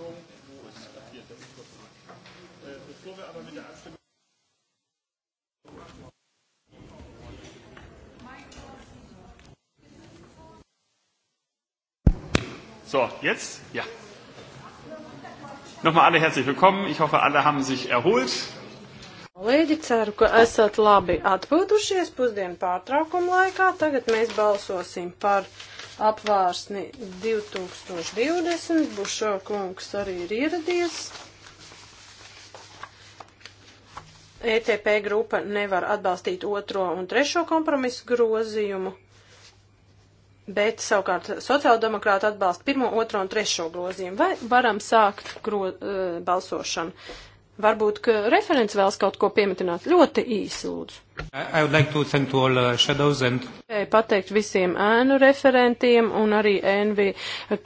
Abstimmung. Wo ist das hier? Das ist äh, bevor wir aber mit der Abstimmung. So, jetzt? Ja. Nochmal alle herzlich willkommen. Ich hoffe, alle haben sich erholt. Kolēģi, ceru, ka esat labi atpūtušies pusdienu pārtraukumu laikā. Tagad mēs balsosim par uh, apvārsni 2020. Bušo kungs arī ir ieradies. ETP grupa nevar atbalstīt otro un trešo kompromisu grozījumu, bet savukārt sociāldemokrāti atbalsta pirmo, otro un trešo grozījumu. Vai varam sākt gro, eh, balsošanu? Varbūt, ka referents vēlas kaut ko piemetināt ļoti īsi, lūdzu. I would like to thank to all uh, shadows and... Pateikt visiem ēnu referentiem un arī NV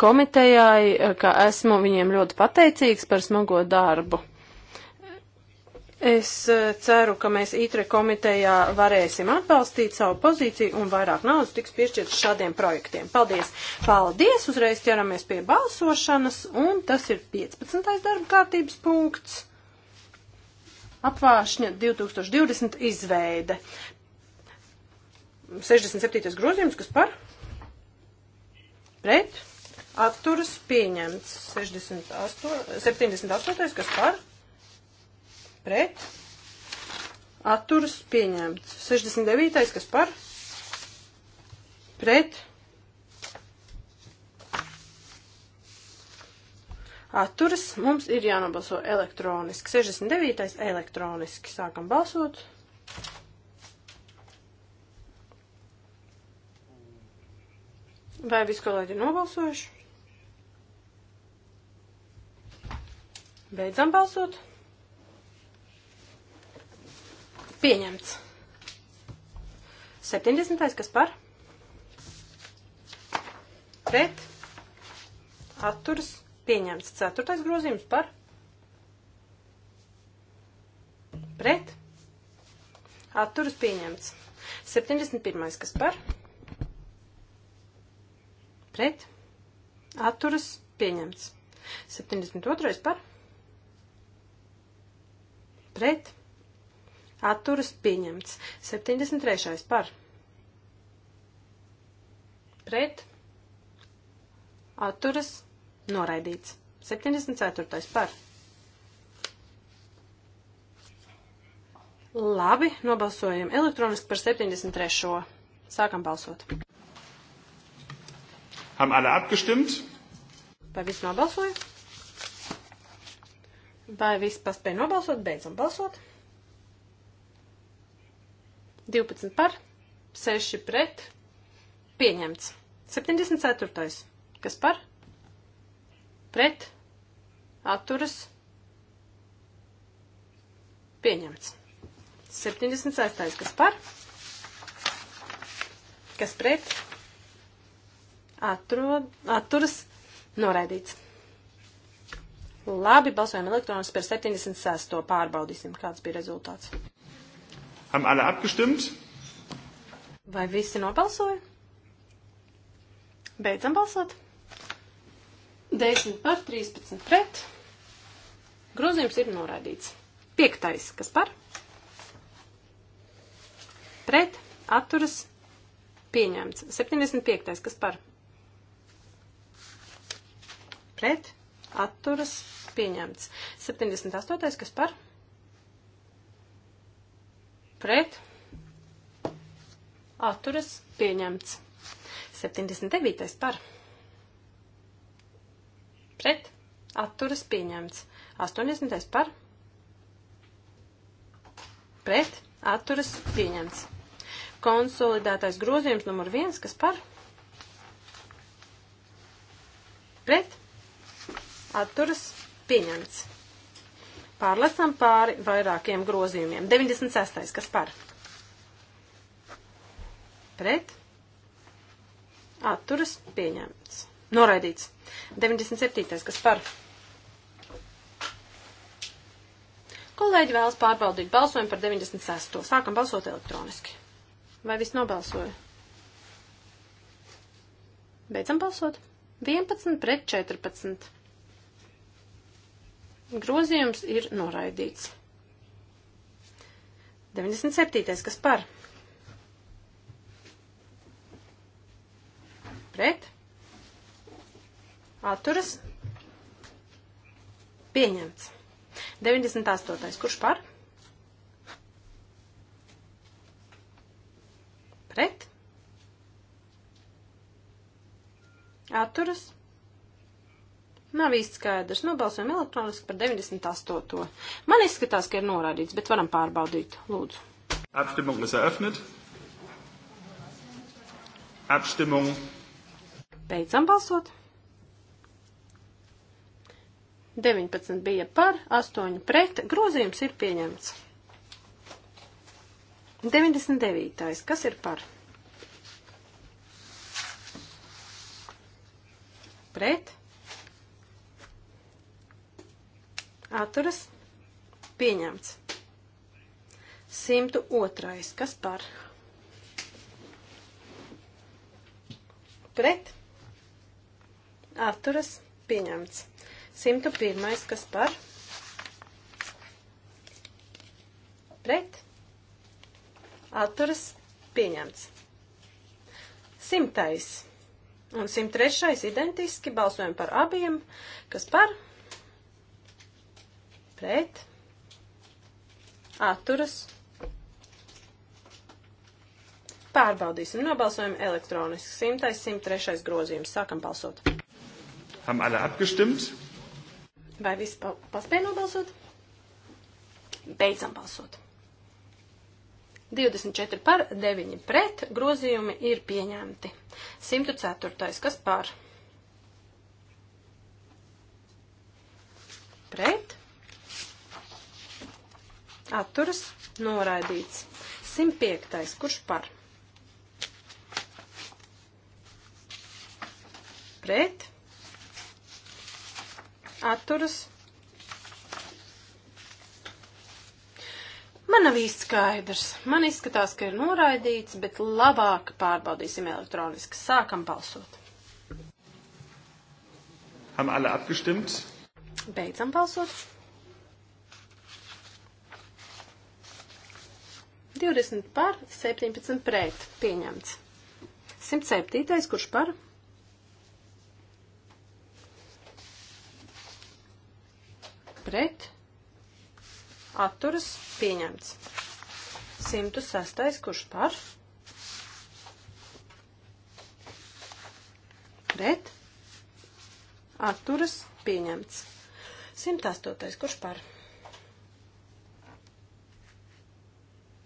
komitejai, uh, ka esmu viņiem ļoti pateicīgs par smago darbu. Es uh, ceru, ka mēs ITRE komitejā varēsim atbalstīt savu pozīciju un vairāk naudas tiks piešķirts šādiem projektiem. Paldies! Paldies! Uzreiz ķeramies pie balsošanas un tas ir 15. darba kārtības punkts apvāršņa 2020 izveide. 67. grozījums, kas par? Pret? Atturas pieņemts. 68, 78. kas par? Pret? Atturas pieņemts. 69. kas par? Pret? atturas. Mums ir jānobalso elektroniski. 69. elektroniski. Sākam balsot. Vai visi kolēģi ir nobalsojuši? Beidzam balsot. Pieņemts. 70. kas par? Pret. Atturs Pieņemts ceturtais grozījums par pret. Atturas pieņemts. 71. kas par pret. Atturas pieņemts. 72. par pret. Atturas pieņemts. 73. par pret. Atturas pieņemts Noraidīts. 74. par. Labi, nobalsojam elektroniski par 73. Sākam balsot. Haben alle abgestimmt? Vai viss nobalsoja? Vai viss paspēja nobalsot? Beidzam balsot. 12 par, 6 pret, pieņemts. 74. Kas par? pret, atturas, pieņemts. 76. kas par, kas pret, atrod, atturas, noraidīts. Labi, balsojam elektronis par 76. pārbaudīsim, kāds bija rezultāts. Haben alle abgestimmt? Vai visi nobalsoja? Beidzam balsot. 10 par 13 pret. Grozījums ir noraidīts. Piektais, kas par? Pret, atturas, pieņemts. 75. kas par? Pret, atturas, pieņemts. 78. kas par? Pret, atturas, pieņemts. 79. par? pret, atturas pieņemts. 80. par, pret, atturas pieņemts. Konsolidētais grozījums numur 1, kas par, pret, atturas pieņemts. Pārlecam pāri vairākiem grozījumiem. 96. kas par? Pret. Atturas pieņemts. Noraidīts. 97. kas par. Kolēģi vēlas pārbaudīt balsojumu par 96. Sākam balsot elektroniski. Vai viss nobalsoja? Beidzam balsot. 11 pret 14. Grozījums ir noraidīts. 97. kas par? Pret? atturas pieņemts. 98. Kurš par? Pret? Atturas? Nav īsti skaidrs. Nobalsojam elektroniski par 98. Man izskatās, ka ir norādīts, bet varam pārbaudīt. Lūdzu. Abstimmung ist eröffnet. Abstimmung. Beidzam balsot. 19 bija par, 8 pret, grozījums ir pieņemts. 99. Kas ir par? Pret. Atturas. Pieņemts. 102. Kas par? Pret. Atturas. Pieņemts. 101. kas par? Pret. Atturas pieņemts. 100. Un 103. identiski balsojam par abiem, kas par? Pret. Atturas pieņemts. Pārbaudīsim. Nobalsojam elektroniski. 100. 103. grozījums. Sākam balsot. Haben alle abgestimmt? Vai visi pa paspēja nobalsot? Beidzam balsot. 24 par, 9 pret, grozījumi ir pieņemti. 104. kas par? Pret. Atturas noraidīts. 105. kurš par? Pret atturas. Man nav īsti skaidrs. Man izskatās, ka ir noraidīts, bet labāk pārbaudīsim elektroniski. Sākam balsot. Haben alle abgestimmt? Beidzam balsot. 20 par, 17 pret. Pieņemts. 107. Kurš par? pret, atturas pieņemts. 106. kurš par, pret, atturas pieņemts. 108. kurš par,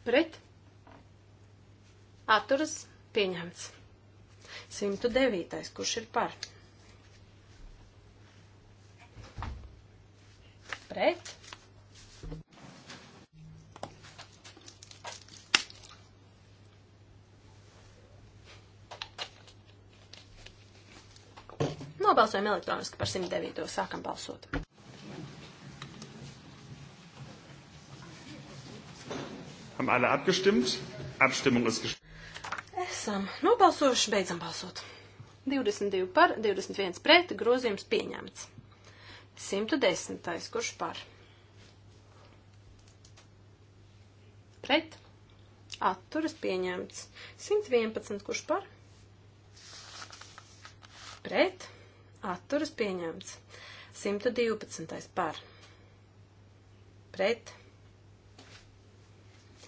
pret, atturas pieņemts. 109. kurš ir par, pret. pret. Nobalsojam elektroniski par 109. Sākam balsot. Haben alle abgestimmt? Abstimmung ist geschlossen. Esam nobalsojuši, beidzam balsot. 22 par, 21 pret, grozījums pieņemts. 110. Kurš par? Pret. Atturas pieņemts. 111. Kurš par? Pret. Atturas pieņemts. 112. par. Pret.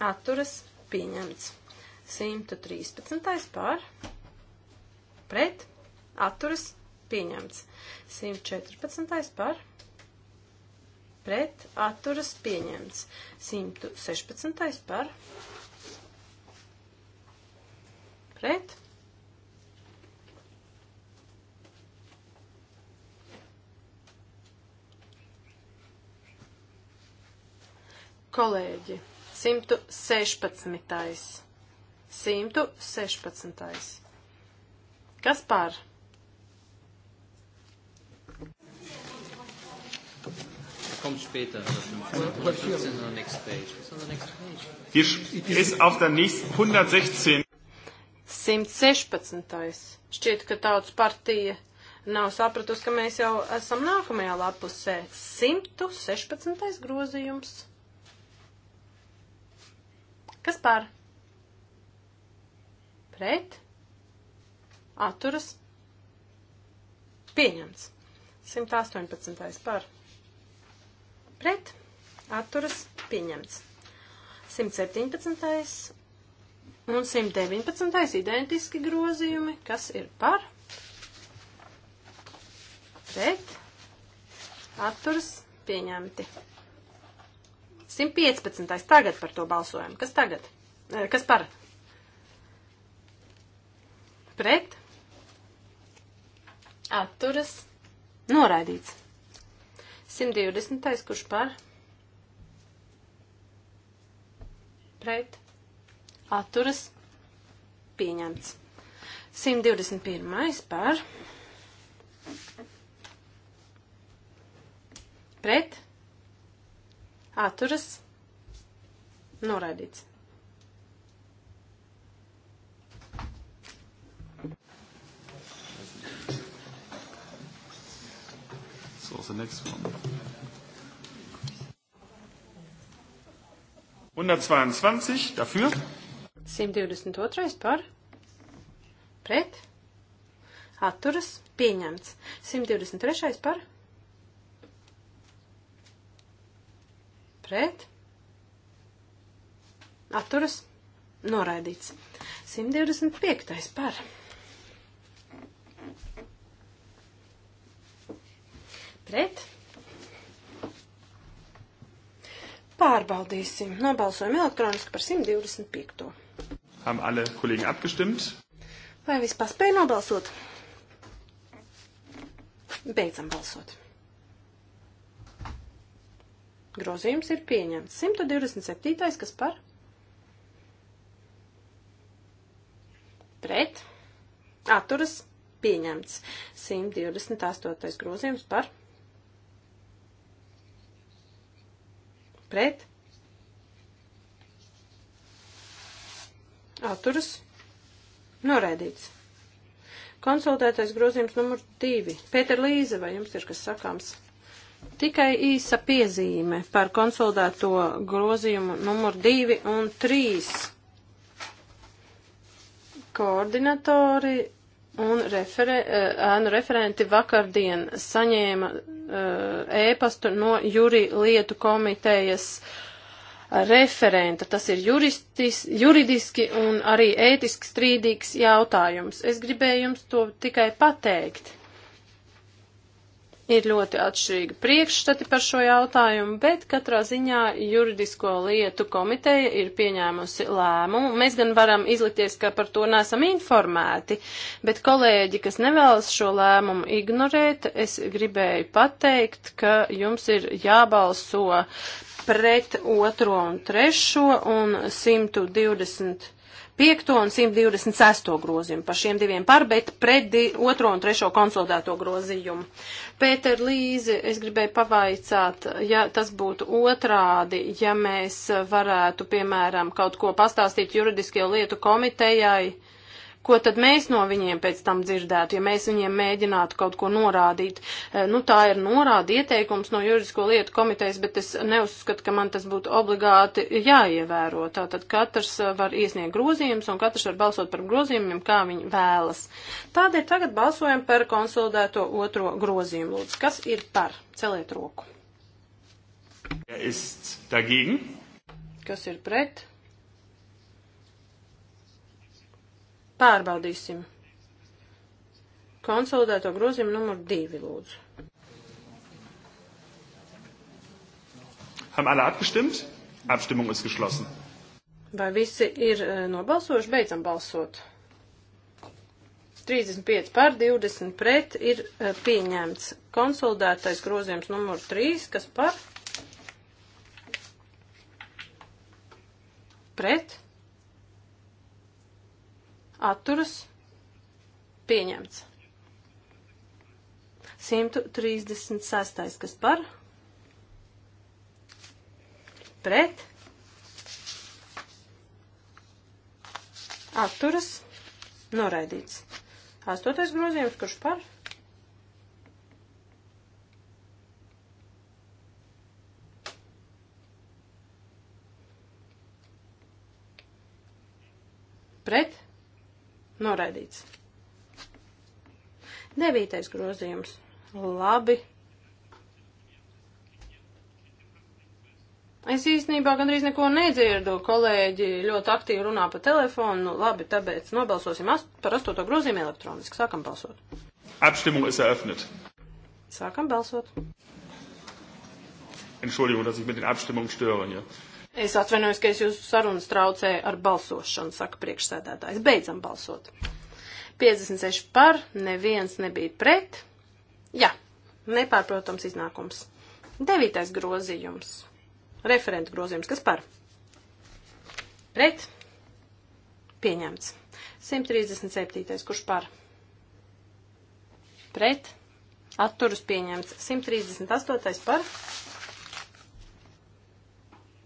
Atturas pieņemts. 113. par. Pret. Atturas pieņemts pieņemts. 114. par pret atturas pieņemts. 116. par pret Kolēģi, 116. 116. Kas par? kommt später. Das ist on um the next page. It's on the next page. Die ist auf der nächsten 116. 116. Šķiet, ka tautas partija nav sapratusi, ka mēs jau esam nākamajā lapusē. 116. grozījums. Kas par? Pret? Atturas? Pieņemts. 118. par pret atturas pieņemts. 117. un 119. identiski grozījumi, kas ir par pret atturas pieņemti. 115. Tagad par to balsojam. Kas tagad? Kas par? Pret. Atturas. Noraidīts. 120. kurš par? Pret. Atturas. Pieņemts. 121. par? Pret. Atturas. Noraidīts. the next one. 122 dafür. 122 par. Pret. Atturas. Pieņemts. 123 par. Pret. Atturas. Noraidīts. 125 par. pret. Pārbaudīsim. Nobalsojam elektroniski par 125. Haben alle kolēģi apgestimt? Vai vispār spēja nobalsot? Beidzam balsot. Grozījums ir pieņemts. 127. kas par? Pret. Atturas pieņemts. 128. grozījums par? pret, atturas, noraidīts. Konsultētais grozījums numur divi. Pēter Līze, vai jums ir kas sakāms? Tikai īsa piezīme par konsultēto grozījumu numur 2 un 3. Koordinatori un referē, eh, ēnu referenti vakardien saņēma eh, ēpastu no juri lietu komitejas referenta. Tas ir juristis, juridiski un arī ētiski strīdīgs jautājums. Es gribēju jums to tikai pateikt. Ir ļoti atšķirīgi priekšstati par šo jautājumu, bet katrā ziņā juridisko lietu komiteja ir pieņēmusi lēmumu. Mēs gan varam izlikties, ka par to nesam informēti, bet kolēģi, kas nevēlas šo lēmumu ignorēt, es gribēju pateikt, ka jums ir jābalso pret otro un trešo un 120. 125. un 126. grozījumu par šiem diviem par, bet pret 2. un 3. konsolidēto grozījumu. Pēter Līzi, es gribēju pavaicāt, ja tas būtu otrādi, ja mēs varētu, piemēram, kaut ko pastāstīt juridiskajai lietu komitejai, Ko tad mēs no viņiem pēc tam dzirdētu, ja mēs viņiem mēģinātu kaut ko norādīt? Eh, nu, tā ir norāda ieteikums no juridisko lietu komitejas, bet es neuzskatu, ka man tas būtu obligāti jāievēro. Tātad katrs eh, var iesniegt grozījumus un katrs var balsot par grozījumiem, kā viņi vēlas. Tādēļ tagad balsojam par konsolidēto otro grozījumu. Lūdzu, kas ir par? Celiet roku. Er ist dagegen. Kas ir pret? Pārbaudīsim. Konsolidēto grozījumu numur divi, lūdzu. Haben alle abgestimmt? Abstimmung ist geschlossen. Vai visi ir eh, nobalsojuši? Beidzam balsot. 35 pār 20 pret ir eh, pieņemts konsolidētais grozījums numur 3, kas par pret atturas pieņemts. 136. kas par pret atturas noraidīts. 8. grozījums, kurš par pret Noraidīts. Devītais grozījums. Labi. Es īstenībā gandrīz neko nedzirdu. Kolēģi ļoti aktīvi runā pa telefonu. Nu, labi, tāpēc nobalsosim ast par astoto grozījumu elektroniski. Sākam balsot. Abstimmung ist eröffnet. Sākam balsot. Entschuldigung, dass ich mit den Abstimmungen störe hier. Ja. Es atvainojos, ka es jūsu sarunas traucēju ar balsošanu, saka priekšsēdētājs. Beidzam balsot. 56 par, neviens nebija pret. Jā, nepārprotams iznākums. Devītais grozījums. Referenta grozījums. Kas par? Pret. Pieņemts. 137. Kurš par? Pret. Atturas pieņemts. 138. par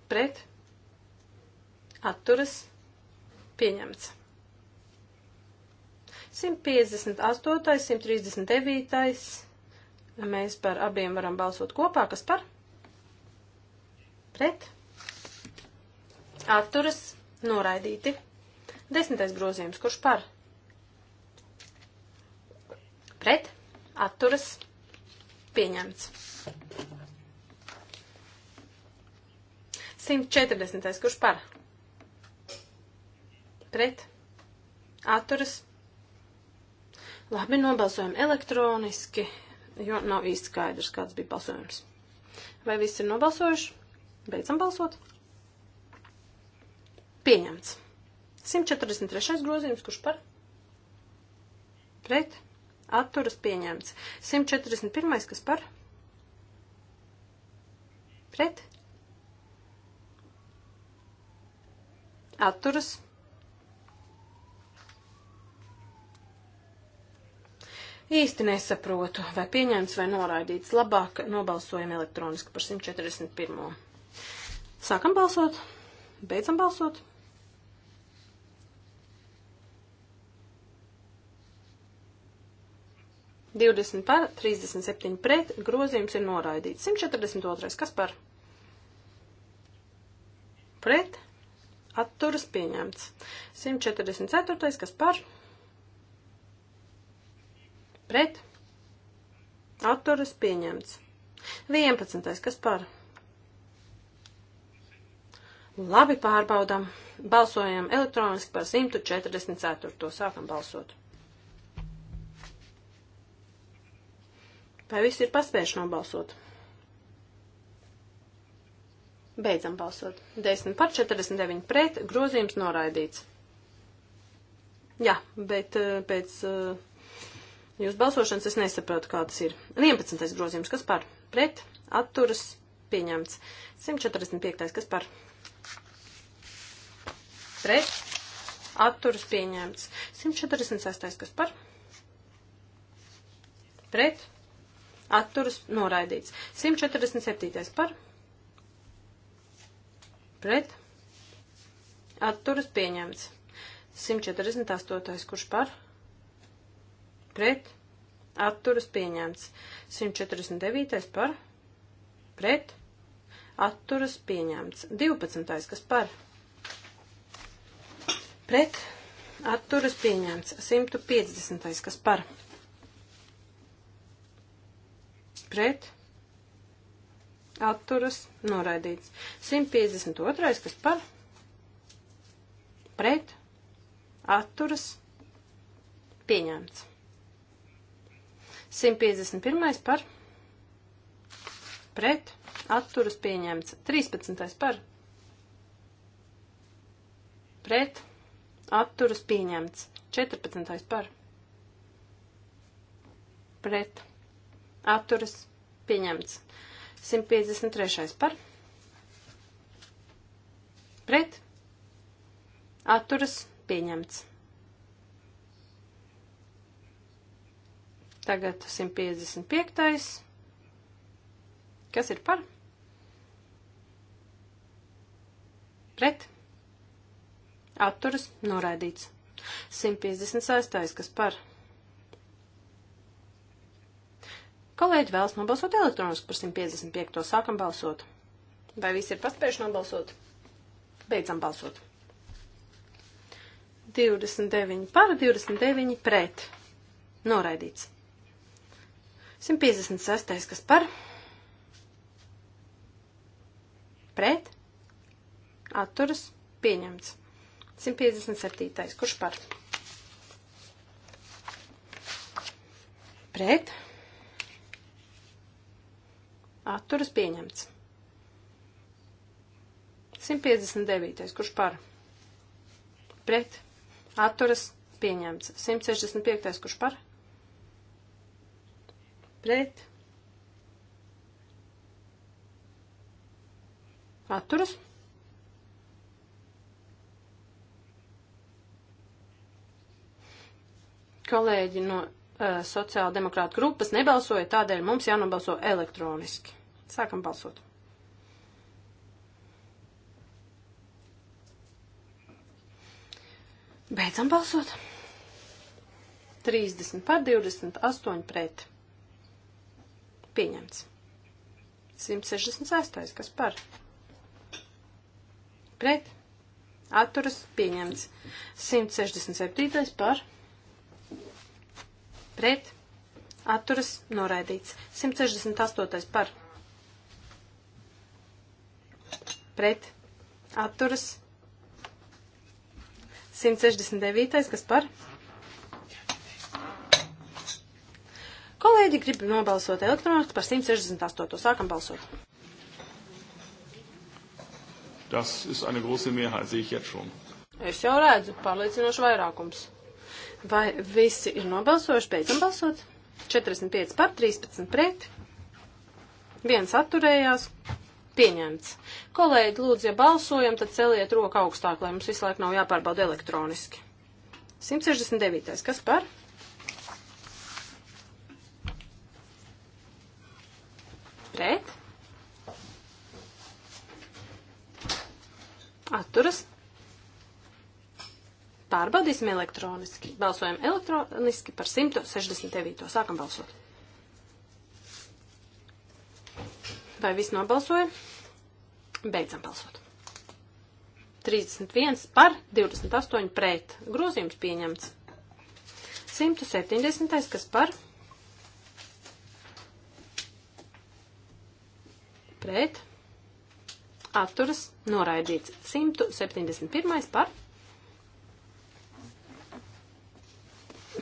pret atturas pieņemts. 158, 139. Mēs par abiem varam balsot kopā. Kas par? Pret. Atturas noraidīti. Desmitais grozījums. Kurš par? Pret. Atturas pieņemts. 140. Kurš par? Pret. Atturas. Labi, nobalsojam elektroniski, jo nav īsti skaidrs, kāds bija balsojums. Vai viss ir nobalsojuši? Beidzam balsot. Pieņemts. 143. grozījums, kurš par? Pret. Atturas pieņemts. 141. kas par? Pret atturas. Īsti nesaprotu, vai pieņemts vai noraidīts. Labāk nobalsojam elektroniski par 141. Sākam balsot, beidzam balsot. Divdesmit par, trīsdesmit septiņi pret, grozījums ir noraidīts. 142. Kas par? Pret? atturas pieņemts. 144. kas par? Pret. Atturas pieņemts. 11. kas par? Labi pārbaudam. Balsojam elektroniski par 144. Sākam balsot. Vai visi ir paspējuši nobalsot? Beidzam balsot. 10 par 49 pret, grozījums noraidīts. Jā, bet eh, pēc eh, jūsu balsošanas es nesaprotu, kā tas ir. 11. grozījums, kas par pret, atturas, pieņemts. 145. kas par pret, atturas, pieņemts. 146. kas par pret, atturas, noraidīts. 147. par pret pret, atturas pieņemts. 148. kurš par, pret, atturas pieņemts. 149. par, pret, atturas pieņemts. 12. kas par, pret, atturas pieņemts. 150. kas par, pret, atturas noraidīts. 152. kas par pret atturas pieņemts. 151. par pret atturas pieņemts. 13. par pret atturas pieņemts. 14. par pret atturas pieņemts. 153. par pret atturas pieņemts. Tagad 155. Kas ir par? Pret atturas noraidīts. 156. kas par? Kolēģi vēlas nobalsot elektroniski par 155. Sākam balsot. Vai visi ir paspējuši nobalsot? Beidzam balsot. 29 par, 29 pret. Noraidīts. 156. kas par? Pret. Atturas. Pieņemts. 157. kurš par? Pret Atturas pieņemts. 159. Kurš par? Pret. Atturas pieņemts. 165. Kurš par? Pret. Atturas. Kolēģi no uh, sociāldemokrāta grupas nebalsoja, tādēļ mums jānobalso elektroniski. Sākam balsot. Beidzam balsot. 30 par 28 pret. Pieņemts. 166. Kas par? Pret. Atturas. Pieņemts. 167. Par. Pret. Atturas. Noraidīts. 168. Par. pret atturas 169. kas par? Kolēģi grib nobalsot elektroniski par 168. Sākam balsot. Das ist eine große Mehrheit, sehe ich jetzt schon. Es jau redzu, pārliecinoši vairākums. Vai visi ir nobalsojuši, beidzam balsot? 45 par, 13 pret, viens atturējās, Pieņemts. Kolēģi, lūdzu, ja balsojam, tad celiet roku augstāk, lai mums visu laiku nav jāpārbauda elektroniski. 169. Kas par? Pret? Atturas? Pārbaudīsim elektroniski. Balsojam elektroniski par 169. Sākam balsot. Vai viss nobalsoja? Beidzam balsot. 31 par, 28 pret. Grozījums pieņemts. 170. kas par? Pret. Atturas noraidīts. 171. par?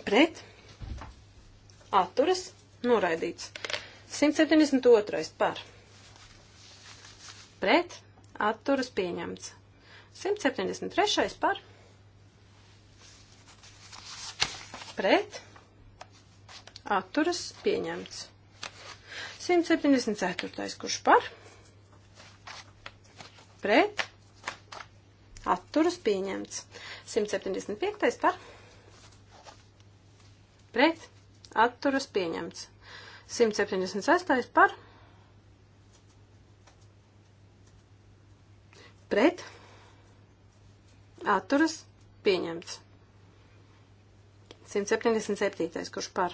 Pret. Atturas noraidīts. 172. par? pret, atturas pieņemts. 173. par pret, atturas pieņemts. 174. kurš par pret, atturas pieņemts. 175. par pret, atturas pieņemts. 176. par pret pret, atturas, pieņemts. 177. kurš par.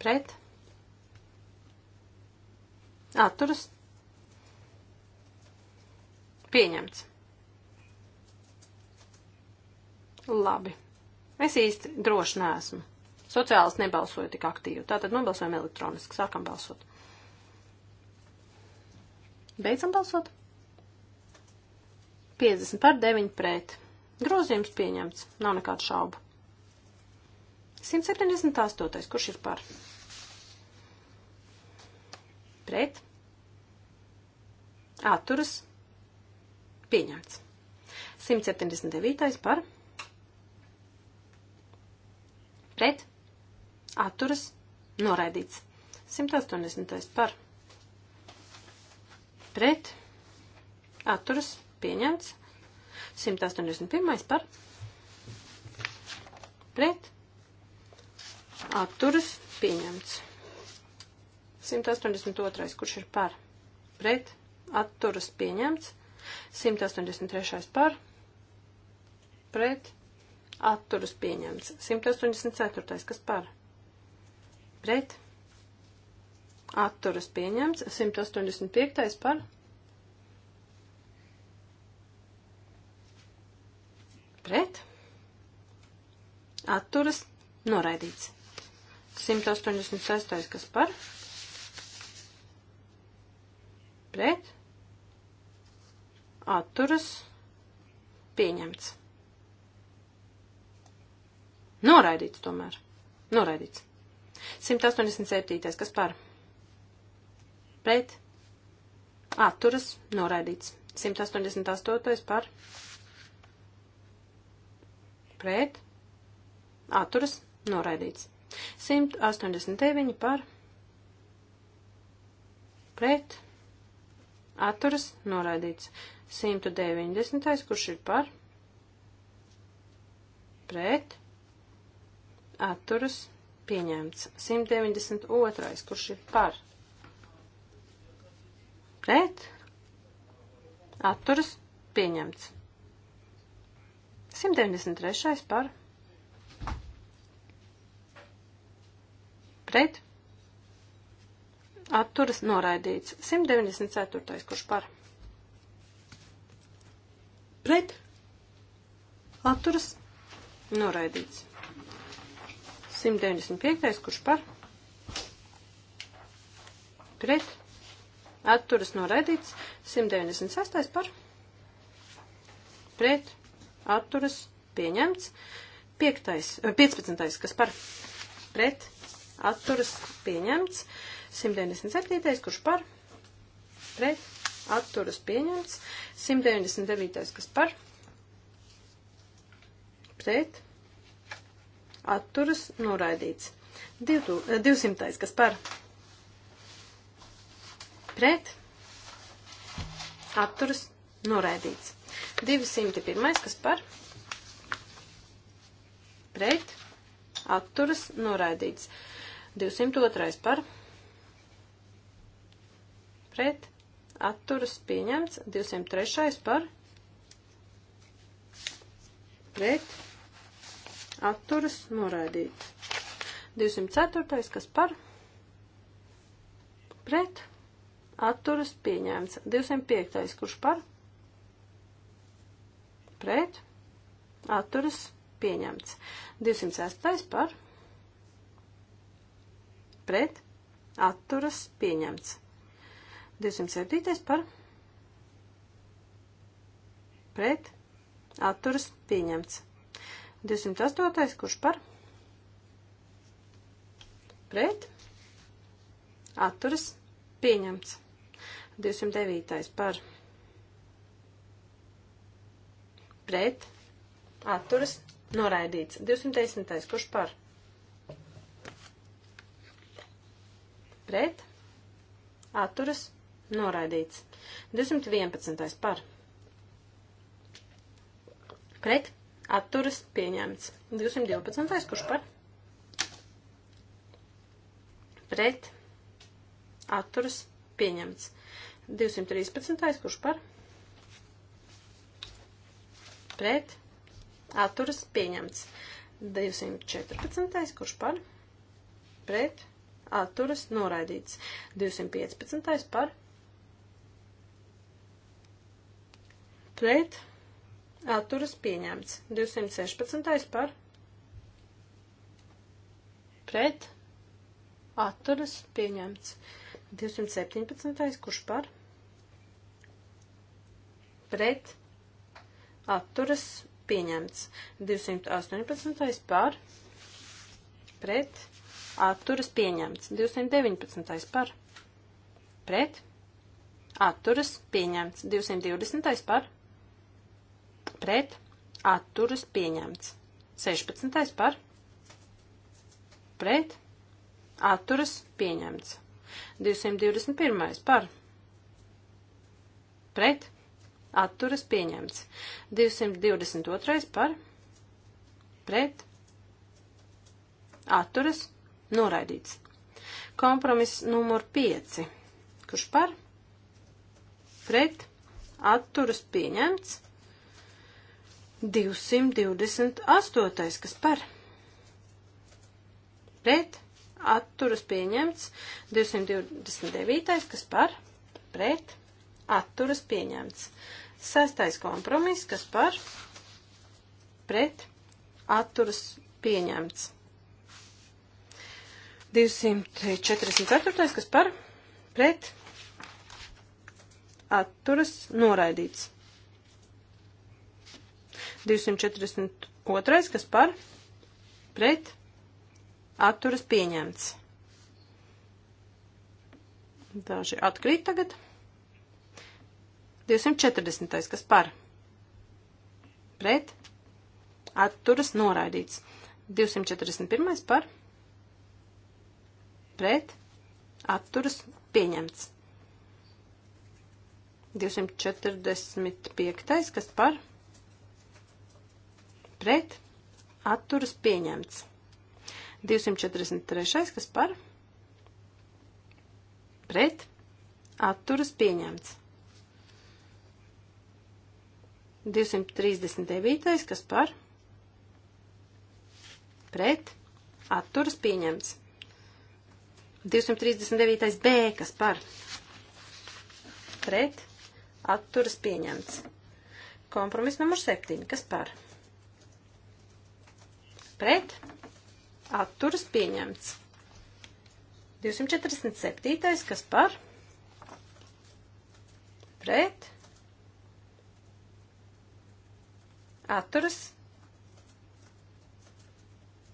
Pret. Atturas. Pieņemts. Labi. Es īsti droši neesmu. Sociāls nebalsoju tik aktīvi. Tātad nobalsojam elektroniski. Sākam balsot. Beidzam balsot. 50 par 9 pret. Grozījums pieņemts. Nav nekādu šaubu. 178. Kurš ir par? Pret. Atturas. Pieņemts. 179. par. Pret. Atturas. Noraidīts. 180. par pret atturas pieņemts. 181. par pret atturas pieņemts. 182. kurš ir par pret atturas pieņemts. 183. par pret atturas pieņemts. 184. kas par pret Atturas pieņemts. 185. par. Pret. Atturas noraidīts. 186. kas par. Pret. Atturas pieņemts. Noraidīts tomēr. Noraidīts. 187. kas par pret atturas noraidīts. 188. par pret atturas noraidīts. 189 par pret atturas noraidīts. 190. kurš ir par pret atturas pieņemts. 192. kurš ir par pret pret, atturas pieņemts. 193. par pret, atturas noraidīts. 194. kurš par pret, atturas noraidīts. 195. kurš par pret, atturas noraidīts, 196. par pret atturas pieņemts, 5, 15. Eh, kas par pret atturas pieņemts, 197. kurš par pret atturas pieņemts, 199. kas par pret atturas noraidīts, 200. Eh, kas par pret pret, atturas, noraidīts. 201. kas par, pret, atturas, noraidīts. 202. par, pret, atturas, pieņemts. 203. par, pret, atturas, noraidīts. 204. kas par, pret, atturas pieņemts. 205. kurš par? Pret, atturas pieņemts. 206. par? Pret, atturas pieņemts. 207. par? Pret, atturas pieņemts. 208. kurš par? Pret, atturas pieņemts pieņemts. 209. par pret atturas noraidīts. 210. kurš par pret atturas noraidīts. 211. par pret atturas pieņemts. 212. kurš par pret atturas pieņemts. 213. kurš par? Pret. Atturas pieņemts. 214. kurš par? Pret. Atturas noraidīts. 215. par? Pret. Atturas pieņemts. 216. par? Pret. Atturas pieņemts. 217. kurš par? pret atturas pieņemts. 218. par pret atturas pieņemts. 219. par pret atturas pieņemts. 220. par pret atturas pieņemts. 16. par pret atturas pieņemts. 221. par pret atturas pieņemts. 222. par pret atturas noraidīts. Kompromiss numur 5. Kurš par pret atturas pieņemts? 228. kas par pret atturas pieņemts. 229. kas par pret atturas pieņemts. Sestais kompromiss, kas par pret atturas pieņemts. 244. kas par pret atturas noraidīts. 242. kas par pret atturas pieņemts. Daži atkrīt tagad. 240. kas par? Pret. Atturas noraidīts. 241. par? Pret. Atturas pieņemts. 245. kas par? Pret. Atturas pieņemts. 243. kas par? Pret. Atturas pieņemts. 239. kas par? Pret. Atturas pieņemts. 239. B, kas par? Pret. Atturas pieņemts. Kompromis numur 7, kas par? Pret. Atturas pieņemts. 247. kas par? Pret atturas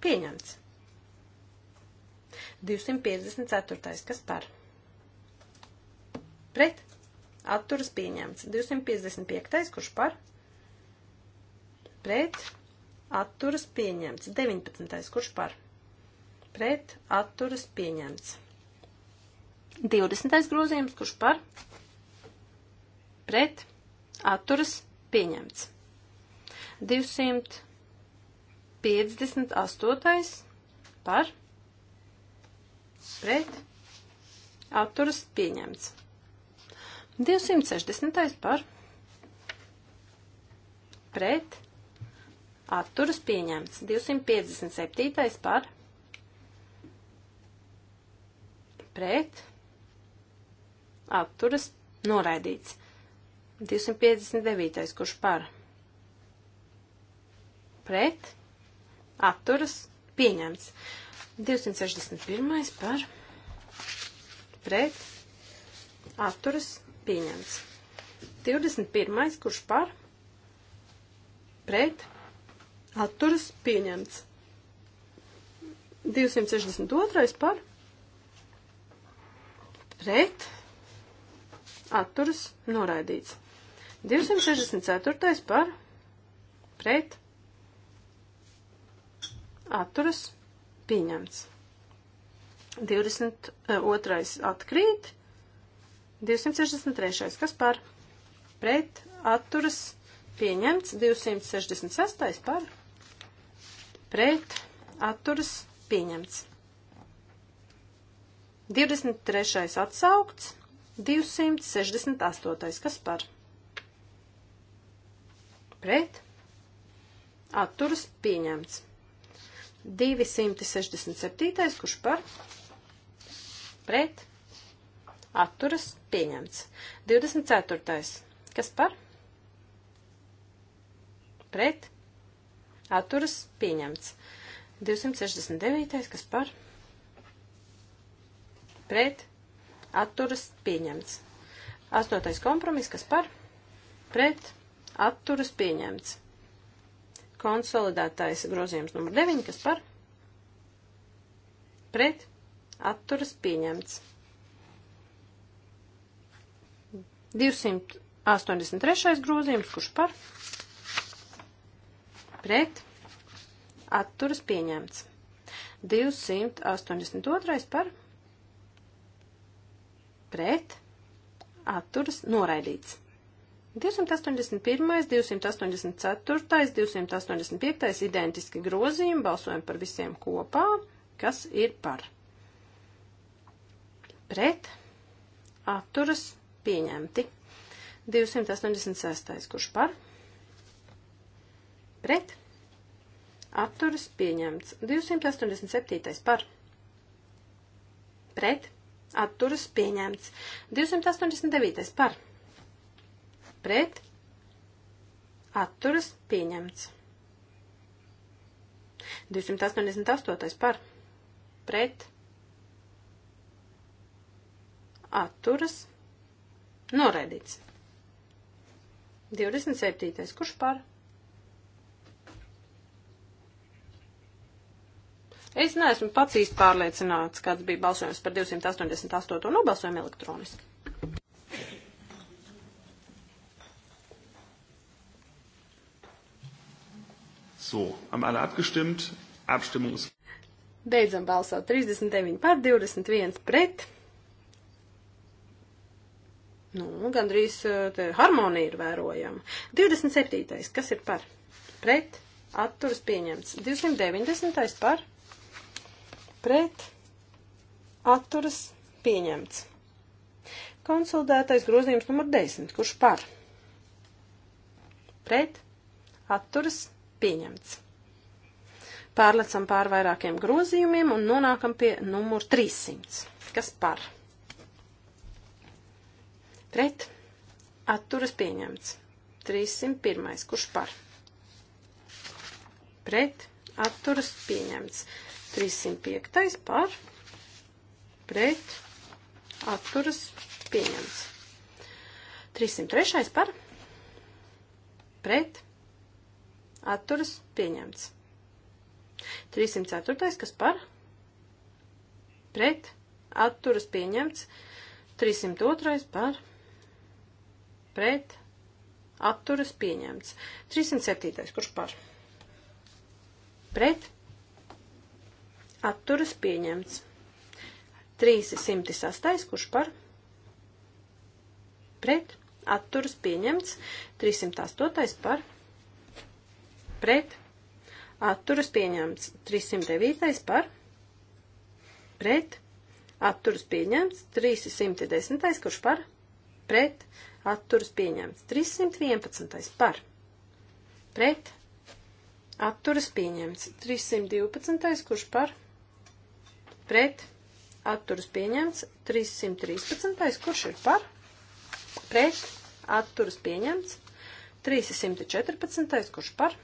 pieņemts. 254. kas par? Pret atturas pieņemts. 255. kurš par? Pret atturas pieņemts. 19. kurš par? Pret atturas pieņemts. 20. grozījums, kurš par? Pret atturas pieņemts. 258. par pret atturas pieņemts. 260. par pret atturas pieņemts. 257. par pret atturas noraidīts. 259. kurš par pret pret, atturas, pieņemts. 261. par pret, atturas, pieņemts. 21. kurš par pret, atturas, pieņemts. 262. par pret, atturas, noraidīts. 264. par pret, atturas pieņemts. 22. Eh, atkrīt, 263. kas par pret atturas pieņemts, 266. par pret atturas pieņemts. 23. atsaukts, 268. kas par pret atturas pieņemts. 267. kurš par pret atturas pieņemts. 24. kas par pret atturas pieņemts. 269. kas par pret atturas pieņemts. 8. kompromiss kas par pret atturas pieņemts. Konsolidētais grozījums numur 9, kas par? Pret. Atturas pieņemts. 283. grozījums, kurš par? Pret. Atturas pieņemts. 282. par? Pret. Atturas noraidīts. 281, 284, 285 identiski grozījumi, balsojam par visiem kopā, kas ir par. Pret, atturas, pieņemti. 286, kurš par? Pret, atturas, pieņemts. 287 par. Pret, atturas, pieņemts. 289 par pret, atturas pieņemts. 288 par, pret, atturas noraidīts. 27. Kurš par? Es neesmu pats īsti pārliecināts, kāds bija balsojums par 288. Nobalsojam elektroniski. So, haben alle abgestimmt. Abstimmung ist. Beidzam balsot 39 par 21 pret. Nu, gandrīz eh, te harmonija ir vērojama. 27. kas ir par? Pret, atturas pieņemts. 290. par? Pret, atturas pieņemts. Konsolidētais grozījums numur 10. Kurš par? Pret, atturas pieņemts Pieņemts. Pārlecam pār vairākiem grozījumiem un nonākam pie numur 300. Kas par? Pret. Atturas pieņemts. 301. Kurš par? Pret. Atturas pieņemts. 305. par. Pret. Atturas pieņemts. 303. par. Pret atturas pieņemts. 304. kas par? Pret atturas pieņemts. 302. par? Pret atturas pieņemts. 307. kurš par? Pret atturas pieņemts. 308. kurš par? Pret atturas pieņemts. 308. par? pret, atturas pieņemts. 309. par, pret, atturas pieņemts. 310. kurš par, pret, atturas pieņemts. 311. par, pret, atturas pieņemts. 312. kurš par, pret, atturas pieņemts. 313. kurš ir par, pret, atturas pieņemts. 314. kurš par,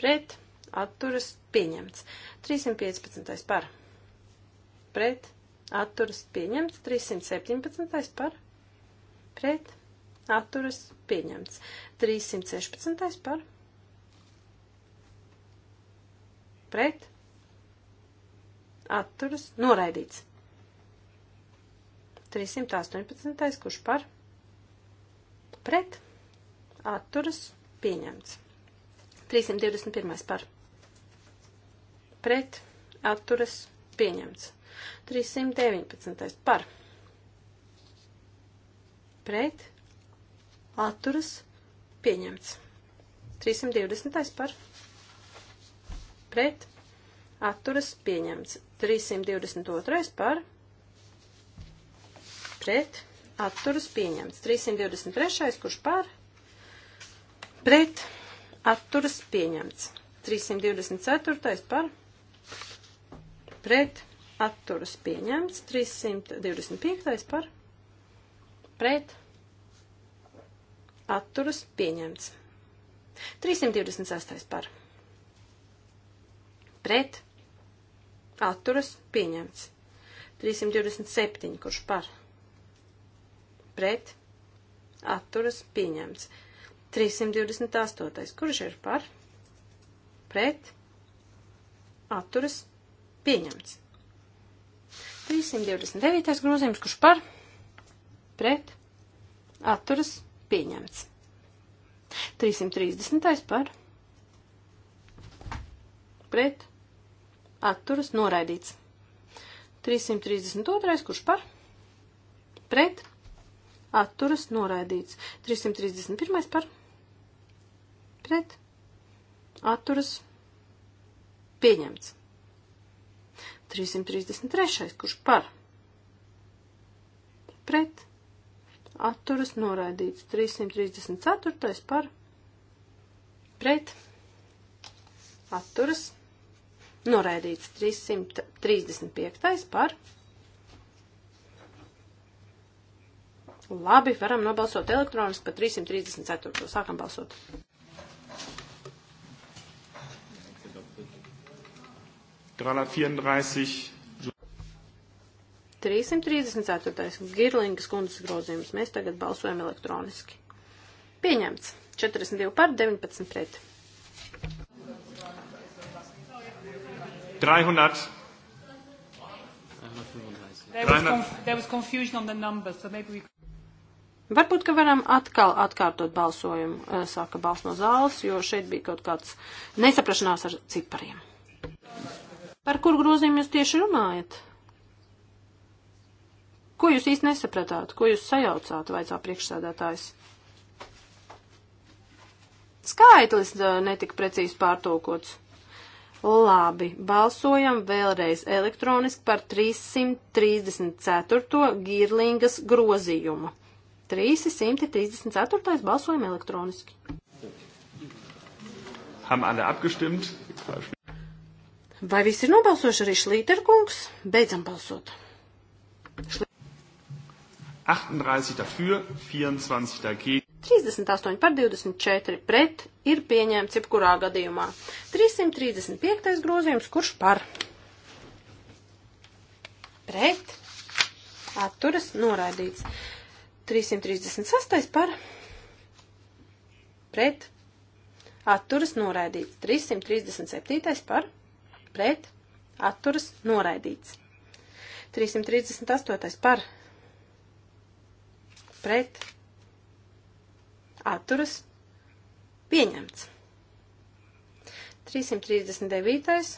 pret, atturas, pieņemts. 315. par, pret, atturas, pieņemts. 317. par, pret, atturas, pieņemts. 316. par, pret, atturas, noraidīts. 318. kurš par, pret, atturas, pieņemts. 321. par pret atturas pieņemts. 319. par pret atturas pieņemts. 320. par pret atturas pieņemts. 322. par pret atturas pieņemts. 323. kurš par pret atturas pieņemts. 324. par pret atturas pieņemts. 325. par pret atturas pieņemts. 326. par pret atturas pieņemts. 327. kurš par pret atturas pieņemts. 328. Kurš ir par? Pret? Atturas? Pieņemts. 329. grozījums. Kurš par? Pret? Atturas? Pieņemts. 330. par? Pret? Atturas? Noraidīts. 332. Kurš par? Pret? Atturas? Noraidīts. 331. par? pret atturas pieņemts. 333. kurš par pret atturas noraidīts. 334. par pret atturas noraidīts. 335. par Labi, varam nobalsot elektroniski par 334. Sākam balsot. 334. 334. Girlingas kundzes grozījums. Mēs tagad balsojam elektroniski. Pieņemts. 42 par 19 pret. 300. 300. Varbūt, ka varam atkal atkārtot balsojumu, eh, sāka balss no zāles, jo šeit bija kaut kāds nesaprašanās ar cipariem. Par kur grozījumu jūs tieši runājat? Ko jūs īsti nesapratāt? Ko jūs sajaucāt, vaicā priekšsēdētājs? Skaitlis netika precīzi pārtulkots. Labi, balsojam vēlreiz elektroniski par 334. girlingas grozījumu. 334. balsojam elektroniski. Haben alle abgestimmt? Vai visi ir nobalsojuši arī Šlīterkungs? Beidzam balsot. Šli... 38 dafür, 24 dagegen. 38 par 24 pret ir pieņēmts jebkurā gadījumā. 335. grozījums, kurš par? Pret. Atturas noraidīts. 336. par? Pret. Atturas noraidīts. 337. par? pret, atturas, noraidīts. 338. par, pret, atturas, pieņemts. 339.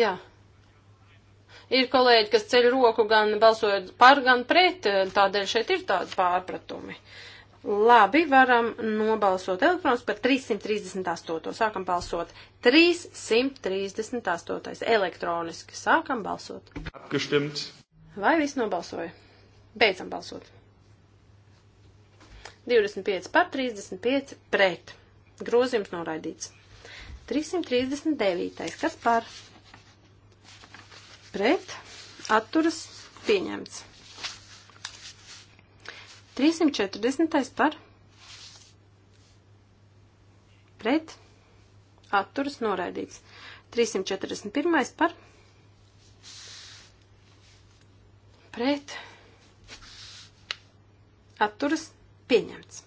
Jā. Ir kolēģi, kas ceļ roku gan balsojot par, gan pret, tādēļ šeit ir tādi pārpratumi. Uh, Labi, varam nobalsot elektrons par 338. Sākam balsot. 338. Elektroniski sākam balsot. Apgestimt. Vai viss nobalsoja? Beidzam balsot. 25 par 35 pret. Grozījums noraidīts. 339. Kas par? Pret. Atturas pieņemts. 340. par pret atturas noraidīts. 341. par pret atturas pieņemts.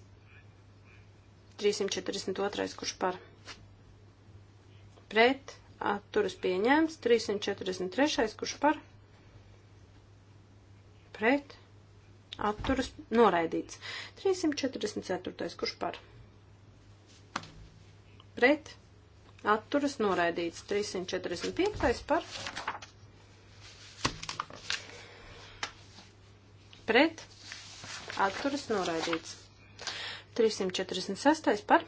342. kurš par pret atturas pieņemts. 343. kurš par pret atturas noraidīts. 344. kurš par? Pret atturas noraidīts. 345. par? Pret atturas noraidīts. 346. par?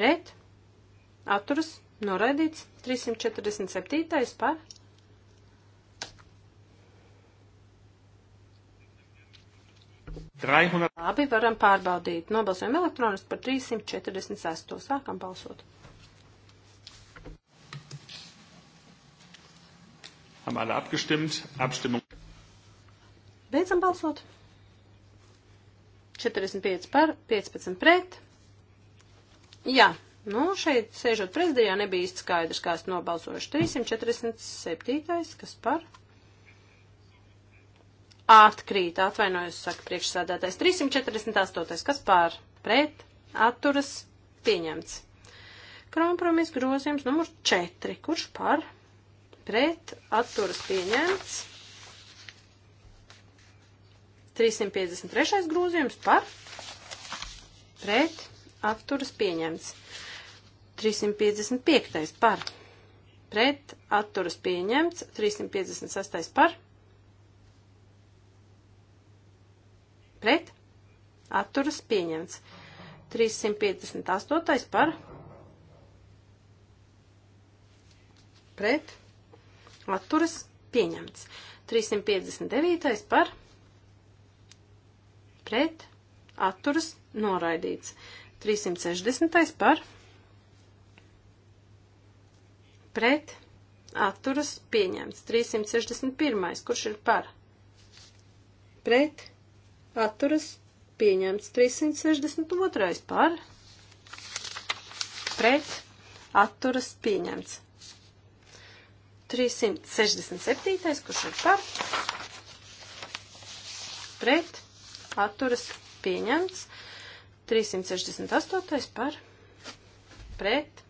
Pret atturas noraidīts. 347. par? 300. Labi, varam pārbaudīt. Nobalsojam elektroniski par 346. Sākam balsot. Haben alle abgestimmt. Abstimmung. Beidzam balsot. 45 par, 15 pret. Jā, nu šeit sēžot prezidijā nebija īsti skaidrs, kā es nobalsojuši. 347. kas par? atkrīt, atvainojos, saka priekšsēdētājs. 348. kas pār pret atturas pieņemts. Kompromis grozījums numur 4, kurš par pret atturas pieņemts. 353. grozījums par pret atturas pieņemts. 355. par pret atturas pieņemts. 356. par pret pret atturas pieņemts. 358. par pret atturas pieņemts. 359. par pret atturas noraidīts. 360. par pret atturas pieņemts. 361. kurš ir par pret atturas pieņemts. 362 par pret atturas pieņemts. 367, kurš ir par pret atturas pieņemts. 368 par pret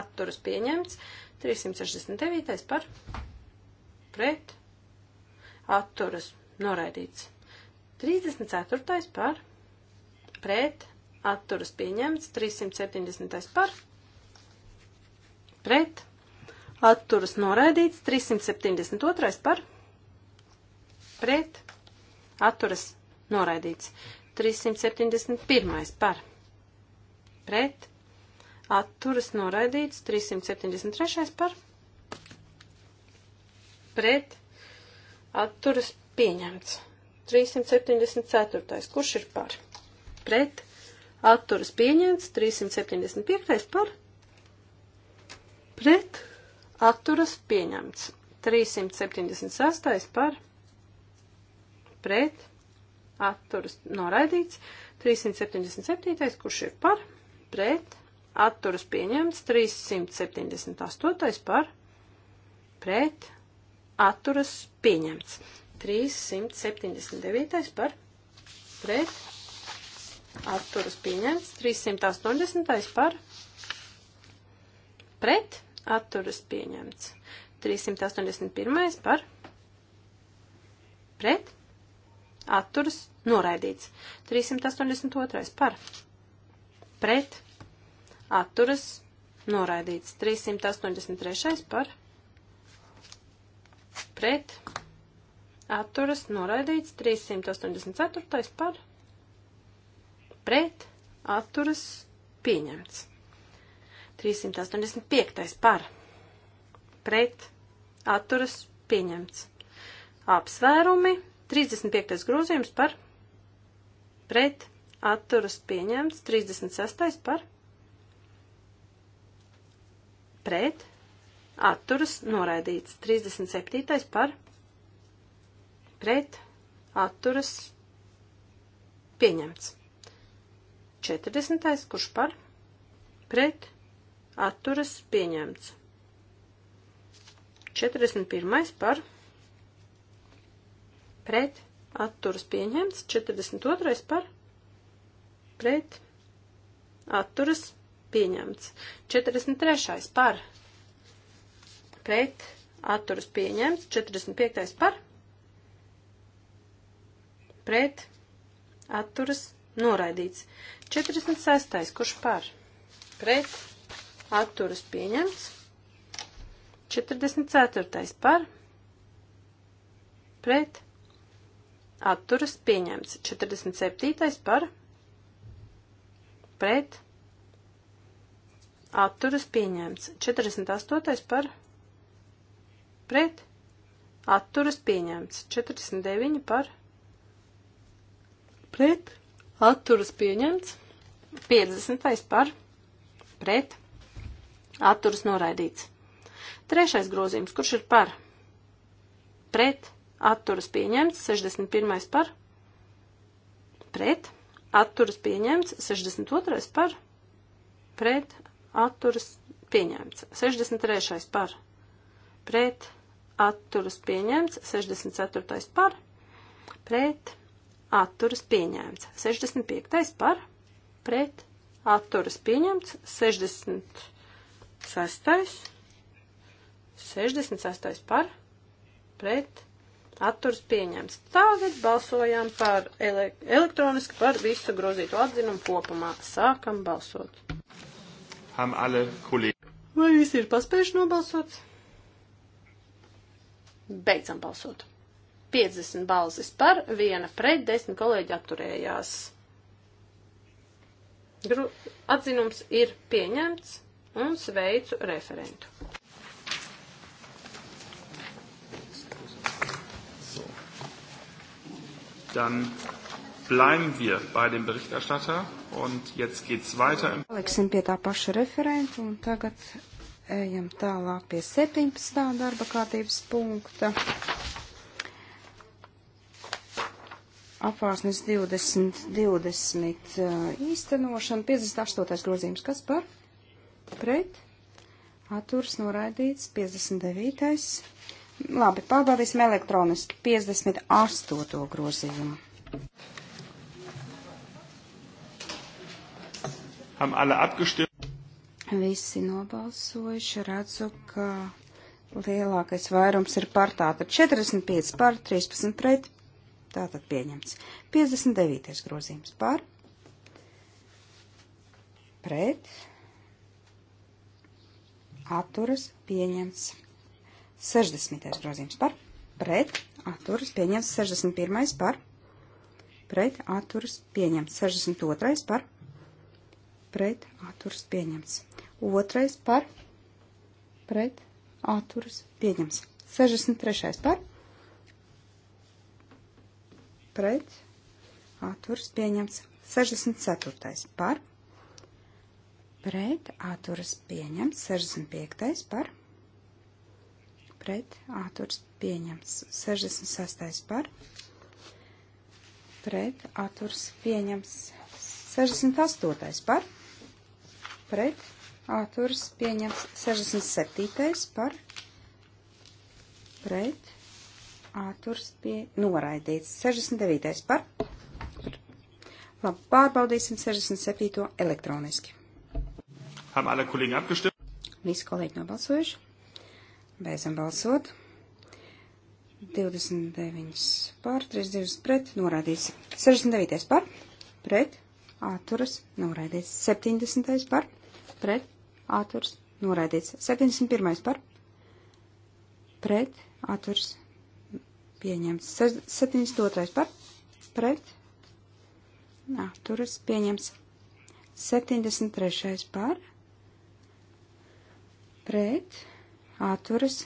atturas pieņemts. 369 par pret atturas noraidīts. 34. par pret atturas pieņemts, 370. par pret atturas noraidīts, 372. par pret atturas noraidīts, 371. par pret atturas noraidīts, 373. par pret atturas pieņemts. 374. Kurš ir par? Pret. Atturas pieņemts. 375. par. Pret. Atturas pieņemts. 376. par. Pret. Atturas noraidīts. 377. Kurš ir par? Pret. Atturas pieņemts. 378. par. Pret. Atturas pieņemts. 379. par pret atturas pieņemts. 380. par pret atturas pieņemts. 381. par pret atturas noraidīts. 382. par pret atturas noraidīts. 383. par pret atturas noraidīts atturas noraidīts 384. par pret atturas pieņemts. 385. par pret atturas pieņemts. Apsvērumi 35. grozījums par pret atturas pieņemts. 36. par pret atturas noraidīts. 37. par pret pret atturas pieņemts. 40. kurš par pret atturas pieņemts. 41. par pret atturas pieņemts. 42. par pret atturas pieņemts. 43. par pret atturas pieņemts. 45. par pret, atturas, noraidīts. 46. kurš par, pret, atturas, pieņemts. 44. par, pret, atturas, pieņemts. 47. par, pret, atturas, pieņemts. 48. par, pret, atturas, pieņemts. 49. par, pret pret, atturas pieņemts, 50. par, pret, atturas noraidīts. Trešais grozījums, kurš ir par, pret, atturas pieņemts, 61. par, pret, atturas pieņemts, 62. par, pret, atturas pieņemts, 63. par, pret, atturas pieņemts, 64. par, pret, atturas pieņemts. 65. par pret atturas pieņemts. 66. 66. par pret atturas pieņemts. Tagad balsojām par ele elektroniski par visu grozīto atzinumu kopumā. Sākam balsot. Vai visi ir paspējuši nobalsot? Beidzam balsot. 50 balsis par, viena pret, 10 kolēģi atturējās. Gru atzinums ir pieņemts un sveicu referentu. Dann bleiben wir bei dem Berichterstatter und jetzt geht's weiter. Paliksim pie tā paša referenta un tagad ejam tālāk pie 17. darba kārtības punkta. apvārsnes 2020 uh, īstenošana, 58. grozījums, kas par pret, atturs noraidīts, 59. Labi, pārbaudīsim elektroniski 58. grozījumu. Visi nobalsojuši, redzu, ka lielākais vairums ir par tā, tad 45 par, 13 pret, Tātad pieņemts. 59. grozījums par, pret, atturas pieņemts. 60. grozījums par, pret, atturas pieņemts. 61. par, pret, atturas pieņemts. 62. par, pret, atturas pieņemts. 2. par, pret, atturas pieņemts. 63. par, pret, atturas pieņemts. 64. par, pret, atturas pieņemts. 65. par, pret, atturas pieņemts. 66. par, pret, atturas pieņemts. 68. par, pret, atturas pieņemts. 67. par, pret, atturs pie noraidīts. 69. par. Labi, pārbaudīsim 67. elektroniski. Visi kolēģi nobalsojuši. Beidzam balsot. 29 par, 32 pret, noraidīts. 69. par, pret, atturas, noraidīts. 70. par, pret, atturas, noraidīts. 71. par, pret, atturas, pieņemts. 72. par pret atturas pieņemts. 73. par pret atturas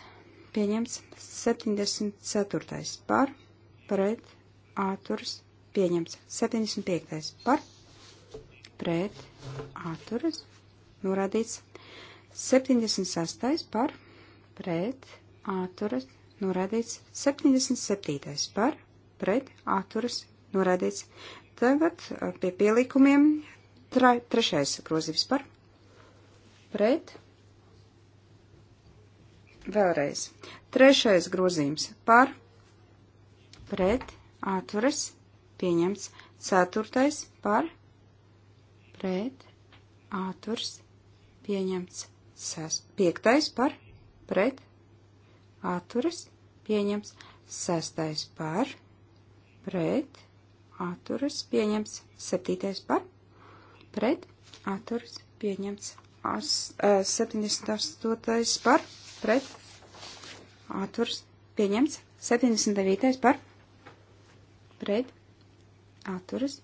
pieņemts. 74. par pret atturas pieņemts. 75. par pret atturas norādīts. 76. par pret atturas pieņemts norādīts. 77. par, pret, atturas, norādīts. Tagad uh, pie pielikumiem tra, trešais grozījums par, pret, vēlreiz. Trešais grozījums par, pret, atturas, pieņemts. Ceturtais par, pret, atturas, pieņemts. Piektais par, pret, atturas pieņems. Sestais par, pret, atturas pieņems. Septītais par, pret, atturas pieņems. As, uh, eh, 78. par, pret, atturas pieņems. 79. par, pret, atturas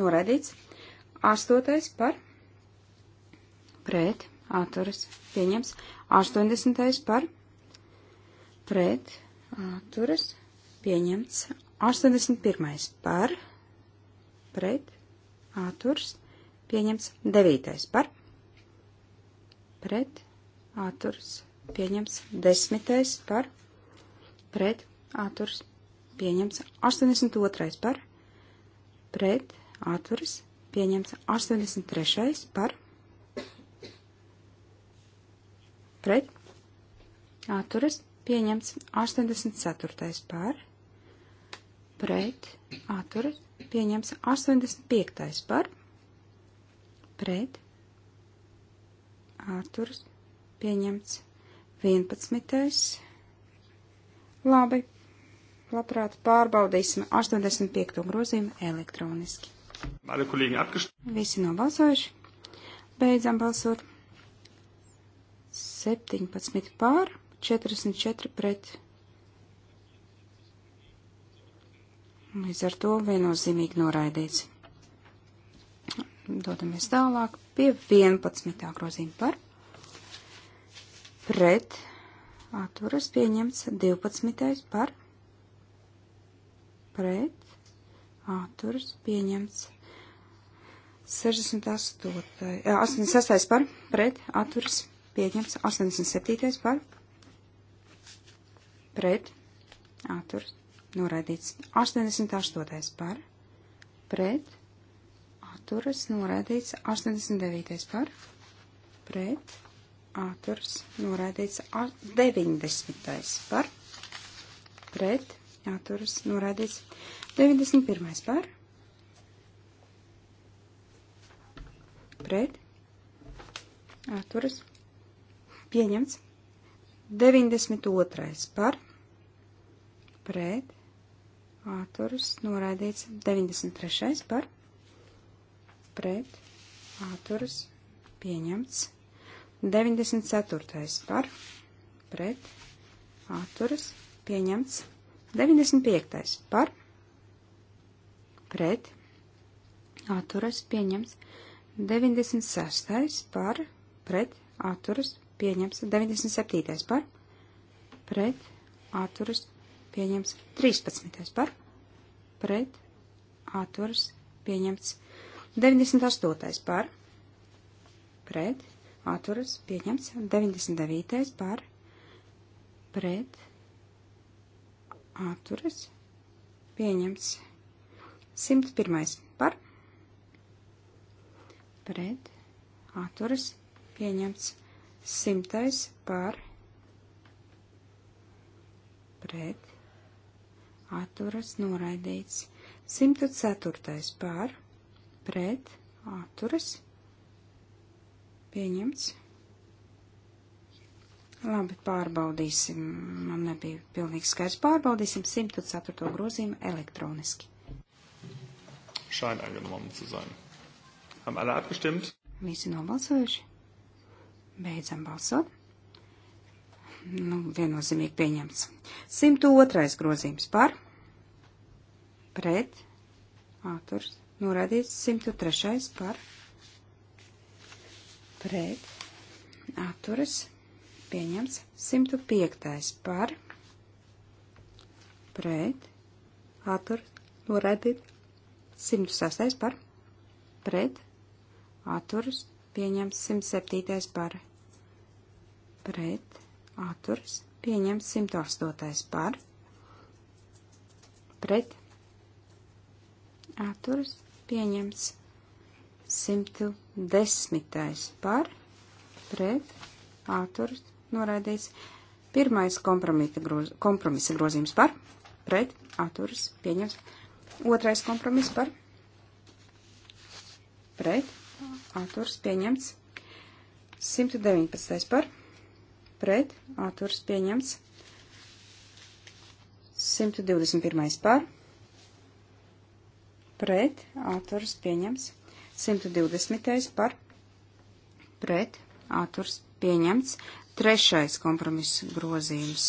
noraidīts. 8. par, pret, atturas pieņems. 80. par, pret, pret atturas pieņemts 81. par pret atturas pieņemts 9. par pret atturas pieņemts 10. par pret atturas pieņemts 82. par pret atturas pieņemts 83. par pret atturas pieņemts pieņemts 84. par, pret, atturas, pieņemts 85. par, pret, atturas, pieņemts 11. Labi, labprāt pārbaudīsim 85. grozījumu elektroniski. Visi nobalsojuši. Beidzam balsot. 17 pār, 44 pret. Līdz ar to viennozīmīgi noraidīts. Dodamies tālāk pie 11. grozījuma par pret atturas pieņemts 12. par pret atturas pieņemts 68. 86. Eh, par pret atturas pieņemts 87. par pret, atturs, noraidīts. 88. par, pret, atturs, noraidīts. 89. par, pret, atturs, noraidīts. 90. par, pret, atturs, noraidīts. 91. par, pret, atturas, pieņemts. 92. par pret āturus noraidīts 93. par pret āturus pieņemts 94. par pret āturus pieņemts 95. par pret āturus pieņemts 96. par pret āturus pieņems. 97. par pret atturas pieņems. 13. par pret atturas pieņems. 98. par pret atturas pieņems. 99. par pret atturas pieņems. 101. par pret atturas pieņems. Simtais par pret atturas noraidīts. 104. par pret atturas pieņemts. Labi, pārbaudīsim. Man nebija pilnīgi skaidrs. Pārbaudīsim 104. grozījumu elektroniski. Scheint angenommen zu sein. Haben alle abgestimmt? Visi nobalsojuši. Beidzam balsot. Nu, viennozīmīgi pieņemts. 102. grozījums par, pret, atturs, norādīts 103. par, pret, atturs, pieņemts 105. par, pret, atturs, norādīts 106. par, pret, atturs, pieņemts 107. par pret atturs, pieņemts 108. par pret atturs, pieņemts 110. par pret atturs, noraidīts pirmais groz, kompromisa grozījums par pret atturs, pieņemts otrais kompromiss par pret atturs pieņemts. 119. par pret atturs pieņemts. 121. par pret atturs pieņemts. 120. par pret atturs pieņemts. Trešais kompromiss grozījums.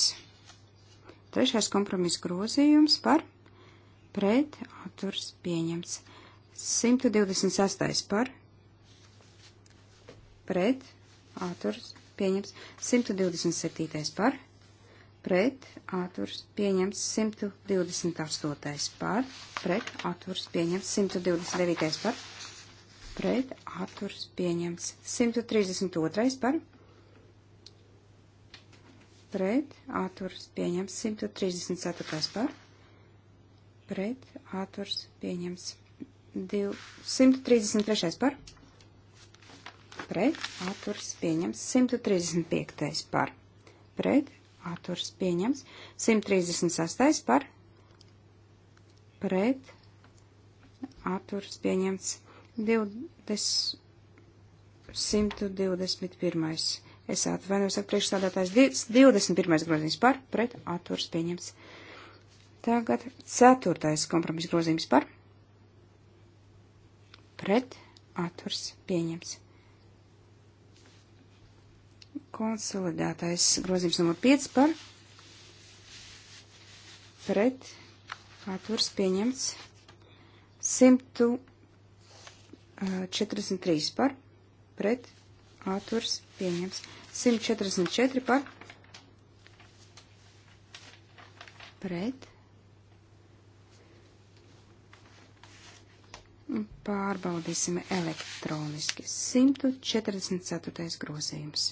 Trešais kompromiss grozījums par pret atturs pieņemts. 126. par pret pret, āturs, pieņems 127. par, pret, āturs, pieņems 128. par, pret, āturs, pieņems 129. par, pret, āturs, pieņems 132. par, pret, āturs, pieņems 134. par, pret, āturs, pieņems 233. par, pret atturs pieņems 135. par pret atturs pieņems 136. par pret atturs pieņems 20, 121. Es atvainojos, saka priekšstādātājs 21. grozījums par pret atturs pieņems. Tagad ceturtais kompromiss grozījums par pret atturs pieņems. Konsolidētais grozījums numur 5 par pret atturs pieņemts 143 par pret atturs pieņemts 144 par pret pārbaudīsim elektroniski 144 grozījums.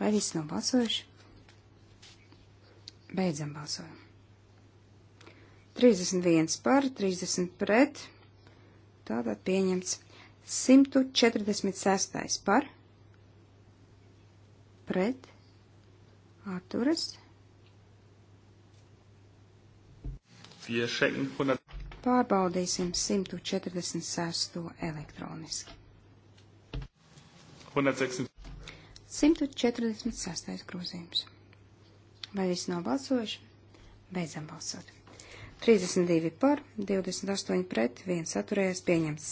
Vai viss nav balsojuši? Beidzam balsojumu. 31 par, 30 pret. Tātad pieņemts 146 par, pret, atturas. Pārbaudīsim 146 elektroniski. 146. 146. grozījums. Vai visi nobalsojuši? Beidzam balsot. 32 par, 28 pret, 1 atturējās, pieņemts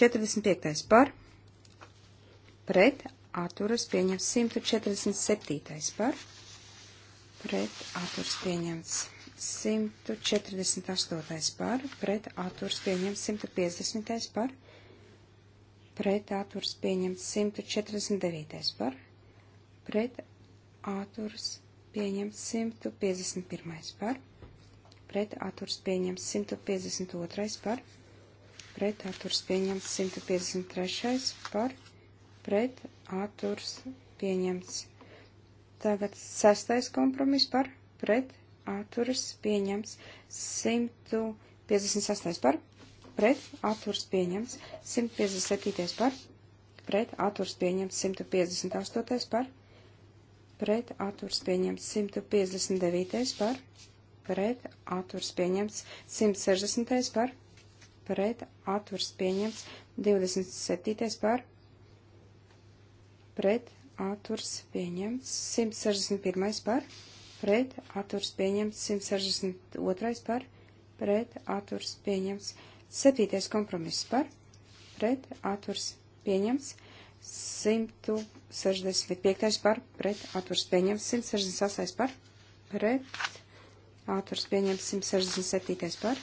145 par, pret, atturas pieņemts 147 par, pret, atturas pieņemts 148 par, pret, atturas pieņemts 150 par, pret atturs pieņemts 149. par, pret atturs pieņemts 151. par, pret atturs pieņemts 152. par, pret atturs pieņemts 153. par, pret atturs pieņemts. Tagad sestais kompromis par, pret atturs pieņemts 158. par, pret atturs pieņemts 157. par, pret atturs pieņemts 158. par, pret atturs pieņemts 159. par, pret atturs pieņemts 160. par, pret atturs pieņemts 27. par, pret atturs pieņemts 161. par, pret atturs pieņemts 162. par, pret atturs pieņemts 162 Septītais kompromiss par, pret, atvars pieņemts. 165 par, pret, atvars pieņemts. 168 par, pret, atvars pieņemts. 167 par,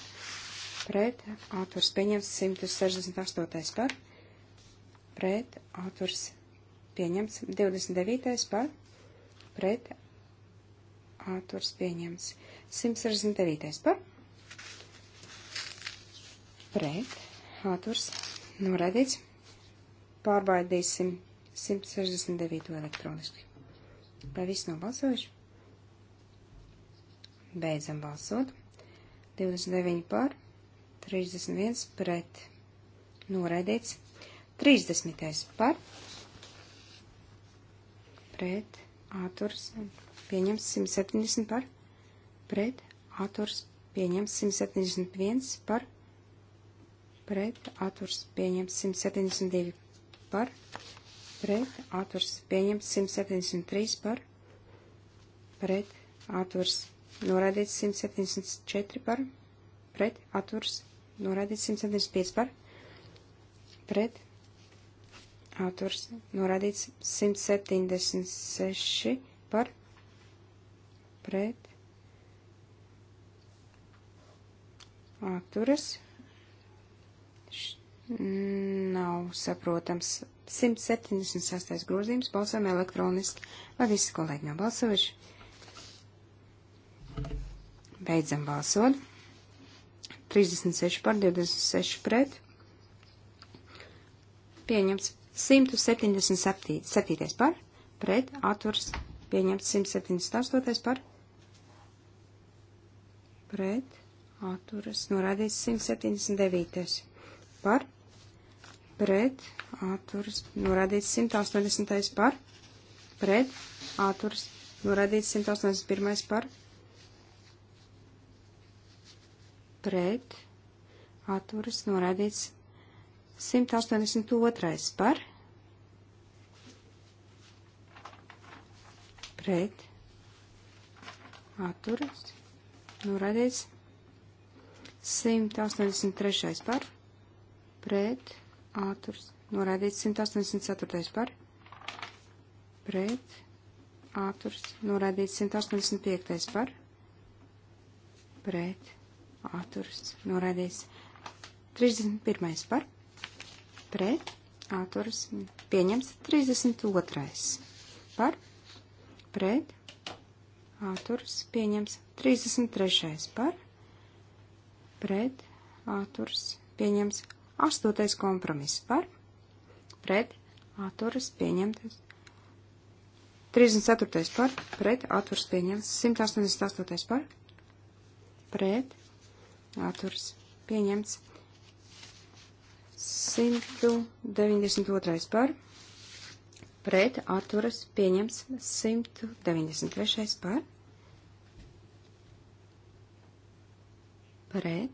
pret, atvars pieņemts. 168 par, pret, atvars pieņemts. 29 par, pret, atvars pieņemts. 169 par, pret, atturs, noraidīts. Pārbaidīsim 169. elektroniski. Vai viss nav balsojuši? Beidzam balsot. 29 pār, 31 pret, noraidīts. 30. par, pret, atturs, pieņems 170 par, pret, atturs, pieņems 171 par, pret atturs pieņemts 172 par, pret atturs pieņemts 173 par, pret atturs norādīts 174 par, pret atturs norādīts 175 par, pret atturs norādīts 176 par, pret atturas norādīts Nav saprotams. 176. grozījums balsojam elektroniski. Vai visi kolēģi nav balsojuši? Beidzam balsot. 36 par 26 pret. Pieņemts 177 par. Pret atturs. Pieņemts 178 par. Pret atturas. Norādīts 179 par pret atturas norādīts 180. par pret atturas norādīts 181. par pret atturas norādīts 182. par pret atturas norādīts 183. par pret āturs noraidīts 184. par pret āturs noraidīts 185. par pret āturs noraidīts 31. par pret āturs pieņems 32. par pret āturs pieņems 33. par pret āturs pieņems Astotais kompromiss par pret atturas pieņemts. 34. par pret atturas pieņemts. 188. par pret atturas pieņemts. 192. par pret atturas pieņemts. 193. par pret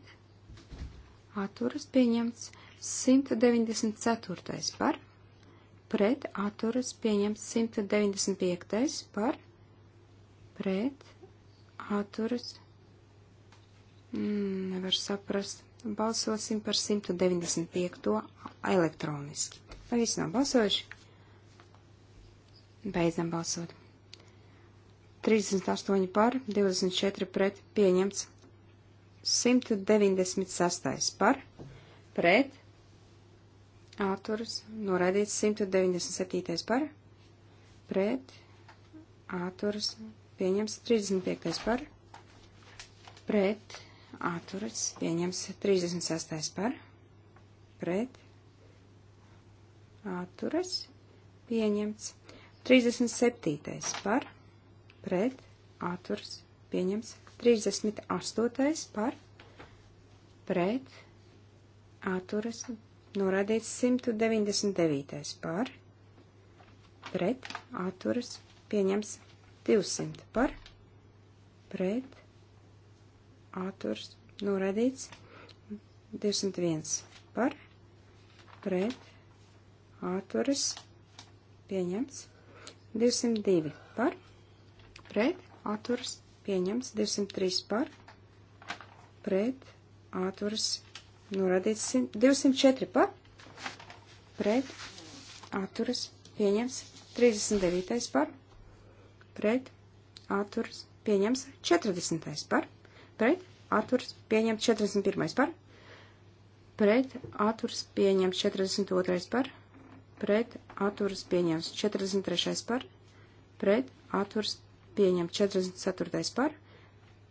atturas pieņemts 194. par, pret atturas pieņemts 195. par, pret atturas, mm, nevar saprast, balsosim par 195. elektroniski. Vai visi nav balsojuši? Beidzam balsot. 38 par, 24 pret, pieņemts 196. par pret āturs noraidīts 197. par pret āturs pieņems 35. par pret āturs pieņems 36. par pret āturs pieņemts 37. par pret āturs pieņems 38. par pret atturas norādīts 199. par pret atturas pieņems 200 par pret atturas norādīts 201 par pret atturas pieņems 202 par pret atturas pieņemts 203 par, pret atturas norādīts 204 par, pret atturas pieņemts 39 par, pret atturas pieņemts 40 par, pret atturas pieņemts 41 par, pret atturas pieņemts 42 par, pret atturas pieņemts 43 par, pret atturas pieņemts 44. par,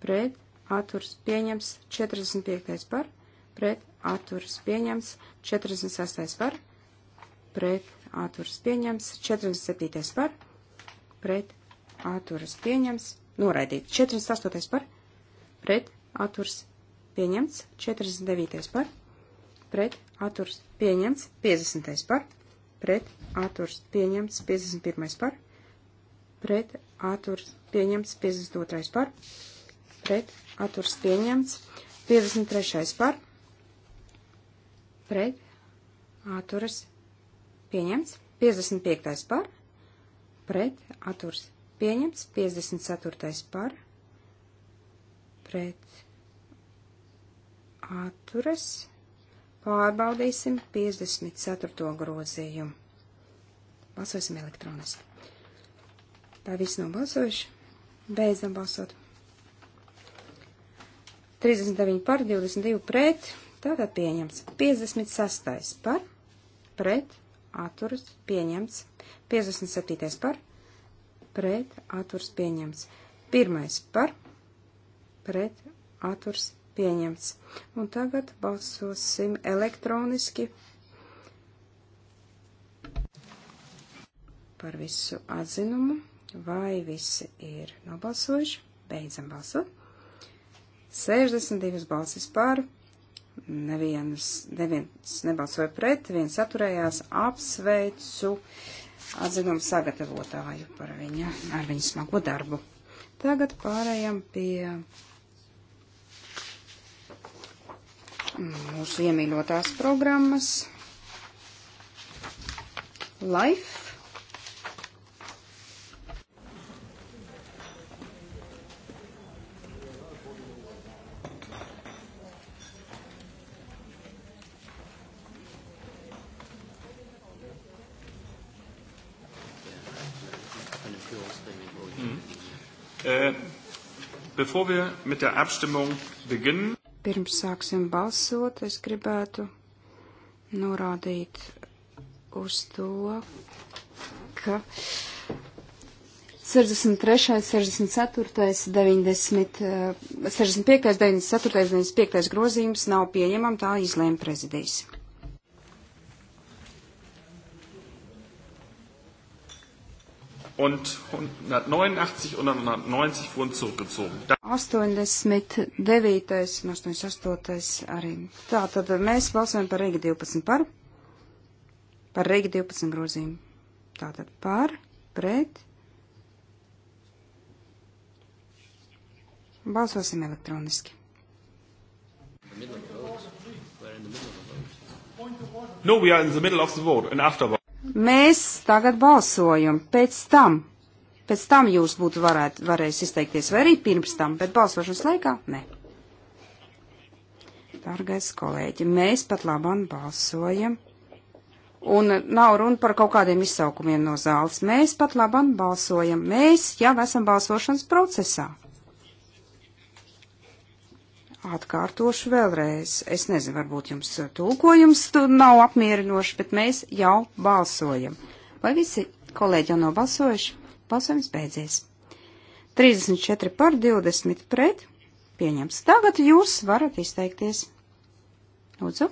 pret atturs pieņemts 45. par, pret atturs pieņemts 46. par, pret atturs pieņemts 47. par, pret atturs pieņemts, noraidīt 48. par, pret atturs pieņemts 49. par, pret atturs pieņemts 50. par, pret atturs pieņemts 51. par, pret atturs pieņemts, 52. par, pret, atturs pieņemts, 53. par, pret, atturs pieņemts, 55. par, pret, atturs pieņemts, 54. par, pret, atturs, pārbaudīsim 54. grozījumu. Balsosim elektroniski. Vai viss nav balsojuši? Beidzam balsot. 39 par, 22 pret, tātad pieņemts. 56 par, pret, atturas, pieņemts. 57 par, pret, atturas, pieņemts. 1 par, pret, atturas, pieņemts. Un tagad balsosim elektroniski par visu atzinumu. Vai visi ir nobalsojuši? Beidzam balsot. 62 balsis par, neviens, neviens nebalsoja pret, viens atturējās, apsveicu atzinumu sagatavotāju par viņa, ar viņu smago darbu. Tagad pārējām pie mūsu iemīļotās programmas Life beginnen... Pirms sāksim balsot, es gribētu norādīt uz to, ka 63., 64., 90, 65., 94., 95. grozījums nav pieņemam, tā izlēma prezidijas. und 189 un 190 wurden zurückgezogen. 89 un 88 arī. Tā, tad mēs balsojam par Rīga 12 par, par Rīga 12 grozījumu. Tātad par, pret. Balsosim elektroniski. No, we are in the middle of the vote and after vote. Mēs tagad balsojam, pēc tam, pēc tam jūs būtu varēt, varējis izteikties, vai arī pirms tam, bet balsošanas laikā ne. Dārgais kolēģi, mēs pat labam balsojam. Un nav runa par kaut kādiem izsaukumiem no zāles. Mēs pat labam balsojam. Mēs jau esam balsošanas procesā. Atkārtošu vēlreiz. Es nezinu, varbūt jums tulkojums nav apmierinošs, bet mēs jau balsojam. Vai visi kolēģi jau nobalsojuši? Balsojums beidzies. 34 par 20 pret. Pieņems. Tagad jūs varat izteikties. Lūdzu.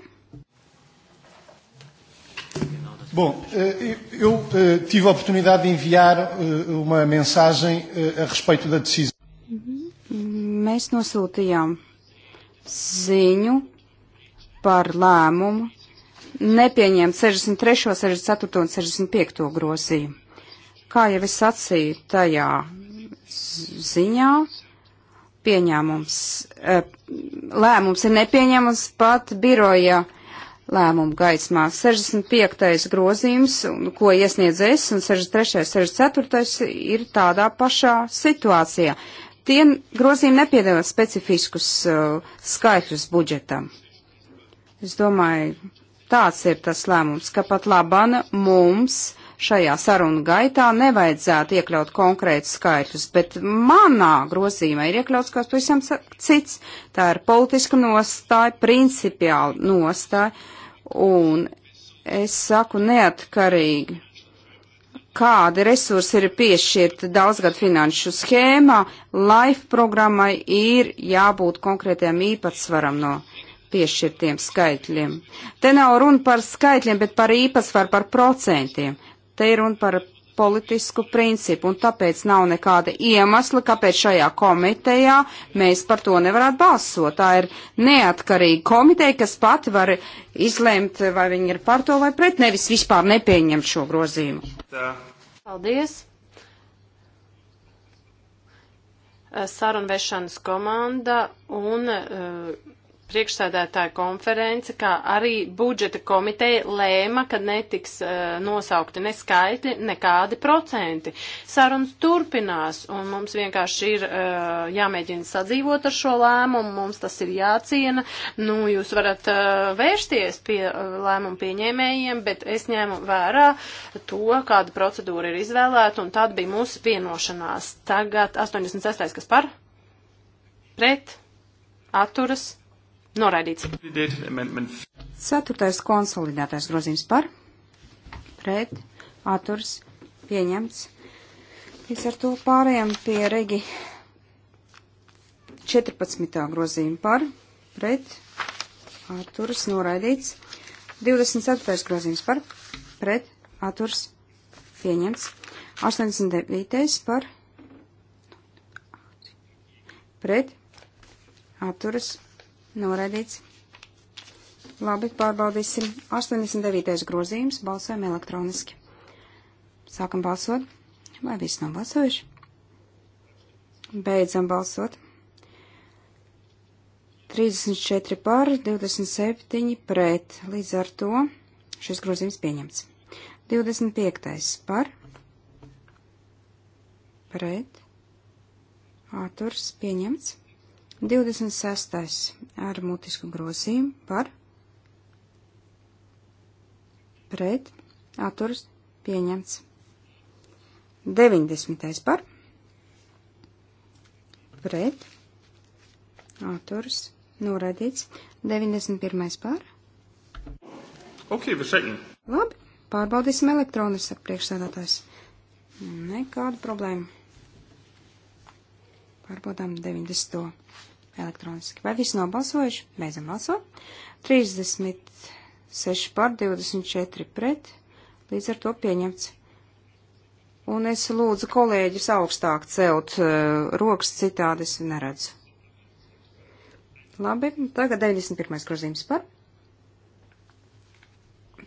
Bom, eh, eu eh, tive a oportunidade de enviar eh, uma mensagem a respeito da decisão. Mēs nosūtījām ziņu par lēmumu nepieņemt 63., 64. un 65. grozījumu. Kā jau es sacīju, tajā ziņā pieņēmums, eh, lēmums ir nepieņemams pat biroja lēmumu gaismā. 65. grozījums, ko iesniedz es, un 63. 64. ir tādā pašā situācijā. Tie grozījumi nepiedāvā specifiskus uh, skaitļus budžetam. Es domāju, tāds ir tas lēmums, ka pat labana mums šajā sarunu gaitā nevajadzētu iekļaut konkrētus skaitļus, bet manā grozījumā ir iekļauts kaut kas pavisam cits. Tā ir politiska nostāja, principiāla nostāja, un es saku neatkarīgi kādi resursi ir piešķirti daudzgad finanšu schēmā, LIFE programmai ir jābūt konkrētiem īpatsvaram no piešķirtiem skaitļiem. Te nav runa par skaitļiem, bet par īpatsvaru, par procentiem. Te ir runa par politisku principu, un tāpēc nav nekāda iemesla, kāpēc šajā komitejā mēs par to nevarētu balsot. Tā ir neatkarīga komiteja, kas pati var izlēmt, vai viņi ir par to vai pret, nevis vispār nepieņemt šo grozījumu. Tā. Paldies! Sarunvešanas komanda un uh, priekšsēdētāja konference, kā arī budžeta komiteja lēma, ka netiks uh, nosaukti ne skaitļi, nekādi procenti. Sarunas turpinās, un mums vienkārši ir uh, jāmēģina sadzīvot ar šo lēmumu, mums tas ir jāciena. Nu, jūs varat uh, vērsties pie uh, lēmumu pieņēmējiem, bet es ņēmu vērā to, kāda procedūra ir izvēlēta, un tāda bija mūsu vienošanās. Tagad 86. kas par? Pret? Atturas? Noraidīts. Ceturtais konsolidētais grozījums par, pret, atturs, pieņemts. Līdz ar to pārējām pie regi 14. grozījuma par, pret, atturs, noraidīts. 24. grozījums par, pret, atturs, pieņemts. 89. par, pret, atturs, pieņemts Noraidīts. Labi, pārbaudīsim. 89. grozījums. Balsojam elektroniski. Sākam balsot. Vai viss nav balsojuši? Beidzam balsot. 34 par, 27 pret. Līdz ar to šis grozījums pieņemts. 25. par, pret, āturs pieņemts. 26. ar mutisku grozīm par pret atturs pieņemts. 90. par pret atturs noraidīts. 91. par. Ok, bet šeit. Labi, pārbaudīsim elektronis, saka priekšsēdātājs. Nekāda problēma. Pārbaudām 90 elektroniski. Vai visi nobalsojuši? Beidzam balsot. 36 par 24 pret. Līdz ar to pieņemts. Un es lūdzu kolēģis augstāk celt uh, rokas, citādi es neredzu. Labi, tagad 91. grozījums par.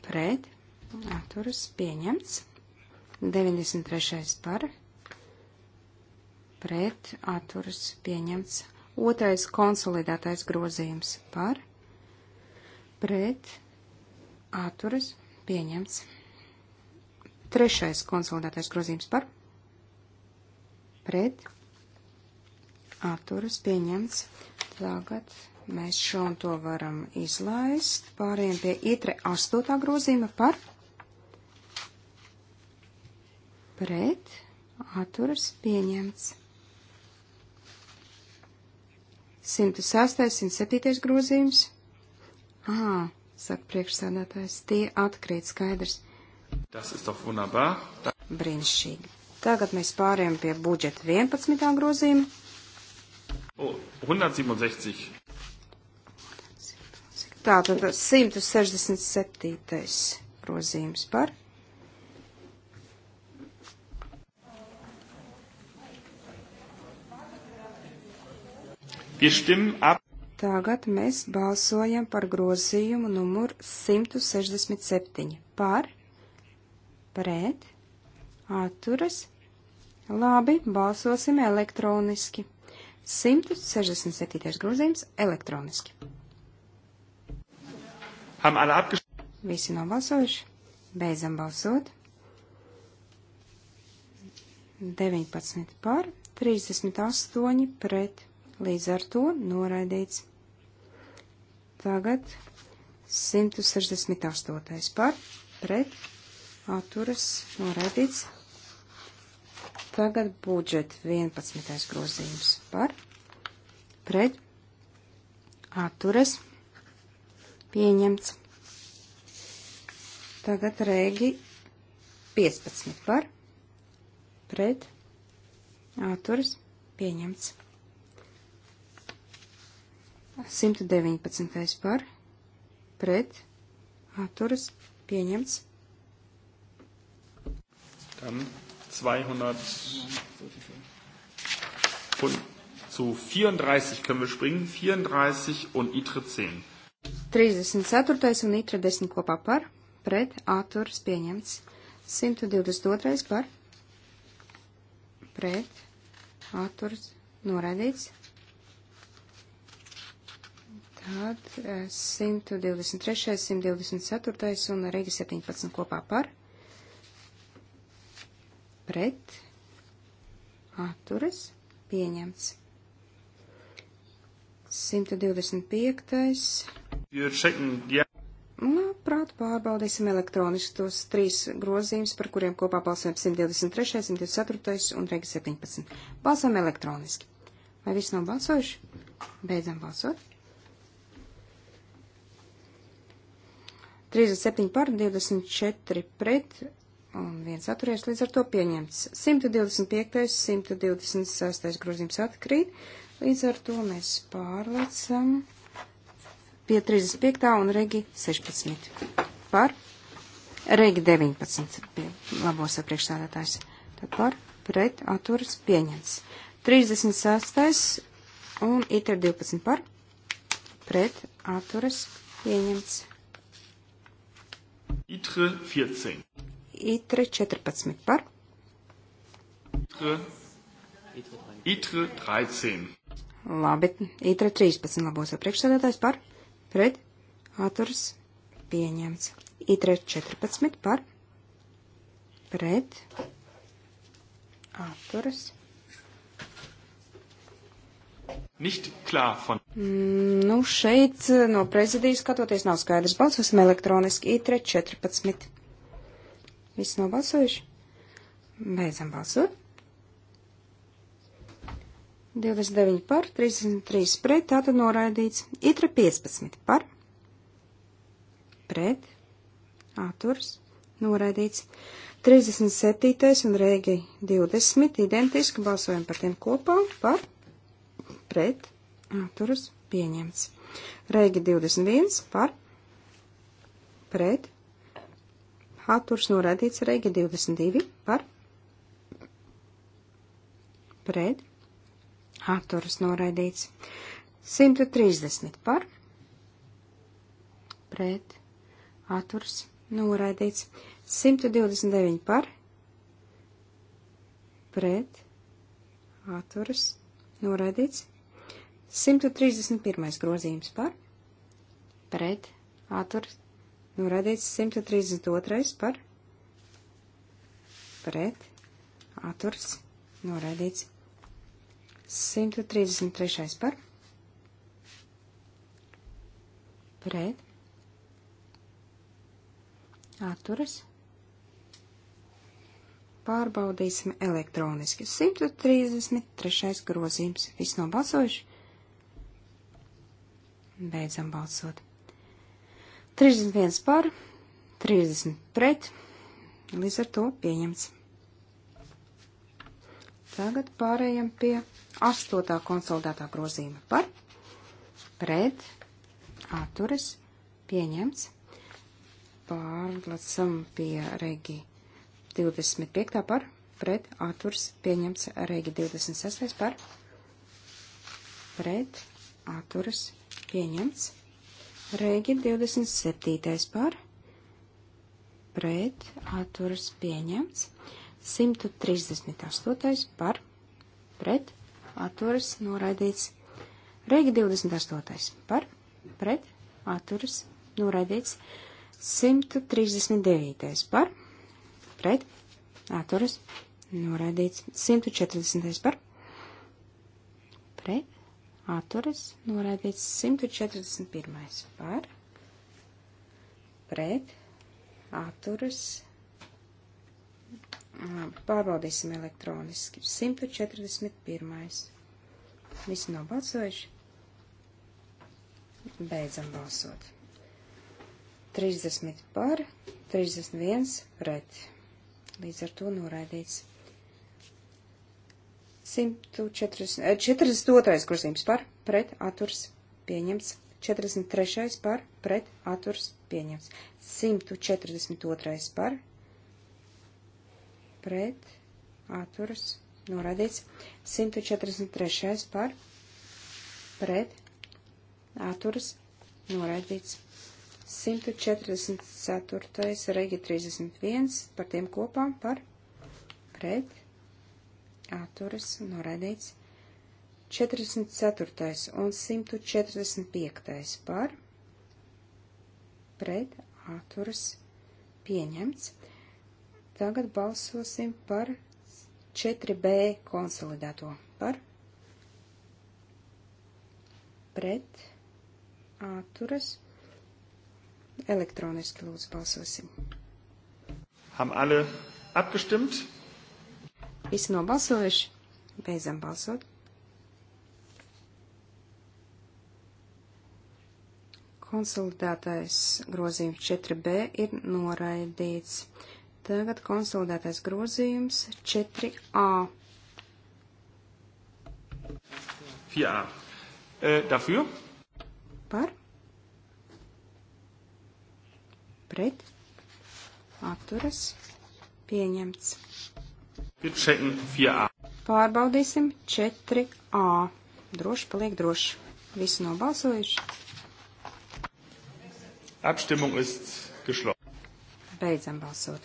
Pret. Atturas pieņemts. 93. par. Pret. Atturas pieņemts. Otrais konsolidētais grozījums par pret atturas pieņemts. Trešais konsolidētais grozījums par pret atturas pieņemts. Tagad mēs šo un to varam izlaist. Pārējiem pie itre astotā grozījuma par pret atturas pieņemts. 106. 107. grozījums. Ā, saka priekšsēdētājs, tie atkrīt skaidrs. Tas ir doch wunderbar. Brīnišķīgi. Tagad mēs pārējām pie budžeta 11. grozījuma. Oh, 167. Tātad 167. grozījums par Tagad mēs balsojam par grozījumu numur 167. Par, pret, atturas. Labi, balsosim elektroniski. 167. grozījums elektroniski. Visi nobalsojuši. Beidzam balsot. 19 par, 38 pret līdz ar to noraidīts. Tagad 168. par pret atturas noraidīts. Tagad budžet 11. grozījums par pret atturas pieņemts. Tagad rēgi 15 par pret atturas pieņemts. 119. par pret atturas pieņemts. Dann 200 zu 34 können wir springen, 34 und ITRE 10. 34. un ITRE 10 kopā par pret atturas pieņemts. 122. par pret atturas noraidīts. Tad 123, eh, 124 un arī 17 kopā par. Pret. Atturas. Pieņemts. 125. Labprāt, nu, pārbaudīsim elektroniski tos trīs grozījumus, par kuriem kopā balsojam 123, 124 un regi 17. Balsam elektroniski. Vai viss nav balsojuši? Beidzam balsot. 37 par 24 pret un viens atturies līdz ar to pieņemts. 125. 126. grozījums atkrīt, līdz ar to mēs pārlecam pie 35. un regi 16 par regi 19 pie labos apriekšstādātājs. Tad par pret atturis pieņemts. 36. un it ir 12 par pret atturis pieņemts. Itre 14. Itre 14 par. Itre, itre 13. Labi, itre 13 labos priekšsēdētājs par. Pret. Atturs pieņemts. Itre 14 par. Pret. Atturs pieņemts Von... Mm, nu, šeit eh, no prezidijas skatoties nav skaidrs. Balsosim elektroniski ITRE 14. Viss nobalsojuši? Beidzam balsot. 29 par, 33 pret, tātad noraidīts. ITRE 15 par, pret, atturs, noraidīts. 37. un rēgi 20 identiski balsojam par tiem kopā par pret atturas pieņemts. Reigi 21 par pret atturs norādīts. Reigi 22 par pret atturs norādīts. 130 par pret atturs norādīts. 129 par pret atturas norādīts. 131. grozījums par, pret, atturas, norādīts 132. par, pret, atturas, norādīts 133. par, pret, atturas, pārbaudīsim elektroniski 133. grozījums. Viss nobalsojuši? Beidzam balsot. 31 par, 30 pret, līdz ar to pieņemts. Tagad pārējam pie 8. konsolidētā grozījuma par, pret, atturis, pieņemts. Pārlasam pie regi 25. par, pret, atturis, pieņemts, regi 26. par, pret, atturis, pieņemts pieņemts. Rēgi 27. par pret atturas pieņemts. 138. par pret atturas noraidīts. Rēgi 28. par pret atturas noraidīts. 139. par pret atturas noraidīts. 140. par pret atturas noraidīts 141. par pret atturas pārbaudīsim elektroniski 141. Visi nobalsojuši. Beidzam balsot. 30 par, 31 pret. Līdz ar to noraidīts 142. Eh, grozījums par pret atturs pieņemts. 43. par pret atturs pieņemts. 142. par pret atturs norādīts. 143. par pret atturs norādīts. 144. regi 31 par tiem kopā par pret atturas noraidīts. 44. un 145. par pret atturas pieņemts. Tagad balsosim par 4B konsolidēto par pret atturas elektroniski lūdzu balsosim. Haben alle abgestimmt? Visi nobalsojuši. Beidzam balsot. Konsolidētais grozījums 4b ir noraidīts. Tagad konsolidētais grozījums 4a. 4a. E, dafür? Par? Pret? Atturas? Pieņemts. Checken 4A. Pārbaudīsim 4A. Droši paliek droši. Visi nobalsojuši. Abstimmung ist geschlossen. Beidzam balsot.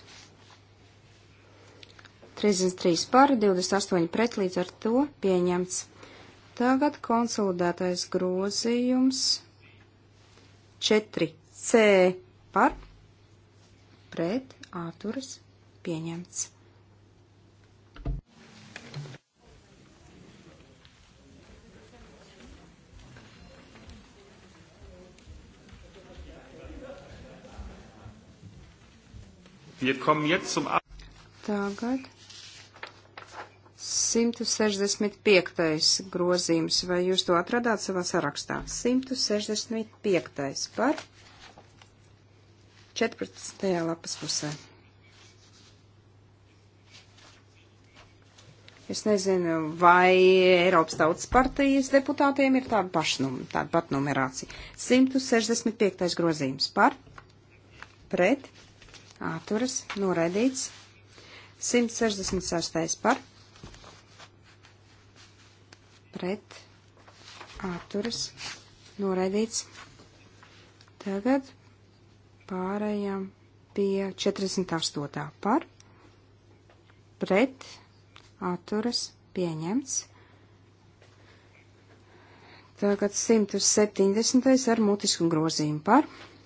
33 par, 28 pret, līdz ar to pieņemts. Tagad konsolidētais grozījums 4C par, pret, āturas pieņemts. Tagad 165. grozījums, vai jūs to atradāt savā sarakstā? 165. par 14. lapas pusē. Es nezinu, vai Eiropas Tautas partijas deputātiem ir tāda pašnum, tāda pat numerācija. 165. grozījums par, pret, Atturas noraidīts. 166. par. Pret. Atturas noraidīts. Tagad pārējām pie 48. par. Pret. Atturas pieņemts. Tagad 170. ar mutisku grozījumu par. Pret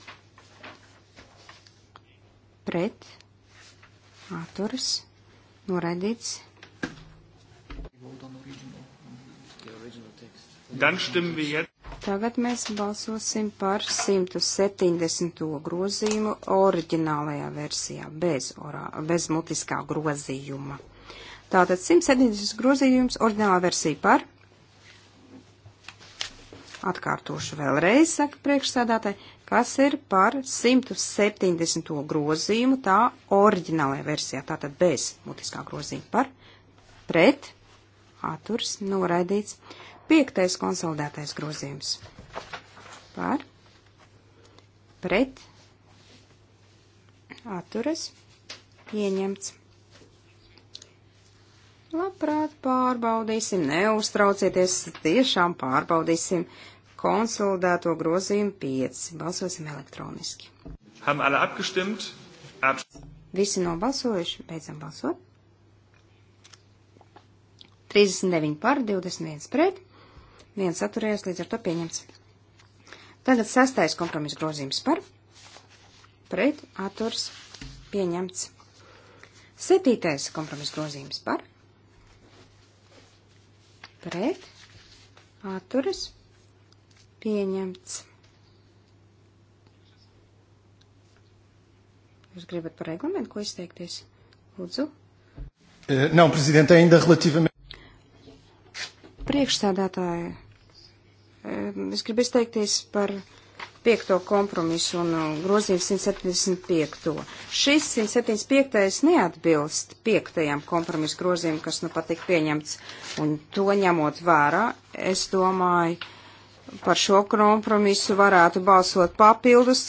pret, atturas, noraidīts. Tagad mēs balsosim par 170. grozījumu oriģinālajā versijā, bez, orā, bez mutiskā grozījuma. Tātad 170 grozījums, oriģinālā versija par. Atkārtošu vēlreiz, saka priekšsēdātāji, kas ir par 170. grozījumu tā oriģinālajā versijā, tātad bez mutiskā grozījuma par pret, atturs, noraidīts, piektais konsolidētais grozījums par pret, atturas, pieņemts. Labprāt pārbaudīsim, neuztraucieties, tiešām pārbaudīsim konsolidēto grozījumu 5. Balsosim elektroniski. Visi nobalsojuši, beidzam balsot. 39 par, 21 pret, viens atturējās, līdz ar to pieņemts. Tagad sastais kompromiss grozījums par, pret, atturs, pieņemts. Septītais kompromiss grozījums par, pret, atturs, pieņemts pieņemts. Jūs gribat par reglamentu, ko izteikties? Lūdzu. Eh, Nav prezidenta ainda relativamente. Priekšstādātāji, eh, es gribu izteikties par piekto kompromisu un eh, grozījumu 175. Šis 175. neatbilst piektajam kompromisu grozījumam, kas nu patika pieņemts, un to ņemot vērā, es domāju, par šo kompromisu varētu balsot papildus,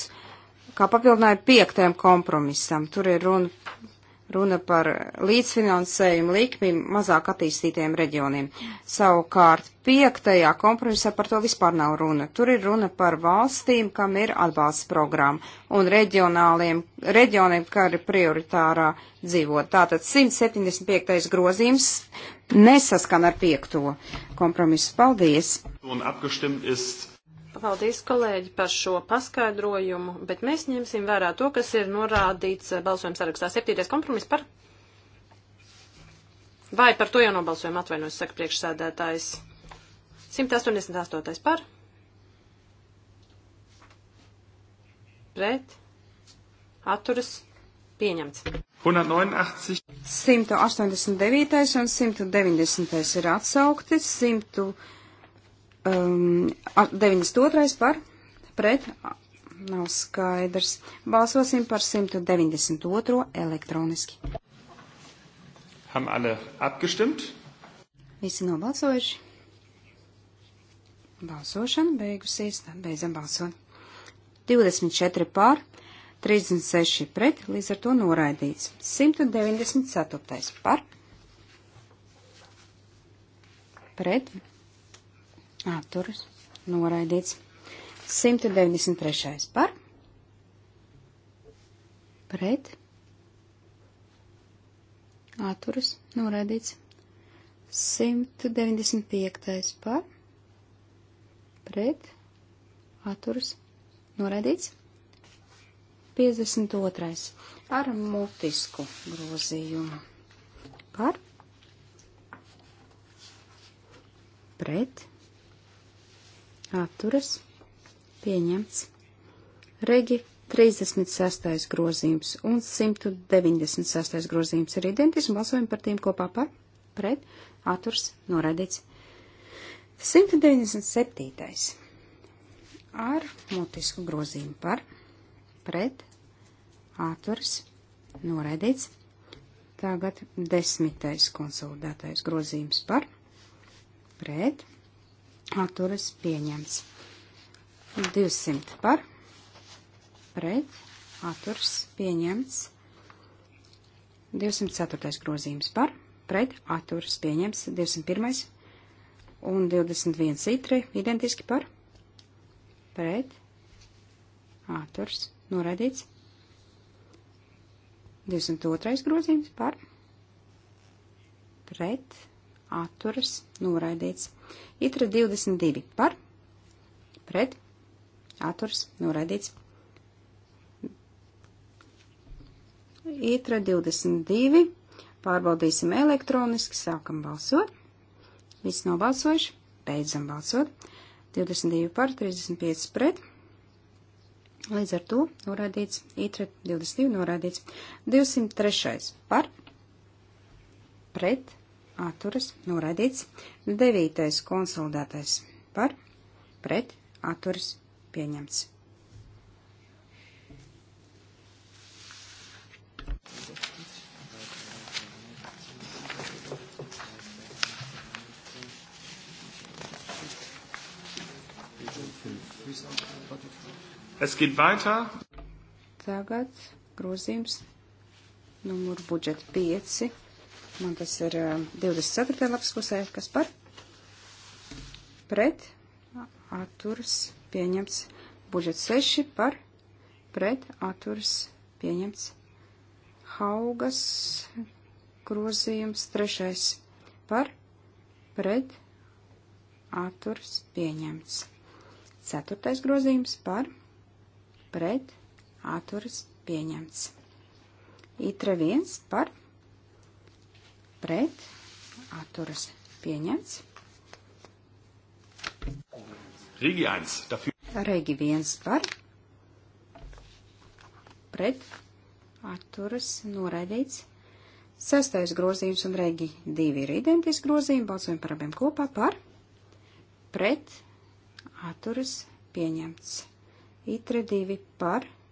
kā papildinājumu piektajam kompromisam. Tur ir runa runa par līdzfinansējumu likmi mazāk attīstītiem reģioniem. Savukārt piektajā kompromisā par to vispār nav runa. Tur ir runa par valstīm, kam ir atbalsts programma un reģionāliem, reģioniem, kā ir prioritārā dzīvot. Tātad 175. grozījums nesaskan ar piekto kompromisu. Paldies! Un apgestimt ist paldies kolēģi par šo paskaidrojumu, bet mēs ņemsim vērā to, kas ir norādīts eh, balsojuma sarakstā. Septītais kompromiss par. Vai par to jau nobalsojam atvainojas, saka priekšsēdētājs. 188. par. Pret. Atturas. Pieņemts. 189. 189. un 190. ir atsaukti. 100. Um, 92. par pret nav skaidrs. Balsosim par 192. elektroniski. Ham alle abgestimmt? Visi nobalsojuši. Balsošana beigusies, tad beidzam balsot. 24 pār, 36 pret, līdz ar to noraidīts. 194 par. Pret atturas noraidīts. 193. par pret atturas noraidīts. 195. par pret atturas noraidīts. 52. ar mutisku grozījumu par pret atturas pieņemts. Regi 36. grozījums un 196. grozījums ir identiski. Balsojam par tiem kopā par pret atturs noraidīts. 197. ar mutisku grozījumu par pret atturs noraidīts. Tagad desmitais konsolidētais grozījums par pret atturas pieņemts. 200 par, pret, atturas pieņemts. 204. grozījums par, pret, atturas pieņemts. 201. un 21 citri identiski par, pret, atturas noraidīts. 202. grozījums par, pret, atturas pieņemts atturas noraidīts. Itra 22 par, pret, atturas noraidīts. Itra 22 pārbaudīsim elektroniski, sākam balsot. Viss nobalsojuši, beidzam balsot. 22 par, 35 pret. Līdz ar to norādīts, itra 22 norādīts, 203 par, pret, atturas noraidīts. Devītais konsolidētais par pret atturas pieņemts. Es geht weiter. Tagad grozījums numuru budžeta 5 Man tas ir 24. Eh, lapas pusē, kas par pret atturas pieņemts budžets 6 par pret atturas pieņemts haugas grozījums 3 par pret atturas pieņemts. Ceturtais grozījums par pret atturas pieņemts. Itra 1 par pret pret, atturas pieņemts. Regi 1 dafür. Regi 1 par, pret, atturas noraidīts. Sestais grozījums un regi divi ir identiski grozījumi, balsojam par abiem kopā par, pret, atturas pieņemts. Itre divi par, pret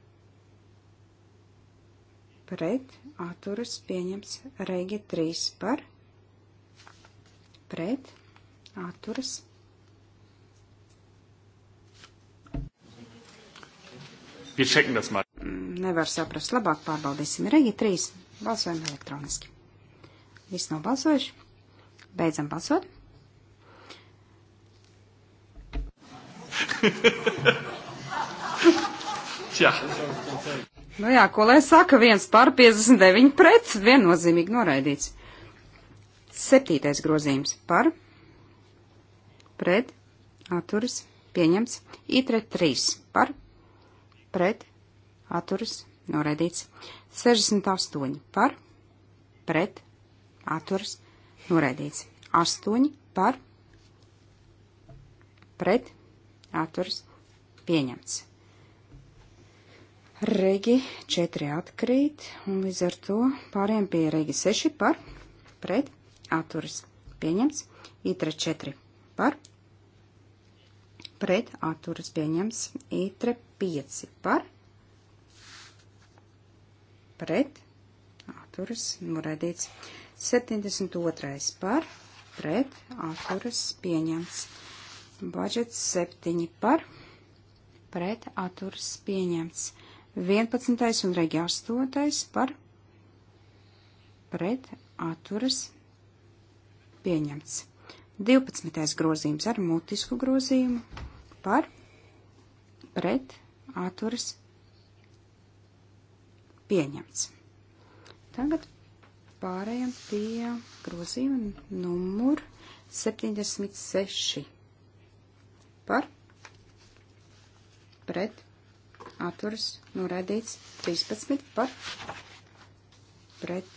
pret atturas pieņems Regi 3 par pret atturas mm, Nevar saprast, labāk pārbaudīsim Regi 3, balsojam elektroniski. Viss nav balsojuši, beidzam balsot. Tja. Nu jā, ko lai saka, viens par 59 pret, viennozīmīgi noraidīts. Septītais grozījums par, pret, atturis, pieņems, itre 3 par, pret, atturis, noraidīts. 68 par, pret, atturis, noraidīts. 8 par, pret, atturis, pieņemts. Regi 4 atkrīt, un līdz ar to pāriem pie Regi 6 par, pret, atturas, pieņems, Itra 4 par, pret, atturas, pieņems, Itra 5 par, pret, atturas, noraidīts, 72 par, pret, atturas, pieņems, budžets 7 par, pret, atturas, pieņems. 11. un regi 8. par pret atturas pieņemts. 12. grozījums ar mutisku grozījumu par pret atturas pieņemts. Tagad pārējām pie grozījuma numur 76 par pret atturas noraidīts 13 par pret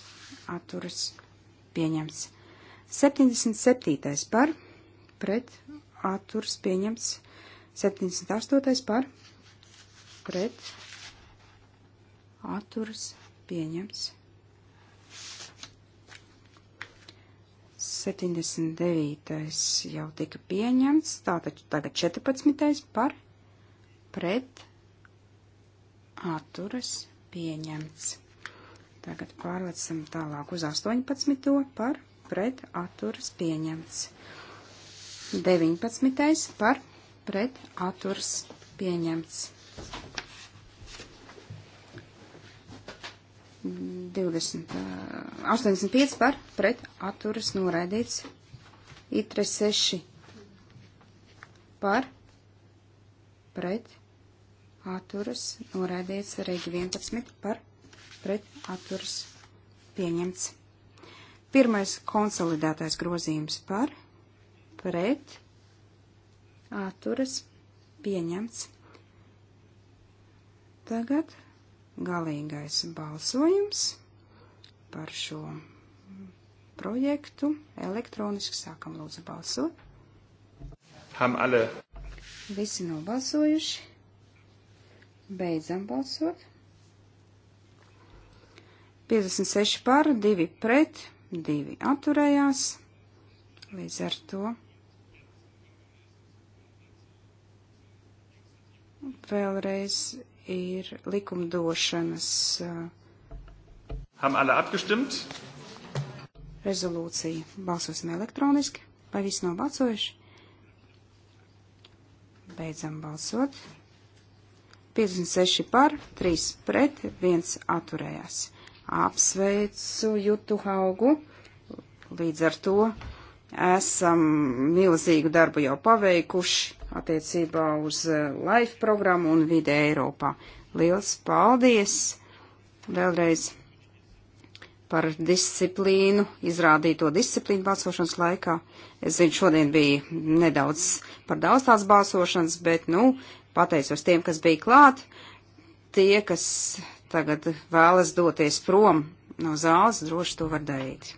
atturas pieņemts. 77. par pret atturas pieņemts. 78. par pret atturas pieņemts. 79. jau tika pieņemts, tātad tagad 14. par pret atturas pieņemts. Tagad pārlecam tālāk uz 18. par pret atturas pieņemts. 19. par pret atturas pieņemts. 20, 85 par pret atturas noraidīts. Itre 6 par pret atturas atturas noraidīts, regi 11 par pret atturas pieņemts. Pirmais konsolidētais grozījums par pret atturas pieņemts. Tagad galīgais balsojums par šo projektu. Elektroniski sākam lūdzu balsot. Ham alle. Visi nobalsojuši. Beidzam balsot. 56 par, 2 pret, 2 atturējās. Līdz ar to vēlreiz ir likumdošanas. Uh, Haben alle abgestimmt? Rezolūcija. Balsosim elektroniski. Vai viss nav balsojuši? Beidzam balsot. 56 par, 3 pret, 1 atturējās. Apsveicu Jutu Haugu. Līdz ar to esam milzīgu darbu jau paveikuši attiecībā uz eh, LIFE programmu un vide Eiropā. Liels paldies vēlreiz par disciplīnu, izrādīto disciplīnu balsošanas laikā. Es zinu, šodien bija nedaudz par daudz tās balsošanas, bet, nu, pateicos tiem, kas bija klāt, tie, kas tagad vēlas doties prom no zāles, droši to var darīt.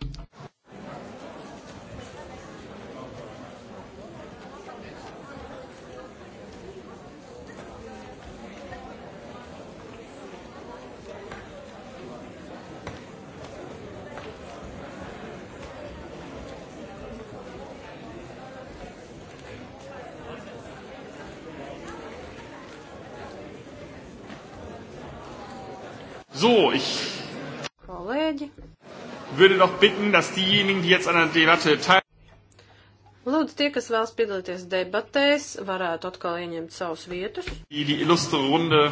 So, ich. Kolēģi. Würde doch bitten, dass diejenigen, die jetzt an der Debatte teil. Lūdzu, tie, kas vēlas piedalīties debatēs, varētu atkal ieņemt savus vietus. Die, die illustre Runde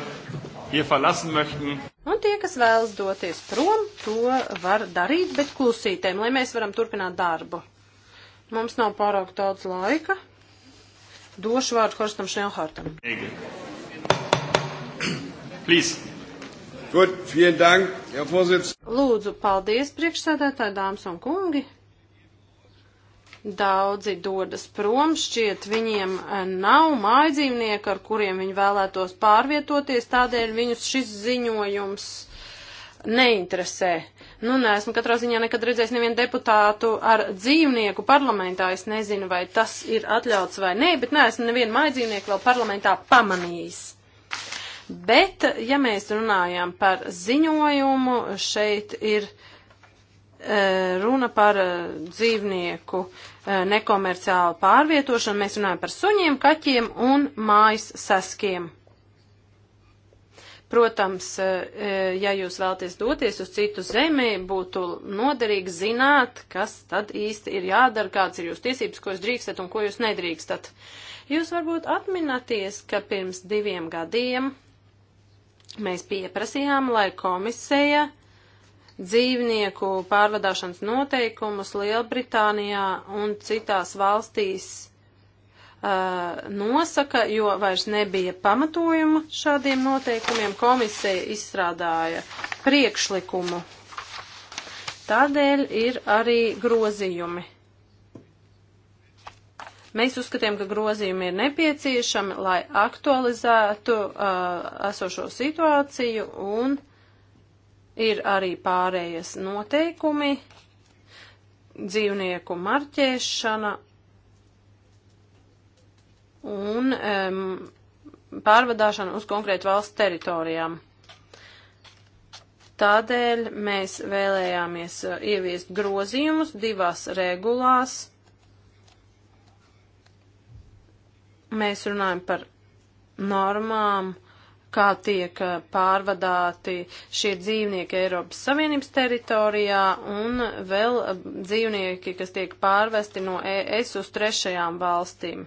hier verlassen möchten. Un tie, kas vēlas doties prom, to var darīt, bet klusītēm, lai mēs varam turpināt darbu. Mums nav pārāk daudz laika. Došu vārdu Horstam Šnelhārtam. Please. Gut, vielen Dank, Herr Vorsitz. Lūdzu, paldies, priekšsēdētāji, dāmas un kungi. Daudzi dodas prom, šķiet, viņiem eh, nav mājdzīvnieku, ar kuriem viņi vēlētos pārvietoties, tādēļ viņus šis ziņojums neinteresē. Nu, neesmu katrā ziņā nekad redzējis nevienu deputātu ar dzīvnieku parlamentā. Es nezinu, vai tas ir atļauts vai nē, bet neesmu nevienu mājdzīvnieku vēl parlamentā pamanījis. Bet, ja mēs runājam par ziņojumu, šeit ir e, runa par e, dzīvnieku e, nekomerciālu pārvietošanu. Mēs runājam par suņiem, kaķiem un mājas saskiem. Protams, ja jūs vēlaties doties uz citu zemi, būtu noderīgi zināt, kas tad īsti ir jādara, kādas ir jūsu tiesības, ko jūs drīkstat un ko jūs nedrīkstat. Jūs varbūt atminaties, ka pirms diviem gadiem Mēs pieprasījām, lai komisija dzīvnieku pārvadāšanas noteikumus Lielbritānijā un citās valstīs uh, nosaka, jo vairs nebija pamatojuma šādiem noteikumiem. Komisija izstrādāja priekšlikumu. Tādēļ ir arī grozījumi. Mēs uzskatām, ka grozījumi ir nepieciešami, lai aktualizētu uh, esošo situāciju un ir arī pārējas noteikumi, dzīvnieku marķēšana un um, pārvadāšana uz konkrētu valsts teritorijām. Tādēļ mēs vēlējāmies uh, ieviest grozījumus divās regulās Mēs runājam par normām, kā tiek eh, pārvadāti šie dzīvnieki Eiropas Savienības teritorijā un vēl eh, dzīvnieki, kas tiek pārvesti no ES uz trešajām valstīm.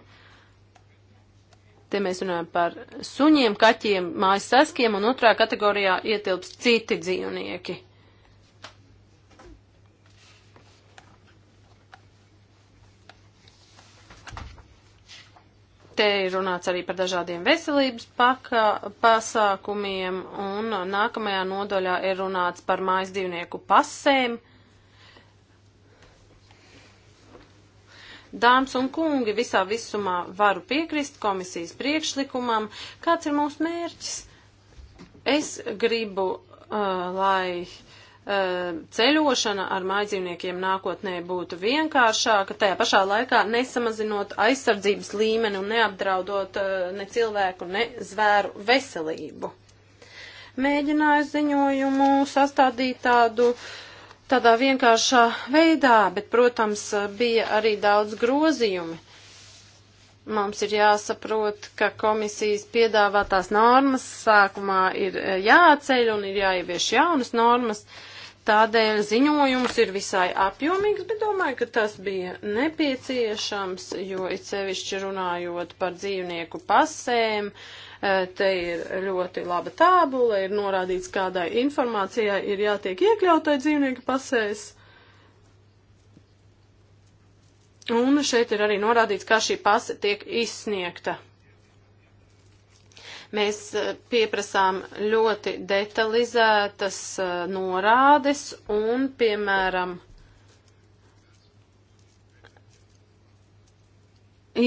Te mēs runājam par suņiem, kaķiem, mājas saskiem un otrā kategorijā ietilps citi dzīvnieki. Te ir runāts arī par dažādiem veselības paka, pasākumiem, un nākamajā nodaļā ir runāts par mājas dzīvnieku pasēm. Dāmas un kungi, visā visumā varu piekrist komisijas priekšlikumam. Kāds ir mūsu mērķis? Es gribu, uh, lai Eh, ceļošana ar mājdzīvniekiem nākotnē būtu vienkāršāka, tajā pašā laikā nesamazinot aizsardzības līmeni un neapdraudot eh, ne cilvēku, ne zvēru veselību. Mēģināju ziņojumu sastādīt tādu tādā vienkāršā veidā, bet, protams, bija arī daudz grozījumi. Mums ir jāsaprot, ka komisijas piedāvātās normas sākumā ir eh, jāceļ un ir jāievieš jaunas normas. Uh, Tādēļ ziņojums ir visai apjomīgs, bet domāju, ka tas bija nepieciešams, jo it sevišķi runājot par dzīvnieku pasēm, eh, te ir ļoti laba tābula, ir norādīts, kādai informācijai ir jātiek iekļautai dzīvnieku pasēs. Un šeit ir arī norādīts, kā šī pase tiek izsniegta. Mēs eh, pieprasām ļoti detalizētas eh, norādes un, piemēram,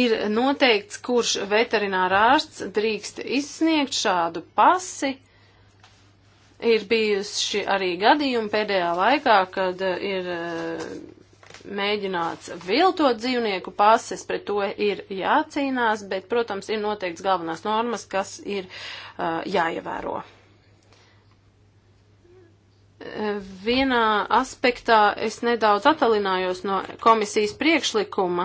ir noteikts, kurš veterinārārsts drīkst izsniegt šādu pasi. Ir bijuši arī gadījumi pēdējā laikā, kad eh, ir mēģināts viltot dzīvnieku pases, pret to ir jācīnās, bet, protams, ir noteikts galvenās normas, kas ir uh, jāievēro. Vienā aspektā es nedaudz atalinājos no komisijas priekšlikuma.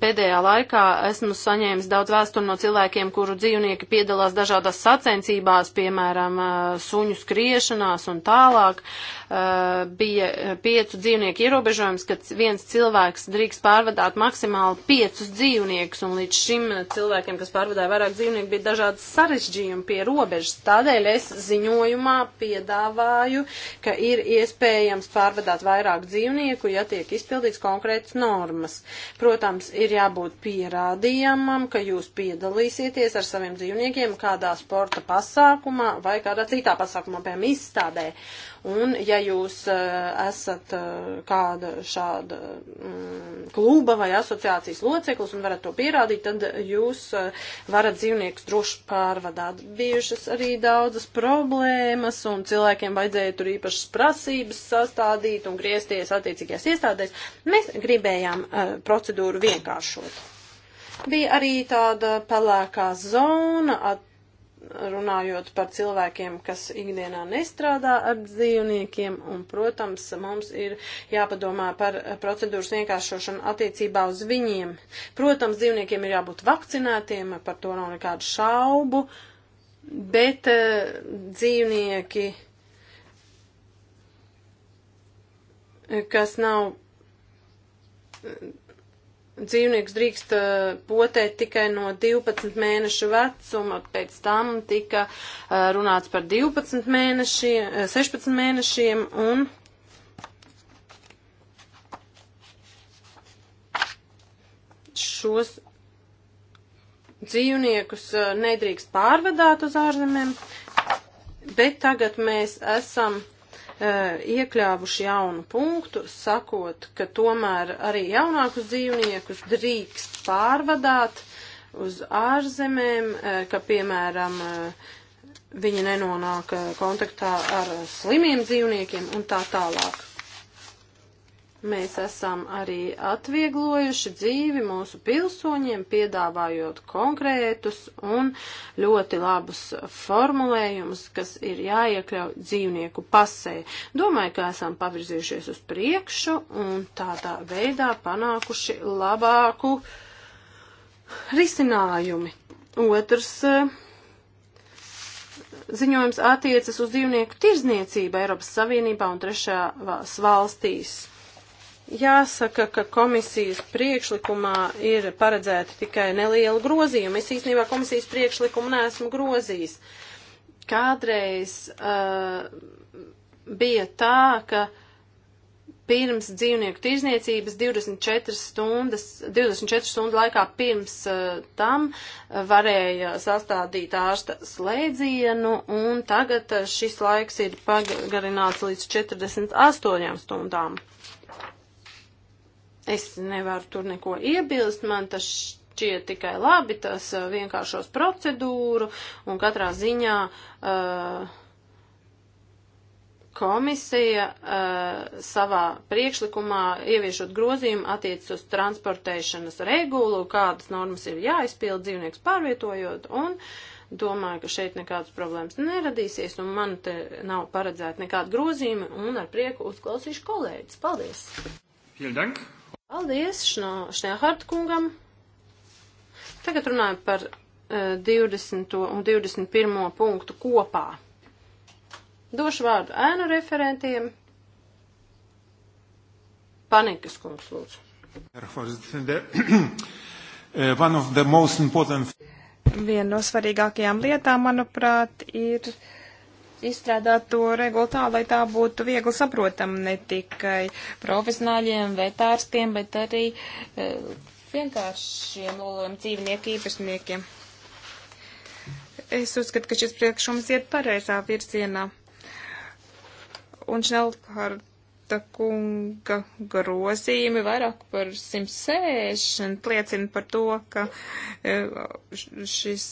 Pēdējā laikā esmu saņēmis daudz vēsturu no cilvēkiem, kuru dzīvnieki piedalās dažādās sacensībās, piemēram, suņu skriešanās un tālāk. Uh, Eh, bija piecu dzīvnieku ierobežojums, ka viens cilvēks drīkst pārvadāt maksimāli piecus dzīvniekus, un līdz šim cilvēkiem, kas pārvadāja vairāk dzīvnieku, bija dažādas sarežģījumi pie robežas. Tādēļ es ziņojumā piedāvāju, ka ir iespējams pārvadāt vairāk dzīvnieku, ja tiek izpildīts konkrētas normas. Protams, ir jābūt pierādījumam, ka jūs piedalīsieties ar saviem dzīvniekiem kādā sporta pasākumā vai kādā citā pasākumā, piemēram, izstādē. Un, ja jūs eh, esat eh, kāda šāda mm, kluba vai asociācijas loceklis un varat to pierādīt, tad jūs eh, varat dzīvniekus droši pārvadāt. Bijušas arī daudzas problēmas un cilvēkiem vajadzēja tur īpašas prasības sastādīt un griezties attiecīgajās iestādēs. Mēs gribējām procedūru vienkāršot. Bija arī tāda pelēkā zona. At runājot par cilvēkiem, kas ikdienā nestrādā ar dzīvniekiem, un, protams, mums ir jāpadomā par procedūras vienkāršošanu attiecībā uz viņiem. Protams, dzīvniekiem ir jābūt vakcinētiem, par to nav nekādu šaubu, bet eh, dzīvnieki, eh, kas nav dzīvnieks drīkst uh, potēt tikai no 12 mēnešu vecuma, pēc tam tika uh, runāts par 12 mēnešiem, 16 mēnešiem un. Šos dzīvniekus uh, nedrīkst pārvadāt uz ārzemēm, bet tagad mēs esam E, iekļāvuši jaunu punktu, sakot, ka tomēr arī jaunākus dzīvniekus drīkst pārvadāt uz ārzemēm, e, ka, piemēram, e, viņi nenonāk kontaktā ar slimiem dzīvniekiem un tā tālāk. Mēs esam arī atvieglojuši dzīvi mūsu pilsoņiem, piedāvājot konkrētus un ļoti labus formulējumus, kas ir jāiekļauj dzīvnieku pasē. Domāju, ka esam pavirzījušies uz priekšu un tādā veidā panākuši labāku risinājumi. Otrs eh, ziņojums attiecas uz dzīvnieku tirzniecību Eiropas Savienībā un trešās valstīs. Jāsaka, ka komisijas priekšlikumā ir paredzēta tikai neliela grozījuma. Es īstenībā komisijas priekšlikumu neesmu grozījis. Kādreiz uh, bija tā, ka pirms dzīvnieku tirzniecības 24 stundas, 24 stundu laikā pirms uh, tam uh, varēja sastādīt ārsta slēdzienu, un tagad uh, šis laiks ir pagarināts līdz 48 stundām. Es nevaru tur neko iebilst, man tas šķiet tikai labi, tas vienkāršos procedūru un katrā ziņā uh, komisija uh, savā priekšlikumā ieviešot grozījumu attiecas uz transportēšanas regulu, kādas normas ir jāizpild dzīvnieks pārvietojot un domāju, ka šeit nekādas problēmas neradīsies un man te nav paredzēta nekāda grozījuma un ar prieku uzklausīšu kolēģis. Paldies! Vielen Dank! Paldies Šņēhārta kungam. Tagad runājam par uh, eh, 20. un 21. punktu kopā. Došu vārdu ēnu referentiem. Panikas kungs, lūdzu. Eh, Viena no svarīgākajām lietām, manuprāt, ir uh, izstrādāt to regulu tā, lai tā būtu viegli saprotam ne tikai profesionāļiem, vetārstiem, bet arī e, vienkāršiem loliem dzīvnieku īpašniekiem. Es uzskatu, ka šis priekšums iet pareizā virzienā. Un Šnelkārt Šmita kunga grozījumi vairāk par 160 liecina par to, ka e, šis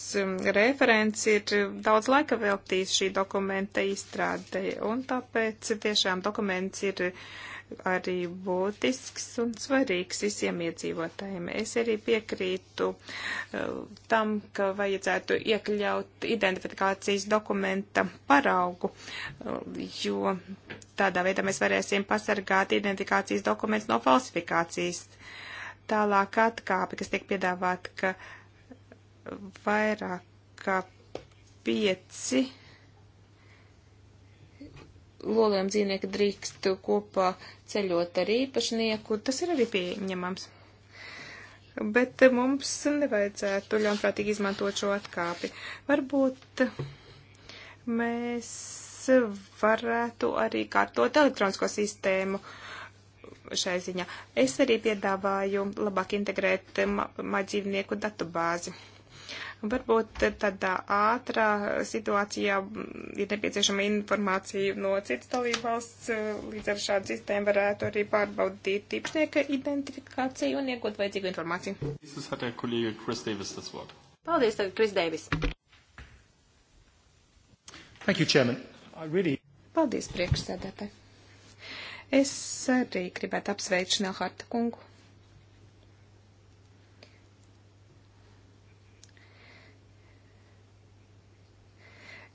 referents ir daudz laika veltījis šī dokumenta izstrādē, un tāpēc tiešām dokuments ir arī būtisks un svarīgs visiem iedzīvotājiem. Es arī piekrītu uh, tam, ka vajadzētu iekļaut identifikācijas dokumenta paraugu, uh, jo tādā veidā mēs varēsim pasargāt identifikācijas dokumentus no falsifikācijas. Tālāk atkāpe, kas tiek piedāvāta, ka vairāk kā pieci loliem dzīvnieki drīkst kopā ceļot ar īpašnieku, tas ir arī pieņemams. Bet mums nevajadzētu ļaunprātīgi izmantot šo atkāpi. Varbūt mēs varētu arī kārtot elektronisko sistēmu šai ziņā. Es arī piedāvāju labāk integrēt maģīvnieku datubāzi. Varbūt tādā ātrā situācijā ir mm, nepieciešama informācija no citas dalībvalsts, eh, līdz ar šādu sistēmu varētu arī pārbaudīt tipšnieka identifikāciju un iegūt vajadzīgu informāciju. Paldies, tagad Kris Deivis. Thank you, Chairman. I really... Paldies, priekšsēdētāji. Es arī gribētu apsveikt Šnelharta kungu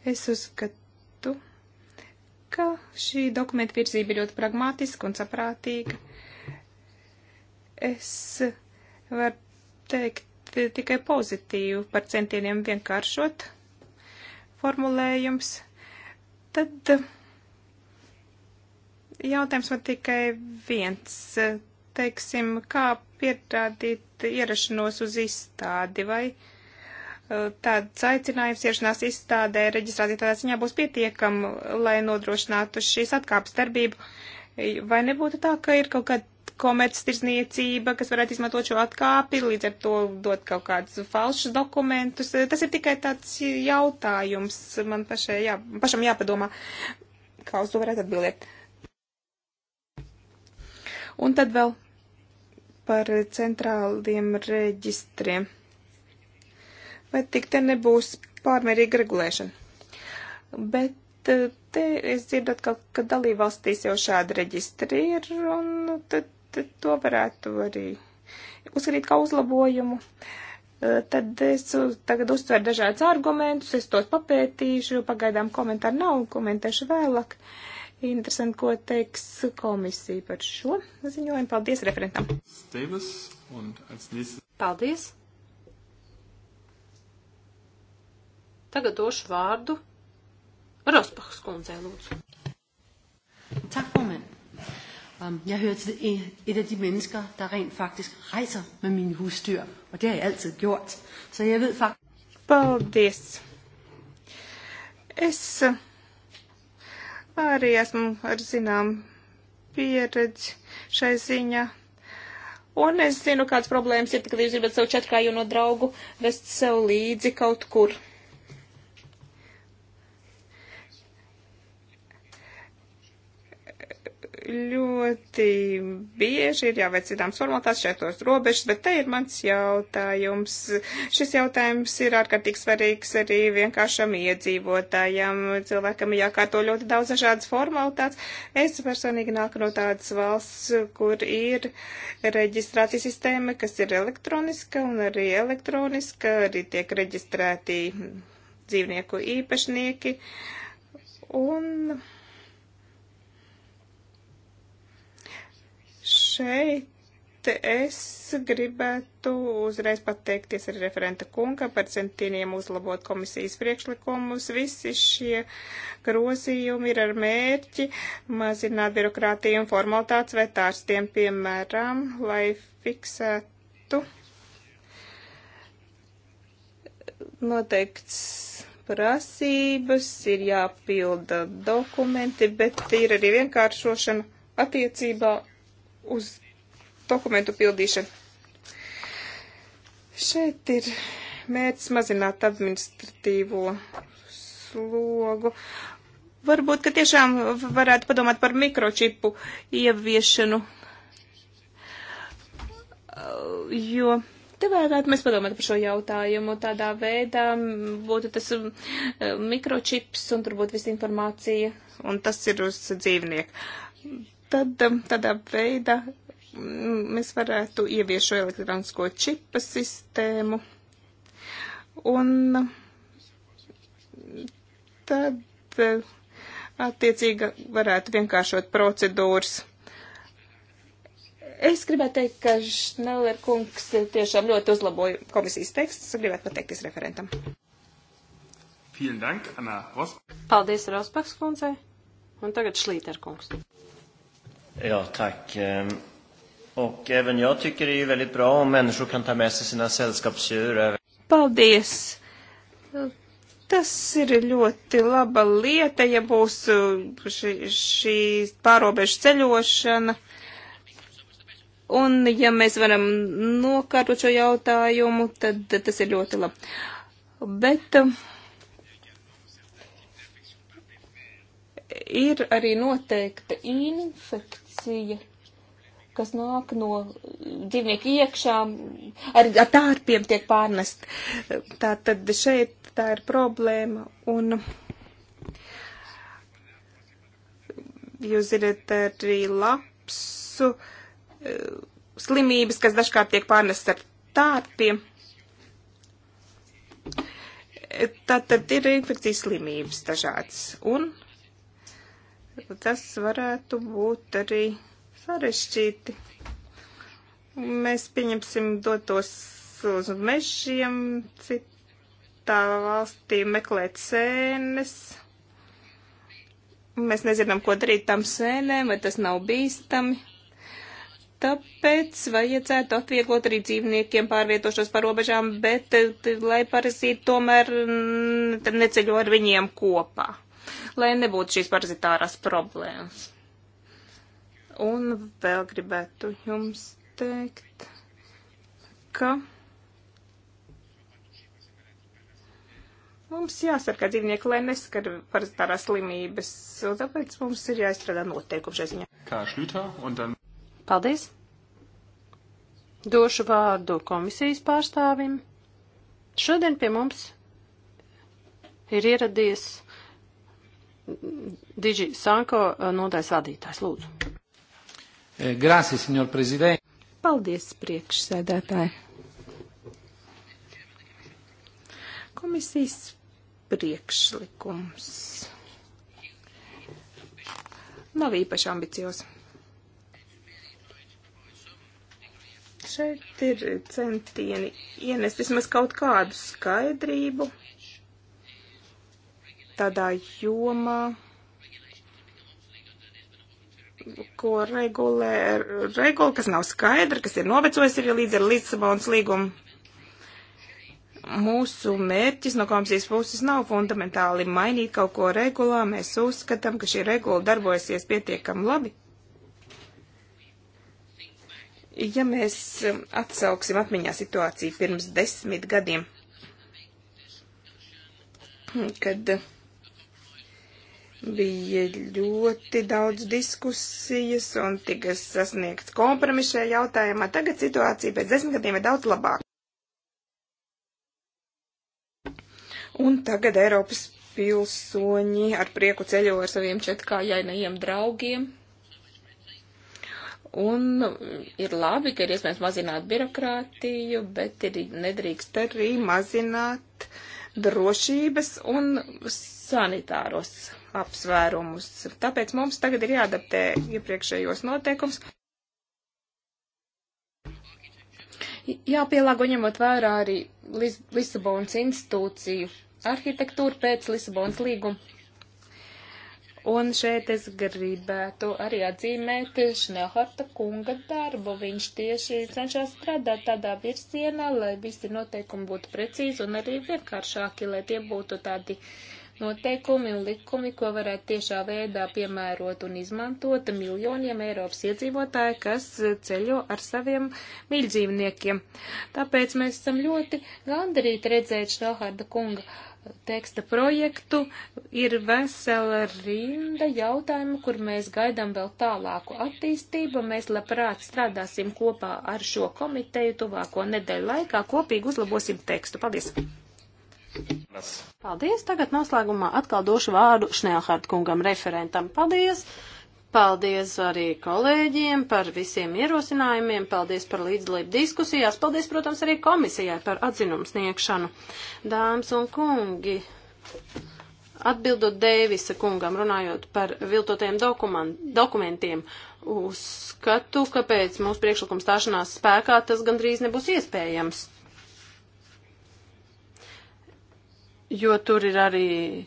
Es uzskatu, ka šī dokumenta virzība ir ļoti pragmatiska un saprātīga. Es varu teikt tikai pozitīvu par centieniem vienkāršot formulējums. Tad uh, jautājums man tikai viens. Teiksim, kā pierādīt ierašanos uz izstādi vai tāds aicinājums iešanās izstādē reģistrācija tādā ziņā būs pietiekama, lai nodrošinātu šīs atkāpes darbību. Vai nebūtu tā, ka ir kaut kāda komerctirzniecība, kas varētu izmantot šo atkāpi, līdz ar to dot kaut kādus falšus dokumentus? Tas ir tikai tāds jautājums. Man pašai, jā, pašam jāpadomā, kā uz to varētu atbildēt. Un tad vēl par centrāliem reģistriem vai tik te nebūs pārmērīga regulēšana. Bet eh, te es dzirdu atkal, ka dalībvalstīs jau šādi reģistri ir, un nu, tad, tad to varētu arī uzskatīt kā uzlabojumu. Eh, tad es tagad uztveru dažādus argumentus, es tos papētīšu, pagaidām komentāru nav, komentēšu vēlāk. Interesanti, ko teiks komisija par šo ziņojumu. Paldies referentam. Paldies. Tagad došu vārdu Rospahas kundzē, lūdzu. Tak, formand. Um, jeg hører til et af de mennesker, der rent faktisk rejser med mine husdyr, og det har jeg altid gjort. Så jeg ved faktisk... Paldies. Es arī esmu ar zinām pieredzi šai ziņā. Un es zinu, kādas problēmas ir, kad jūs gribat savu četrkāju no draugu vest sev līdzi kaut kur. ļoti bieži ir jāveic zināmas formalitātes šaitos robežas, bet te ir mans jautājums. Šis jautājums ir ārkārtīgi svarīgs arī vienkāršam iedzīvotājam. Cilvēkam ir jākārto ļoti daudz dažādas formalitātes. Es personīgi nāku no tādas valsts, kur ir reģistrācijas sistēma, kas ir elektroniska un arī elektroniska, arī tiek reģistrēti dzīvnieku īpašnieki. Un šeit es gribētu uzreiz pateikties arī referenta kunga par centieniem uzlabot komisijas priekšlikumus. Visi šie grozījumi ir ar mērķi mazināt birokrātiju un formalitātes vetārstiem, piemēram, lai fiksētu noteikts prasības, ir jāpilda dokumenti, bet ir arī vienkāršošana attiecībā uz dokumentu pildīšanu. Šeit ir mērķis mazināt administratīvo slogu. Varbūt, ka tiešām varētu padomāt par mikročipu ieviešanu, jo te varētu mēs padomāt par šo jautājumu. Tādā veidā būtu tas um, mikročips un tur būtu visa informācija, un tas ir uz dzīvnieku tad um, tādā veidā mm, mēs varētu ieviest šo elektronisko čipa sistēmu. Un mm, tad uh, attiecīgi varētu vienkāršot procedūras. Es gribētu teikt, ka Šneller kungs tiešām ļoti uzlaboja komisijas tekstu. Es gribētu pateikties referentam. Dank, Paldies, Rosbachs kundzei. Un tagad Šlīter kungs. Ja, tack. Ehm, och även jag tycker det är väldigt bra om människor kan ta med sig sina sällskapsdjur. Paldies! Tas ir ļoti laba lieta, ja būs uh, šī, šī pārobežu ceļošana. Un ja mēs varam nokārtot šo jautājumu, tad tas ir ļoti labi. Bet um, ir arī noteikta infekcija informācija, kas nāk no dzīvnieku iekšā, ar, ar tārpiem tiek pārnest. Tā tad šeit tā ir problēma. Un jūs zināt arī lapsu eh, slimības, kas dažkārt tiek pārnest ar tārpiem. Eh, Tātad ir infekcijas slimības dažādas. Un tas varētu būt arī sarežģīti. Mēs pieņemsim dotos uz mežiem, citā valstī meklēt sēnes. Mēs nezinām, ko darīt tam sēnēm, vai tas nav bīstami. Tāpēc vajadzētu atvieglot arī dzīvniekiem pārvietošos par robežām, bet lai parasīt tomēr neceļo ar viņiem kopā lai nebūtu šīs parazitārās problēmas. Un vēl gribētu jums teikt, ka mums jāsargā dzīvnieki, lai neskar parazitārās slimības, un tāpēc mums ir jāizstrādā noteikumi šai ziņā. Kā šļūtā, un tad. Paldies! Došu vārdu komisijas pārstāvim. Šodien pie mums ir ieradies Digi Sanko eh, notais vadītājs, lūdzu. Eh, Grāsi, signor prezident. Paldies, priekšsēdētāji. Komisijas priekšlikums nav īpaši ambiciozs. Šeit ir centieni ienest vismaz kaut kādu skaidrību tādā jomā, ko regulē, regula, kas nav skaidra, kas ir novecojis arī līdz ar Lisabonas līgumu. Mūsu mērķis no komisijas puses nav fundamentāli mainīt kaut ko regulā. Mēs uzskatām, ka šī regula darbojasies pietiekami labi. Ja mēs atsauksim atmiņā situāciju pirms desmit gadiem, kad bija ļoti daudz diskusijas un tika sasniegts kompromiss šajā jautājumā. Tagad situācija pēc desmit gadiem ir daudz labāka. Un tagad Eiropas pilsoņi ar prieku ceļo ar saviem četrkājainajiem draugiem. Un ir labi, ka ir iespējams mazināt birokrātiju, bet ir nedrīkst arī mazināt drošības un sanitāros apsvērumus. Tāpēc mums tagad ir jāadaptē iepriekšējos noteikums. Jāpielāgo ņemot vērā arī Lis Lisabonas institūciju arhitektūru pēc Lisabonas līguma. Un šeit es gribētu arī atzīmēt Šneharta kunga darbu. Viņš tieši cenšas strādāt tādā virzienā, lai visi noteikumi būtu precīzi un arī vienkāršāki, lai tie būtu tādi uh, noteikumi un likumi, ko varētu tiešā veidā piemērot un izmantot miljoniem Eiropas iedzīvotāju, kas ceļo ar saviem mīļdzīvniekiem. Tāpēc mēs esam ļoti gandarīti redzēt Štāhārda kunga teksta projektu. Ir vesela rinda jautājumu, kur mēs gaidām vēl tālāku attīstību. Mēs labprāt strādāsim kopā ar šo komiteju tuvāko nedēļu laikā, kopīgi uzlabosim tekstu. Paldies! Yes. Paldies! Tagad noslēgumā atkal došu vārdu Šneahārta kungam referentam. Paldies! Paldies arī kolēģiem par visiem ierosinājumiem, paldies par līdzdalību diskusijās, paldies, protams, arī komisijai par atzinumu sniegšanu. Dāmas un kungi, atbildot Dēvisa kungam, runājot par viltotiem dokumentiem, uzskatu, ka pēc mūsu priekšlikuma stāšanās spēkā tas gandrīz nebūs iespējams. jo tur ir arī e,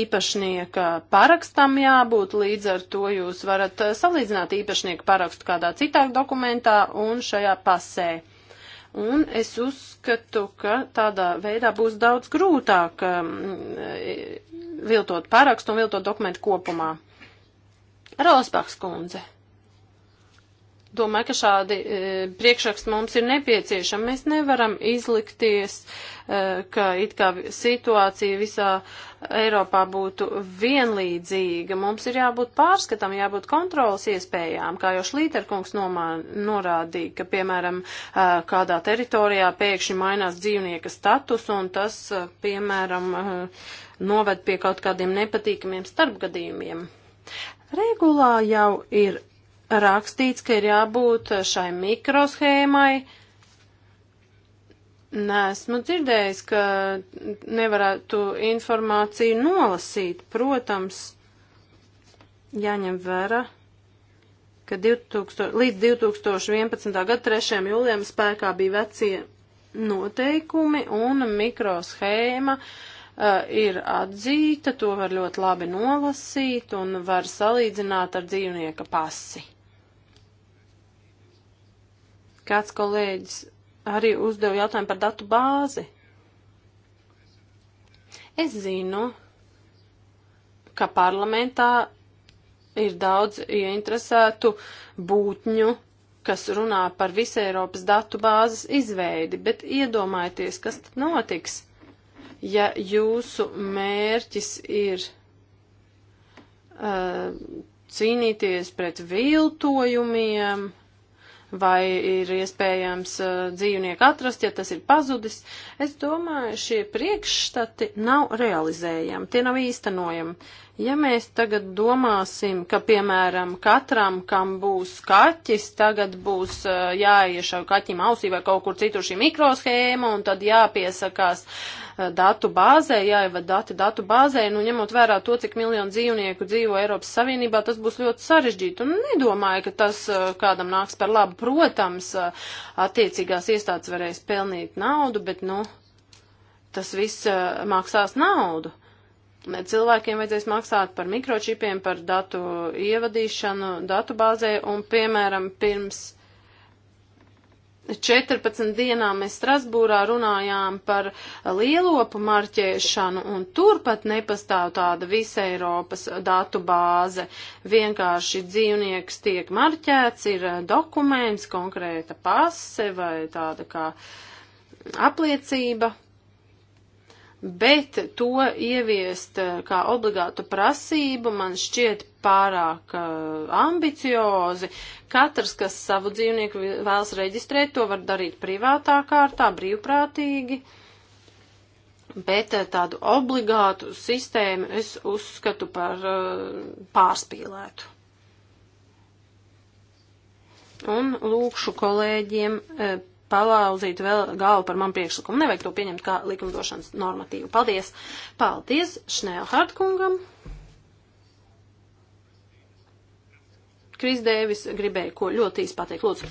īpašnieka parakstam jābūt, līdz ar to jūs varat e, salīdzināt īpašnieka parakstu kādā citā dokumentā un šajā pasē. Un es uzskatu, ka tādā veidā būs daudz grūtāk e, viltot parakstu un viltot dokumentu kopumā. Rosbachs kundze domāju, ka šādi e, priekšraksti mums ir nepieciešami. Mēs nevaram izlikties, e, ka it kā situācija visā Eiropā būtu vienlīdzīga. Mums ir jābūt pārskatam, jābūt kontrolas iespējām, kā jau Šlīterkungs nomā, norādīja, ka, piemēram, e, kādā teritorijā pēkšņi mainās dzīvnieka status un tas, e, piemēram, e, noved pie kaut kādiem nepatīkamiem starpgadījumiem. Regulā jau ir rakstīts, ka ir jābūt šai mikroshēmai. Nesmu dzirdējis, ka nevarētu informāciju nolasīt. Protams, jāņem vērā, ka 2000, līdz 2011. gada 3. jūlijam spēkā bija vecie noteikumi un mikroshēma uh, ir atzīta, to var ļoti labi nolasīt un var salīdzināt ar dzīvnieka pasi. Kāds kolēģis arī uzdeva jautājumu par datu bāzi. Es zinu, ka parlamentā ir daudz ieinteresētu būtņu, kas runā par visu Eiropas datu bāzes izveidi, bet iedomājieties, kas tad notiks, ja jūsu mērķis ir uh, cīnīties pret viltojumiem, vai ir iespējams uh, dzīvnieku atrast, ja tas ir pazudis. Es domāju, šie priekšstati nav realizējami, tie nav īstenojami. Ja mēs tagad domāsim, ka, piemēram, katram, kam būs kaķis, tagad būs uh, jāiešauj kaķim ausī vai kaut kur citur šī mikroshēma un tad jāpiesakās uh, Eh, datu bāzē, jāievada dati datu bāzē, nu ņemot vērā to, cik miljonu dzīvnieku dzīvo Eiropas Savienībā, tas būs ļoti sarežģīti. Un nedomāju, ka tas eh, kādam nāks par labu. Protams, eh, attiecīgās iestādes varēs pelnīt naudu, bet, nu, tas viss maksās naudu. Cilvēkiem vajadzēs maksāt par mikročipiem, par datu ievadīšanu datubāzē un, piemēram, pirms 14 dienām mēs Strasbūrā runājām par lielopu marķēšanu, un turpat nepastāv tāda visa Eiropas datu bāze. Vienkārši dzīvnieks tiek marķēts, ir dokuments, konkrēta pase vai tāda kā apliecība, bet to ieviest eh, kā obligātu prasību man šķiet pārāk uh, ambiciozi. Katrs, kas savu dzīvnieku vēlas reģistrēt, to var darīt privātā kārtā, brīvprātīgi, bet uh, tādu obligātu sistēmu es uzskatu par uh, pārspīlētu. Un lūkšu kolēģiem palauzīt vēl galvu par manu priekšlikumu. Nevajag to pieņemt kā likumdošanas normatīvu. Paldies! Paldies Šnēlhārt kungam! Kris Dēvis gribēja ko ļoti īsti pateikt. Lūdzu.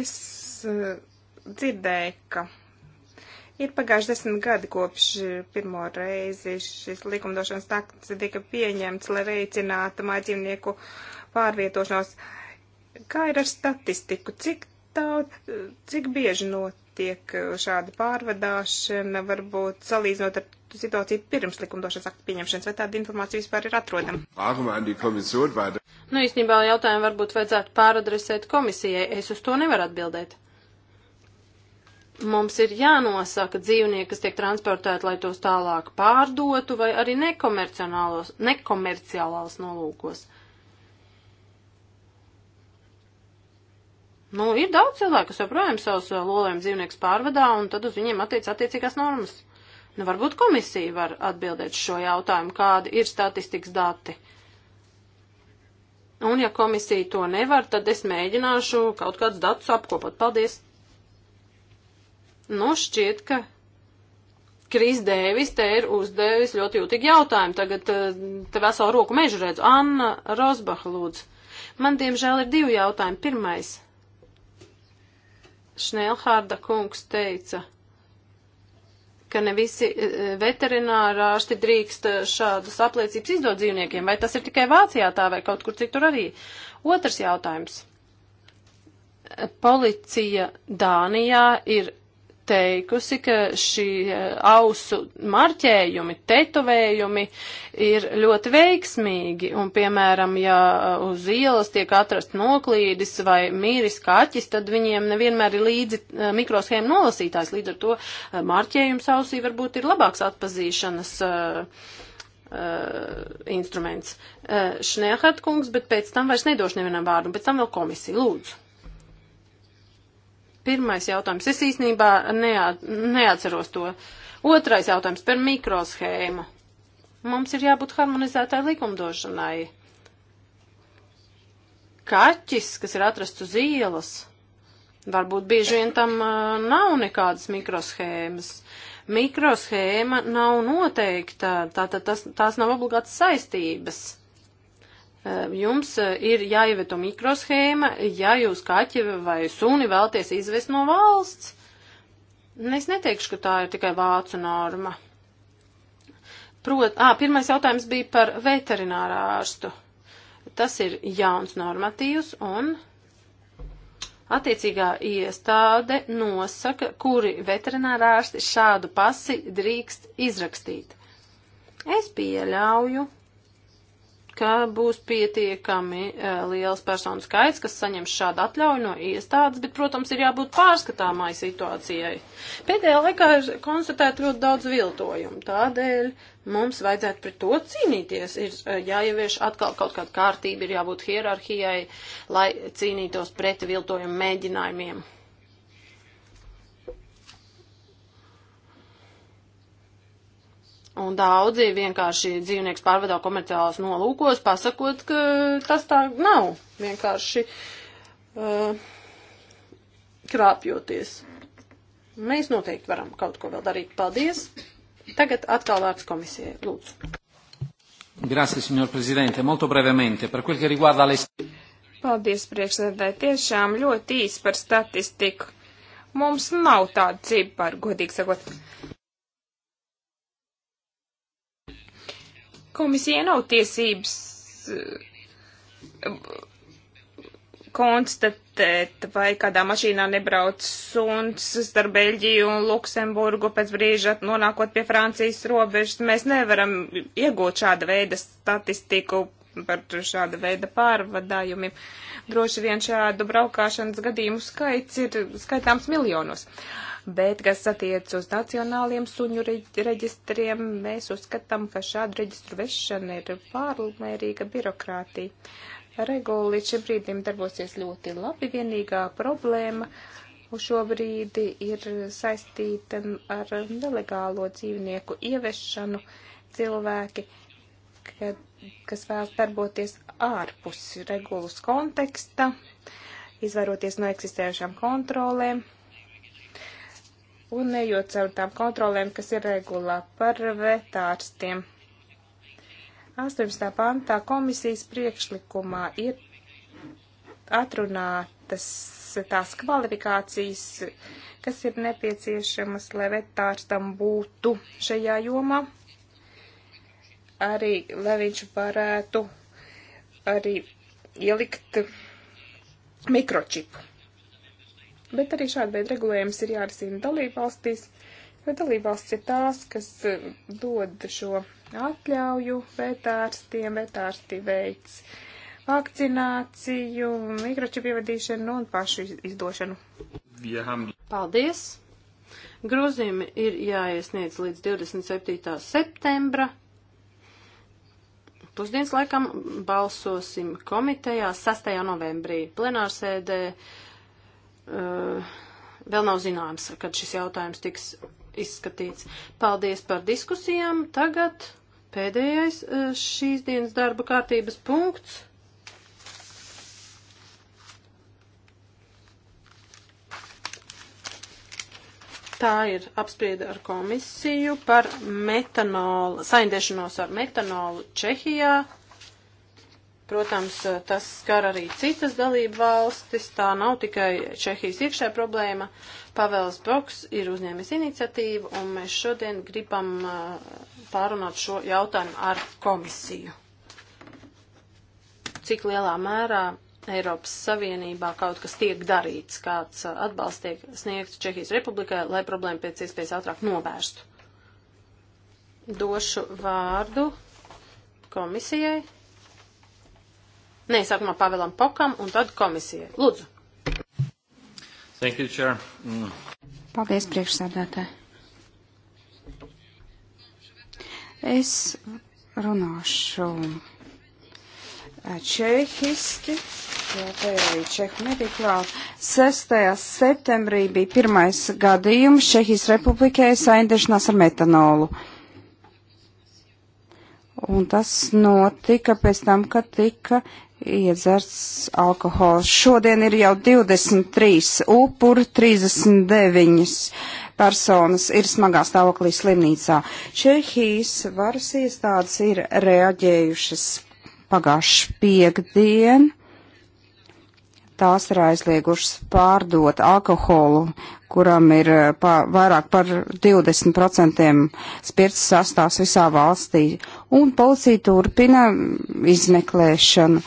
Es eh, dzirdēju, ka ir pagājuši desmit gadi kopš pirmo reizi šis likumdošanas takts tika pieņemts, lai veicinātu mājdzīvnieku pārvietošanos. Uh, Kā ir ar statistiku? Cik, tā, cik bieži notiek šāda pārvadāšana, varbūt salīdzinot ar situāciju pirms likumdošanas aktu pieņemšanas, vai tāda informācija vispār ir atrodama? Nu, īstenībā jautājumu varbūt vajadzētu pāradresēt komisijai. Es uz to nevaru atbildēt. Mums ir jānosaka dzīvnieki, kas tiek transportēti, lai tos tālāk pārdotu vai arī nekomerciālos nolūkos. Nu, ir daudz cilvēku, kas joprojām savus eh, lolēm dzīvniekus pārvadā, un tad uz viņiem attiec attiecīgās normas. Nu, varbūt komisija var atbildēt šo jautājumu, kādi ir statistikas dati. Un, ja komisija to nevar, tad es mēģināšu kaut kādus datus apkopot. Paldies! Nu, šķiet, ka Kris Dēvis te ir uzdevis ļoti jūtīgi jautājumu. Tagad eh, te veselu roku mežu redzu. Anna Rosbaha lūdzu. Man, diemžēl, ir divi jautājumi. Pirmais. Šnelhārda kungs teica, ka ne visi e, veterināra ārsti drīkst e, šādas apliecības izdot dzīvniekiem, vai tas ir tikai Vācijā tā vai kaut kur citur arī. Otrs jautājums. Policija Dānijā ir teikusi, ka šī eh, ausu marķējumi, tetovējumi ir ļoti veiksmīgi, un, piemēram, ja eh, uz ielas tiek atrast noklīdis vai mīris kaķis, tad viņiem nevienmēr ir līdzi eh, mikroshēma nolasītājs, līdz ar to marķējums ausī varbūt ir labāks atpazīšanas. Uh, Uh, instruments. Uh, Šnehat kungs, bet pēc tam vairs nedošu nevienam vārdu, pēc tam vēl komisija. Lūdzu. Pirmais jautājums. Es īstenībā neat, neatceros to. Otrais jautājums par mikroshēmu. Mums ir jābūt harmonizētai likumdošanai. Kaķis, kas ir atrasts uz ielas, varbūt bieži vien tam uh, nav nekādas mikroshēmas. Mikroshēma nav noteikta, tātad tā, tās, tās nav obligātas saistības. Jums eh, ir jāievieto mikroshēma, ja jūs kaķi vai suni vēlties izvest no valsts. Es neteikšu, ka tā ir tikai vācu norma. Prot, ā, pirmais jautājums bija par veterinārā ārstu. Tas ir jauns normatīvs un attiecīgā iestāde nosaka, kuri veterinārā ārsti šādu pasi drīkst izrakstīt. Es pieļauju, ka būs pietiekami uh, liels personu skaits, kas saņems šādu atļauju no iestādes, bet, protams, ir jābūt pārskatāmai situācijai. Pēdējā laikā ir konstatēta ļoti daudz viltojumu, tādēļ mums vajadzētu pret to cīnīties. Ir uh, jāievieš atkal kaut kāda kārtība, ir jābūt hierarhijai, lai cīnītos pret viltojumu mēģinājumiem. Un daudzi vienkārši dzīvnieks pārvedā komerciālos nolūkos, pasakot, ka tas tā nav. Vienkārši uh, krāpjoties. Mēs noteikti varam kaut ko vēl darīt. Paldies! Tagad atkal vārds komisijai. Lūdzu. Grazie, signor Presidente. Molto brevemente, per quel che riguarda le... Paldies, priekšsēdētāji. Tiešām ļoti īsi par statistiku. Mums nav tāda cība par, godīgi sakot. komisija nav tiesības eh, konstatēt, vai kādā mašīnā nebrauc suns starp Beļģiju un Luksemburgu pēc brīža nonākot pie Francijas robežas. Mēs nevaram iegūt šāda veida statistiku par šāda veida pārvadājumiem. Droši vien šādu braukāšanas gadījumu skaits ir skaitāms miljonos. Bet, kas attiec uz nacionāliem suņu reģistriem, mēs uzskatām, ka šādu reģistru vešana ir pārmērīga birokrātija. Regula līdz šim brīdim darbosies ļoti labi, vienīgā problēma šobrīd ir saistīta ar nelegālo dzīvnieku ieviešanu cilvēki, kad kas vēlas darboties ārpus regulas konteksta, izvairoties no eksistējušām kontrolēm un ejot caur tām kontrolēm, kas ir regulā par vetārstiem. 18. pantā komisijas priekšlikumā ir atrunātas tās kvalifikācijas, kas ir nepieciešamas, lai vetārstam būtu šajā jomā arī, lai viņš varētu arī ielikt mikročipu. Bet arī šāda veida regulējums ir jārisina dalībvalstīs, jo dalībvalsts ir tās, kas eh, dod šo atļauju vetārstiem, vetārsti veids vakcināciju, mikročipu ievadīšanu un pašu izdošanu. Paldies! Grozījumi ir jāiesniedz līdz 27. septembra pusdienas laikam, balsosim komitejā 6. novembrī plenārsēdē. Uh, vēl nav zināms, kad šis jautājums tiks izskatīts. Paldies par diskusijām. Tagad pēdējais eh, šīs dienas darba kārtības punkts. tā ir apsprieda ar komisiju par metanolu, saindēšanos ar metanolu Čehijā. Protams, tas skar arī citas dalību valstis, tā nav tikai Čehijas iekšē problēma. Pavels Boks ir uzņēmis iniciatīvu, un mēs šodien gribam uh, pārunāt šo jautājumu ar komisiju. Cik lielā mērā Eiropas Savienībā kaut kas tiek darīts, kāds uh, atbalsts tiek sniegts Čehijas Republikai, lai problēmu pēc iespējas ātrāk novērstu. Došu vārdu komisijai. Nē, sākumā Pavelam Pokam un tad komisijai. Lūdzu. Thank you, Chair. Mm. Paldies, priekšsādātāji. Es runāšu čehiski, jo te ir arī čehu nebija klāt. 6. septembrī bija pirmais gadījums Čehijas republikai saindēšanās ar metanolu. Un tas notika pēc tam, kad tika iedzerts alkohols. Šodien ir jau 23 upuri, 39 personas ir smagā stāvoklī slimnīcā. Čehijas varas iestādes ir reaģējušas pagājuši piekdien. Tās ir aizliegušas pārdot alkoholu, kuram ir eh, pa, vairāk par 20% spirts sastāvs visā valstī. Un policija turpina izmeklēšanu.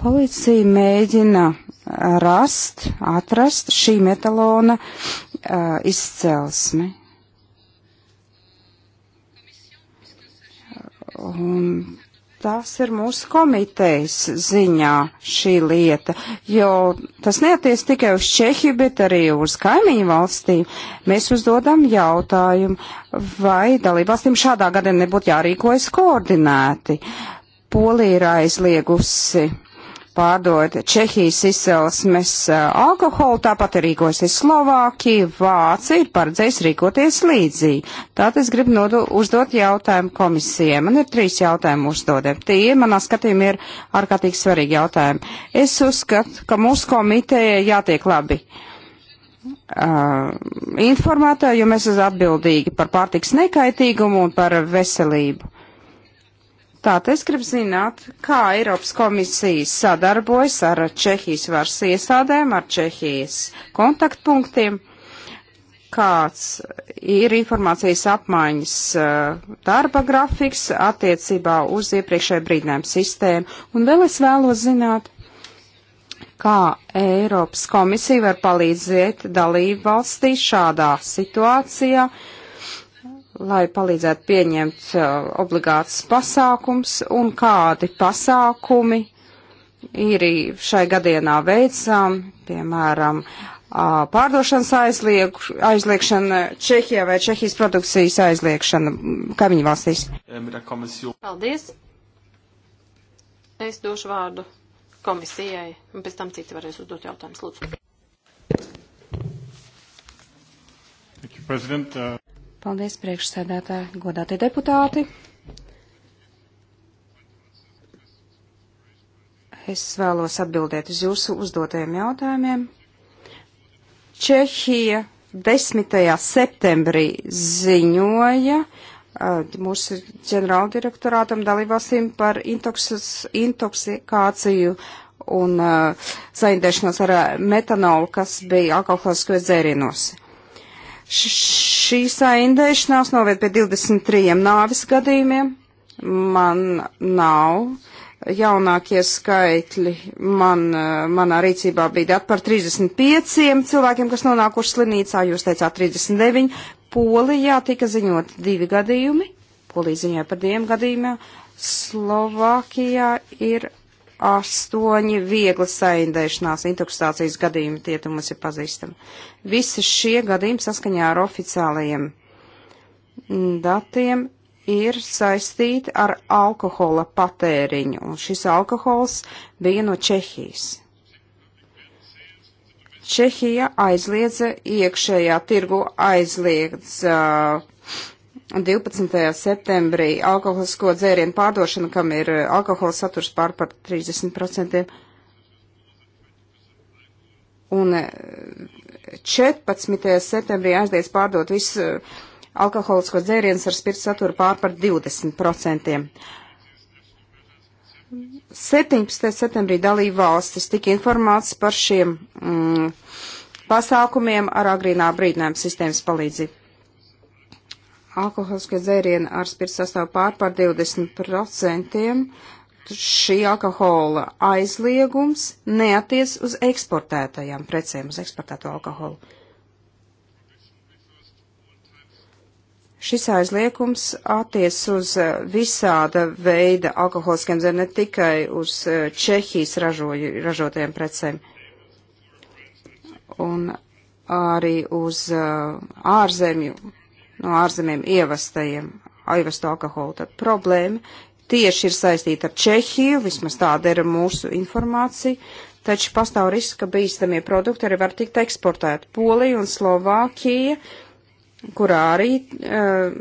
Policija mēģina rast, atrast šī metalona uh, izcelsmi. Un tas ir mūsu komitejas ziņā šī lieta, jo tas neaties tikai uz Čehiju, bet arī uz kaimiņu valstīm. Mēs uzdodam jautājumu, vai dalībvalstīm šādā gadā nebūtu jārīkojas koordinēti. Polija ir aizliegusi pārdod Čehijas izcelsmes alkoholu, tāpat ir rīkosies Slovākija, Vācija ir paredzējis rīkoties līdzīgi. Tātad es gribu nodu, uzdot jautājumu komisijai. Man ir trīs jautājumu uzdodēm. Tie, manā skatījumā, ir ārkārtīgi svarīgi jautājumi. Es uzskatu, ka mūsu komiteja jātiek labi. Uh, informētā, jo mēs esam atbildīgi par pārtiks nekaitīgumu un par veselību. Tātad es gribu zināt, kā Eiropas komisija sadarbojas ar Čehijas varas iestādēm, ar Čehijas kontaktpunktiem, kāds ir informācijas apmaiņas uh, darba grafiks attiecībā uz iepriekšēju brīdinājumu sistēmu. Un vēl es vēlos zināt, kā Eiropas komisija var palīdzēt dalību valstī šādā situācijā, uh, lai palīdzētu pieņemt uh, obligāts pasākums un kādi pasākumi ir šai gadienā veicām, piemēram, uh, pārdošanas aizlieg, aizliegšana Čehijā vai Čehijas produkcijas aizliegšana kaimiņu valstīs. Paldies! Es došu vārdu komisijai, un pēc tam citi varēs uzdot jautājumus. Lūdzu. Thank you, President. Uh... Paldies, priekšsēdētāji, godātie deputāti. Es vēlos atbildēt uz jūsu uzdotajiem jautājumiem. Čehija 10. septembrī ziņoja uh, mūsu ģenerāldirektorātam dalībvalstīm par intoksis, intoksikāciju un uh, saindēšanos ar uh, metanolu, kas bija alkoholiskos dzērienos. Šī saindēšanās noved pie 23 nāvis gadījumiem. Man nav jaunākie skaitļi. Man, manā rīcībā bija dati par 35 cilvēkiem, kas nonākuši slimnīcā. Jūs teicāt 39. Polijā tika ziņot divi gadījumi. Polija ziņoja par diviem gadījumiem. Slovākijā ir astoņi viegli saindēšanās intokstācijas gadījumi, tie tam mums ir pazīstami. Visi šie gadījumi saskaņā ar oficiālajiem datiem ir saistīti ar alkohola patēriņu, un šis alkohols bija no Čehijas. Čehija aizliedza iekšējā tirgu aizliedz uh, 12. septembrī alkoholisko dzērienu pārdošana, kam ir eh, alkohola saturs pār par 30%. Un 14. Eh, septembrī aizliedz pārdot visu eh, alkoholisko dzērienus ar spirtu saturu pār par 20%. 17. septembrī dalība valstis tika informāts par šiem mm, pasākumiem ar agrīnā brīdinājuma sistēmas palīdzību alkoholiskie dzērieni ar spirts sastāvu pār par 20%, šī alkohola aizliegums neaties uz eksportētajām precēm, uz eksportēto alkoholu. Šis aizliekums attiec uz eh, visāda veida alkoholiskiem dzērieniem, ne tikai uz eh, Čehijas ražoju, ražotajiem precēm. Un arī uz uh, ārzemju no ārzemēm ievastajiem, ievastu alkoholu, tad problēma tieši ir saistīta ar Čehiju, vismaz tāda ir mūsu informācija, taču pastāv risks, ka bīstamie produkti arī var tikt eksportēti. Polija un Slovākija, kurā arī uh,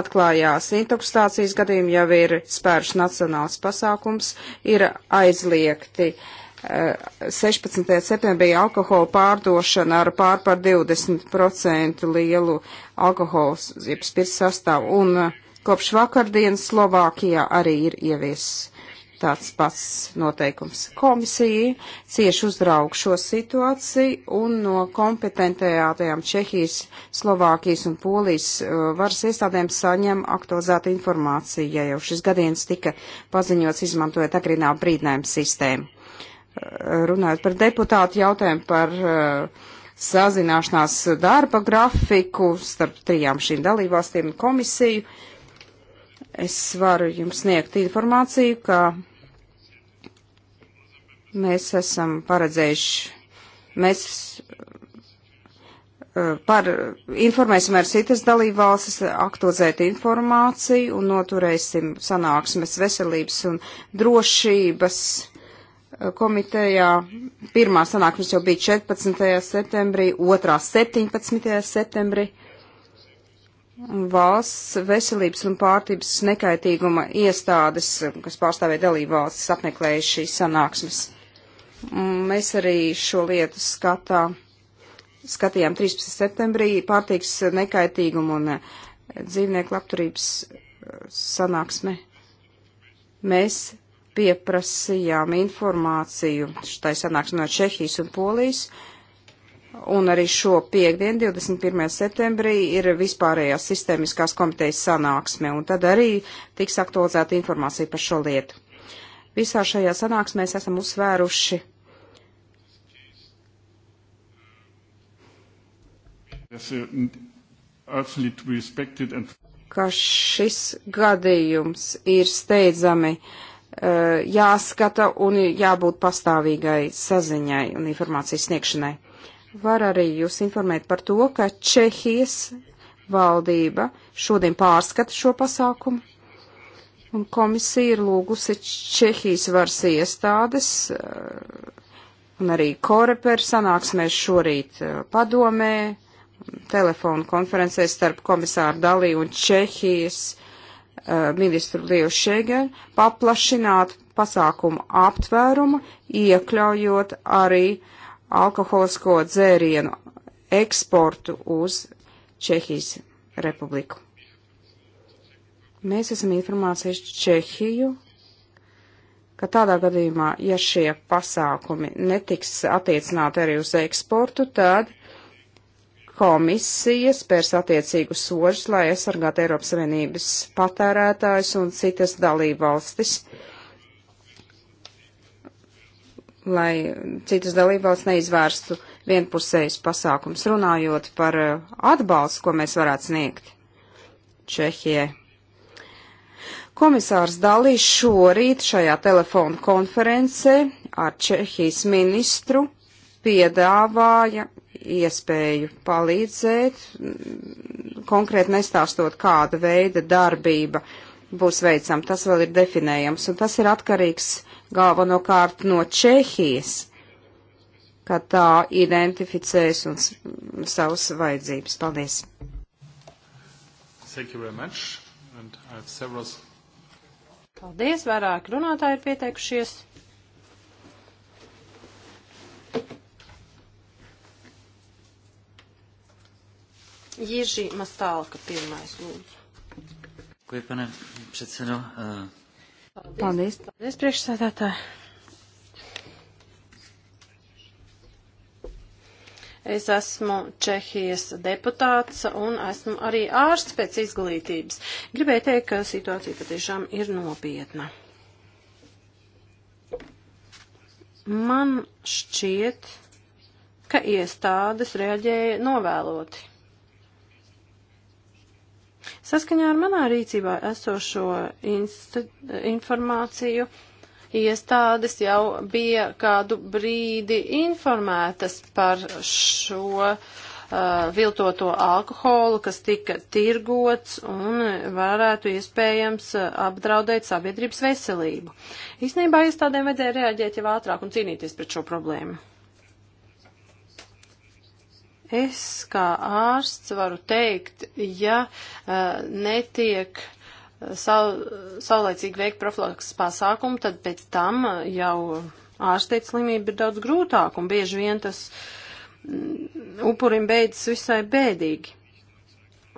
atklājās intoksikācijas gadījumi, jau ir spērš nacionāls pasākums, ir aizliegti uh, 16. Eh, septembrī alkohola pārdošana ar pār par 20% lielu alkohols, jeb spirts sastāvu, un eh, kopš vakardienas Slovākijā arī ir ieviesis tāds pats noteikums. Komisija cieši uzraug šo situāciju un no kompetentajām Čehijas, Slovākijas un Polijas eh, varas iestādēm saņem aktualizētu informāciju, ja jau šis gadījums tika paziņots izmantojot agrīnā brīdinājuma sistēmu runājot par deputātu jautājumu par uh, sazināšanās darba grafiku starp trijām šīm dalībvalstīm un komisiju. Es varu jums sniegt informāciju, ka mēs esam paredzējuši, mēs uh, par, informēsim ar citas dalībvalstis, aktualizēt informāciju un noturēsim sanāksmes veselības un drošības komitejā. Pirmā sanāksmes jau bija 14. septembrī, otrā 17. septembrī. Valsts veselības un pārtības nekaitīguma iestādes, kas pārstāvēja dalību valstis, apmeklēja šīs sanāksmes. Mēs arī šo lietu skatā, skatījām 13. septembrī pārtīgs nekaitīgumu un eh, dzīvnieku labturības eh, sanāksme. Mēs pieprasījām informāciju šai sanāksmē no Čehijas un Polijas. Un arī šo piekdienu, 21. septembrī, ir vispārējā sistēmiskās komitejas sanāksme, un tad arī tiks aktualizēta informācija par šo lietu. Visā šajā sanāksmē mēs esam uzsvēruši. ka šis gadījums ir steidzami uh, Eh, jāskata un jābūt pastāvīgai saziņai un informācijas sniegšanai. Var arī jūs informēt par to, ka Čehijas valdība šodien pārskata šo pasākumu, un komisija ir lūgusi Čehijas varas iestādes eh, un arī Koreper sanāksmēs šorīt eh, padomē, telefonu konferencēs starp komisāru Dalī un Čehijas uh, Eh, ministru Lievu Šegen paplašināt pasākumu aptvērumu, iekļaujot arī alkoholisko dzērienu eksportu uz Čehijas republiku. Mēs esam informācijas Čehiju, ka tādā gadījumā, ja šie pasākumi netiks attiecināti arī uz eksportu, tad Komisija spērs attiecīgus soļus, lai aizsargātu Eiropas Savienības patērētājus un citas dalību valstis, lai citas dalību valsts neizvērstu vienpusējus pasākums, runājot par uh, atbalstu, ko mēs varētu sniegt Čehijai. Komisārs Dalīs šorīt šajā telefonu konferencē ar Čehijas ministru piedāvāja iespēju palīdzēt, konkrēti nestāstot, kāda veida darbība būs veicama. Tas vēl ir definējams, un tas ir atkarīgs galvenokārt no Čehijas, kā tā identificēs un savas vajadzības. Paldies! Thank you very much, and I have several... Paldies, vairāk runātāji ir pieteikušies. Jiří Mastálka pirmais lūdzu. Ko, pane predsedo? Paldies, paldies priekšsēdētāji. Es esmu Čehijas deputāts un esmu arī ārsts pēc izglītības. Gribēju teikt, ka situācija patiešām ir nopietna. Man šķiet, ka iestādes reaģēja novēloti. Saskaņā ar manā rīcībā esošo informāciju iestādes jau bija kādu brīdi informētas par šo uh, viltoto alkoholu, kas tika tirgots un varētu iespējams uh, apdraudēt sabiedrības veselību. Īsnībā iestādēm vajadzēja reaģēt jau ātrāk un cīnīties pret šo problēmu. Es kā ārsts varu teikt, ja uh, netiek saul, saulēcīgi veikt profilaks pasākumu, tad pēc tam jau ārstēt slimību ir daudz grūtāk un bieži vien tas mm, upurim beidzas visai bēdīgi.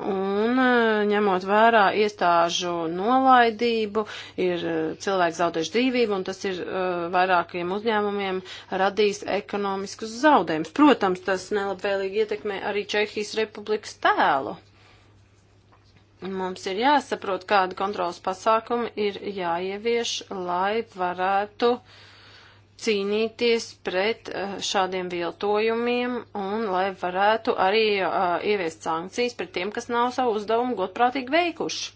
Un e, ņemot vērā iestāžu nolaidību, ir e, cilvēki zaudējuši dzīvību, un tas ir e, vairākiem uzņēmumiem radījis ekonomiskus zaudējumus. Protams, tas nelabvēlīgi ietekmē arī Čehijas republikas tēlu. Mums ir jāsaprot, kāda kontrolas pasākuma ir jāievieš, lai varētu uh, cīnīties pret eh, šādiem viltojumiem un lai varētu arī eh, ieviest sankcijas pret tiem, kas nav savu uzdevumu godprātīgi veikuši.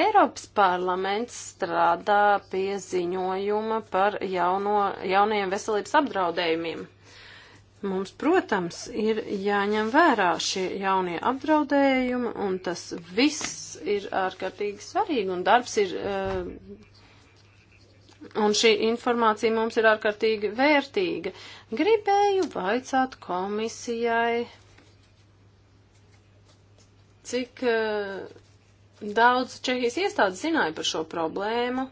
Eiropas parlaments strādā pie ziņojuma par jauno, jaunajiem veselības apdraudējumiem. Mums, protams, ir jāņem vērā šie jaunie apdraudējumi, un tas viss ir ārkārtīgi svarīgi, un darbs ir uh, Un šī informācija mums ir ārkārtīgi vērtīga. Gribēju vaicāt komisijai, cik uh, daudz Čehijas iestādes zināja par šo problēmu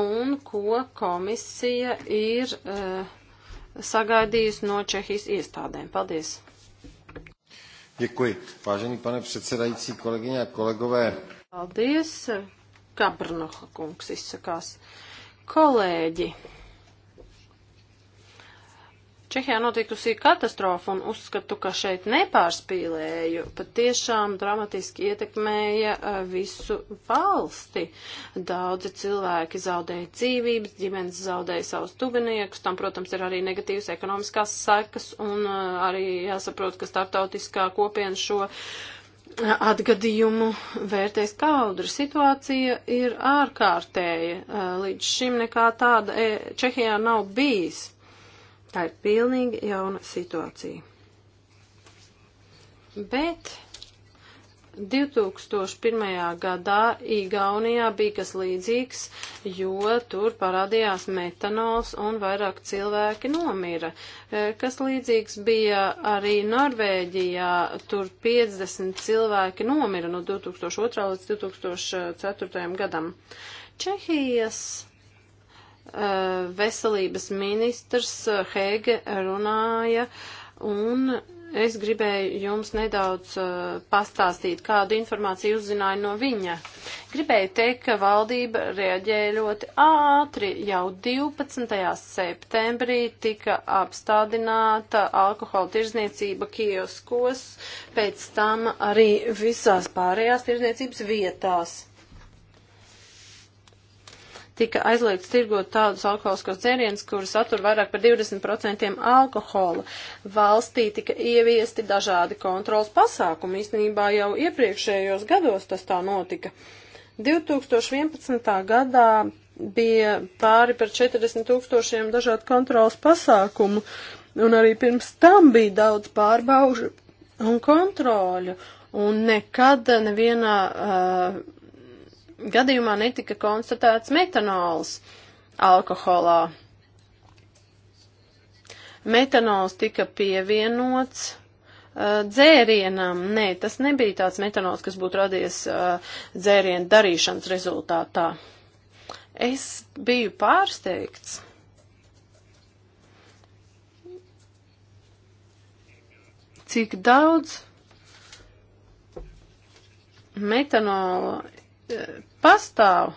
un ko komisija ir uh, sagaidījusi no Čehijas iestādēm. Paldies! Děkuji. Vážený pane předsedající, kolegyně a kolegové. Paldies, Kabrnoha kungs izsakās. Kolēģi, Čehijā notikusi katastrofa un uzskatu, ka šeit nepārspīlēju, pat tiešām dramatiski ietekmēja eh, visu valsti. Daudzi cilvēki zaudēja dzīvības, ģimenes zaudēja savus tuviniekus, tam, protams, ir arī negatīvas ekonomiskās sekas un eh, arī jāsaprot, ka startautiskā kopiena šo atgadījumu vērtēs kaudri. Situācija ir ārkārtēja. Līdz šim nekā tāda Čehijā nav bijis. Tā ir pilnīgi jauna situācija. Bet 2001. gadā Igaunijā bija kas līdzīgs, jo tur parādījās metanols un vairāk cilvēki nomira. E, kas līdzīgs bija arī Norvēģijā, tur 50 cilvēki nomira no 2002. līdz 2004. gadam. Čehijas e, veselības ministrs Hege runāja un Es gribēju jums nedaudz uh, pastāstīt, kādu informāciju uzzināju no viņa. Gribēju teikt, ka valdība reaģēja ļoti ātri. Jau 12. septembrī tika apstādināta alkohola tirzniecība kioskos, pēc tam arī visās pārējās tirzniecības vietās tika aizliegts tirgot tādus alkoholiskos dzērienus, kuri satur vairāk par 20% alkohola. Valstī tika ieviesti dažādi kontrols pasākumi. Īstenībā jau iepriekšējos gados tas tā notika. 2011. gadā bija pāri par 40 tūkstošiem dažādu kontrols pasākumu, un arī pirms tam bija daudz pārbaužu un kontroļu, un nekad nevienā uh, gadījumā netika konstatēts metanols alkoholā. Metanols tika pievienots uh, dzērienam. Nē, tas nebija tāds metanols, kas būtu radies uh, dzērienu darīšanas rezultātā. Es biju pārsteigts. Cik daudz metanola uh, pastāv.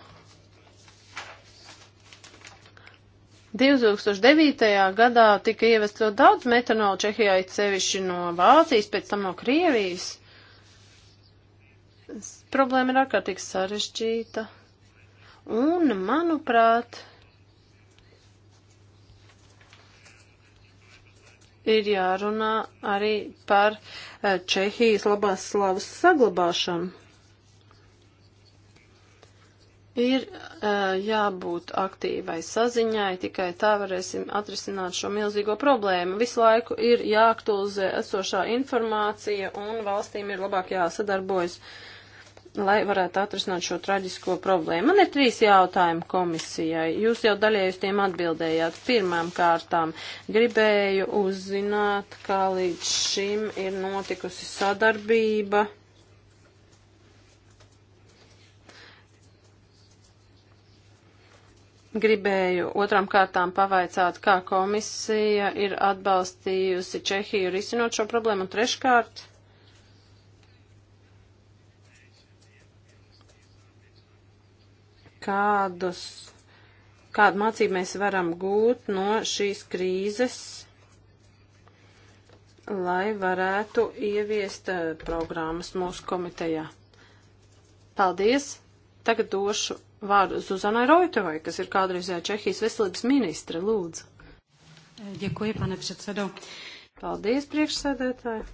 2009. gadā tika ievests ļoti daudz metanola Čehijā, it sevišķi no Vācijas, pēc tam no Krievijas. Problēma ir ārkārtīgi sarežģīta. Un, manuprāt, ir jārunā arī par eh, Čehijas labās slavas saglabāšanu. Ir uh, jābūt aktīvai saziņai, tikai tā varēsim atrisināt šo milzīgo problēmu. Visu laiku ir jāaktualizē esošā informācija un valstīm ir labāk jāsadarbojas, lai varētu atrisināt šo traģisko problēmu. Man ir trīs jautājumi komisijai. Jūs jau daļai uz tiem atbildējāt. Pirmām kārtām gribēju uzzināt, kā līdz šim ir notikusi sadarbība Gribēju otrām kārtām pavaicāt, kā komisija ir atbalstījusi Čehiju risinot šo problēmu. Un treškārt, kādus, kādu mācību mēs varam gūt no šīs krīzes, lai varētu ieviest eh, programmas mūsu komitejā. Paldies! Tagad došu vārdu Zuzanai Rojtovai, kas ir kādreizējā Čehijas veselības ministre. Lūdzu. Ďakujem, pane predsedo. Paldies, priekšsēdētāji.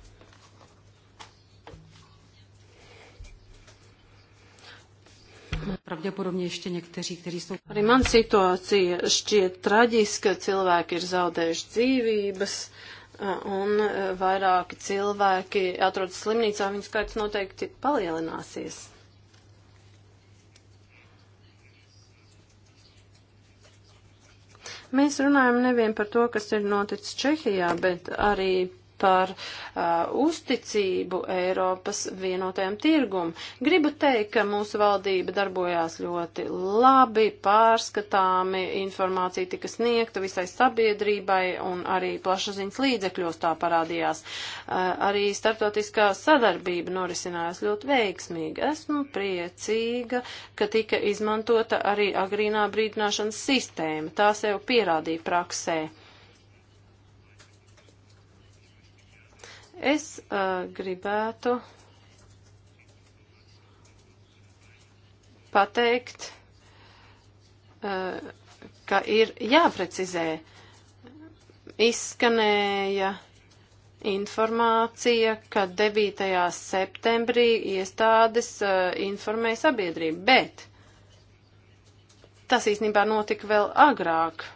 Pravděpodobně ještě někteří, kteří jsou. Arī man situācija šķiet traģiska, cilvēki ir zaudējuši dzīvības un vairāki cilvēki atrodas slimnīcā, viņu skaits noteikti palielināsies. Mēs runājam nevien par to, kas ir noticis Čehijā, bet arī par uh, uzticību Eiropas vienotajam tirgum. Gribu teikt, ka mūsu valdība darbojās ļoti labi, pārskatāmi, informācija tika sniegta visai sabiedrībai un arī plašaziņas līdzekļos tā parādījās. Uh, arī starptautiskā sadarbība norisinājās ļoti veiksmīgi. Esmu priecīga, ka tika izmantota arī agrīnā brīdināšanas sistēma. Tā sev pierādīja praksē. Es uh, gribētu pateikt, uh, ka ir jāprecizē. Izskanēja informācija, ka 9. septembrī iestādes uh, informēja sabiedrību, bet tas īstenībā notika vēl agrāk.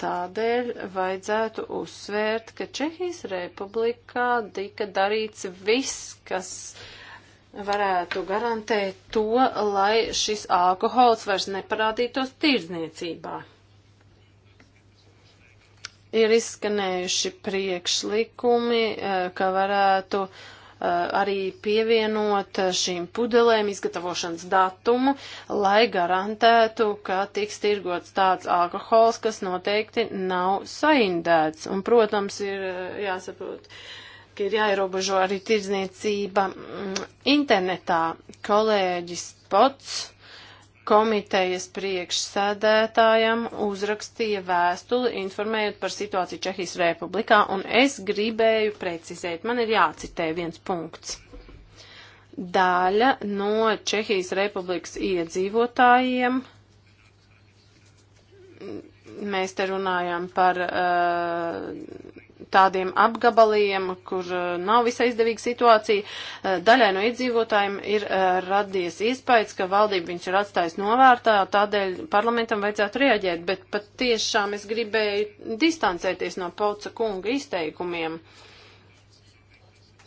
Tādēļ vajadzētu uzsvērt, ka Čehijas republikā tika darīts viss, kas varētu garantēt to, lai šis alkohols vairs neparādītos tirdzniecībā. Ir izskanējuši priekšlikumi, eh, ka varētu uh, Eh, arī pievienot šīm pudelēm izgatavošanas datumu, lai garantētu, ka tiks tirgots tāds alkohols, kas noteikti nav saindēts. Un, protams, ir eh, jāsaprot, ka ir jāierobežo arī tirdzniecība mm, internetā. Kolēģis Pots komitejas priekšsēdētājam uzrakstīja vēstuli informējot par situāciju Čehijas Republikā, un es gribēju precizēt, man ir jācitē viens punkts. Daļa no Čehijas Republikas iedzīvotājiem, mēs te runājam par uh, tādiem apgabaliem, kur uh, nav visai izdevīga situācija. Uh, daļai no iedzīvotājiem ir uh, radies iespējas, ka valdība viņš ir atstājis novērtā, tādēļ parlamentam vajadzētu reaģēt, bet pat tiešām es gribēju distancēties no Pauca kunga izteikumiem. Uh,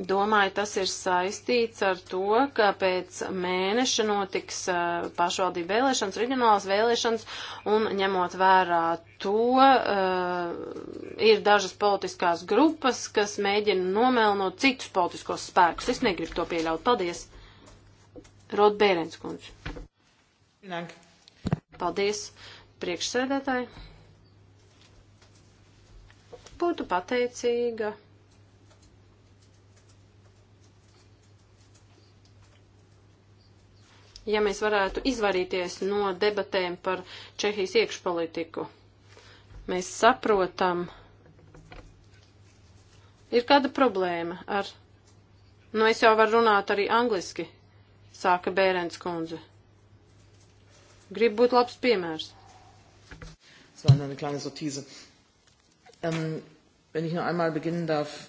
Domāju, tas ir saistīts ar to, ka pēc mēneša notiks uh, pašvaldību vēlēšanas, reģionālas vēlēšanas, un ņemot vērā to, uh, ir dažas politiskās grupas, kas mēģina nomēlnot citus politiskos spēkus. Es negribu to pieļaut. Paldies! Rod Bērens kundze. Paldies, priekšsēdētāji. Būtu pateicīga ja mēs varētu izvarīties no debatēm par Čehijas iekšpolitiku. Mēs saprotam, ir kāda problēma ar, nu es jau varu runāt arī angliski, sāka Bērens kundze. Grib būt labs piemērs. Es war eine kleine Sortise. Ähm, wenn ich noch einmal beginnen darf,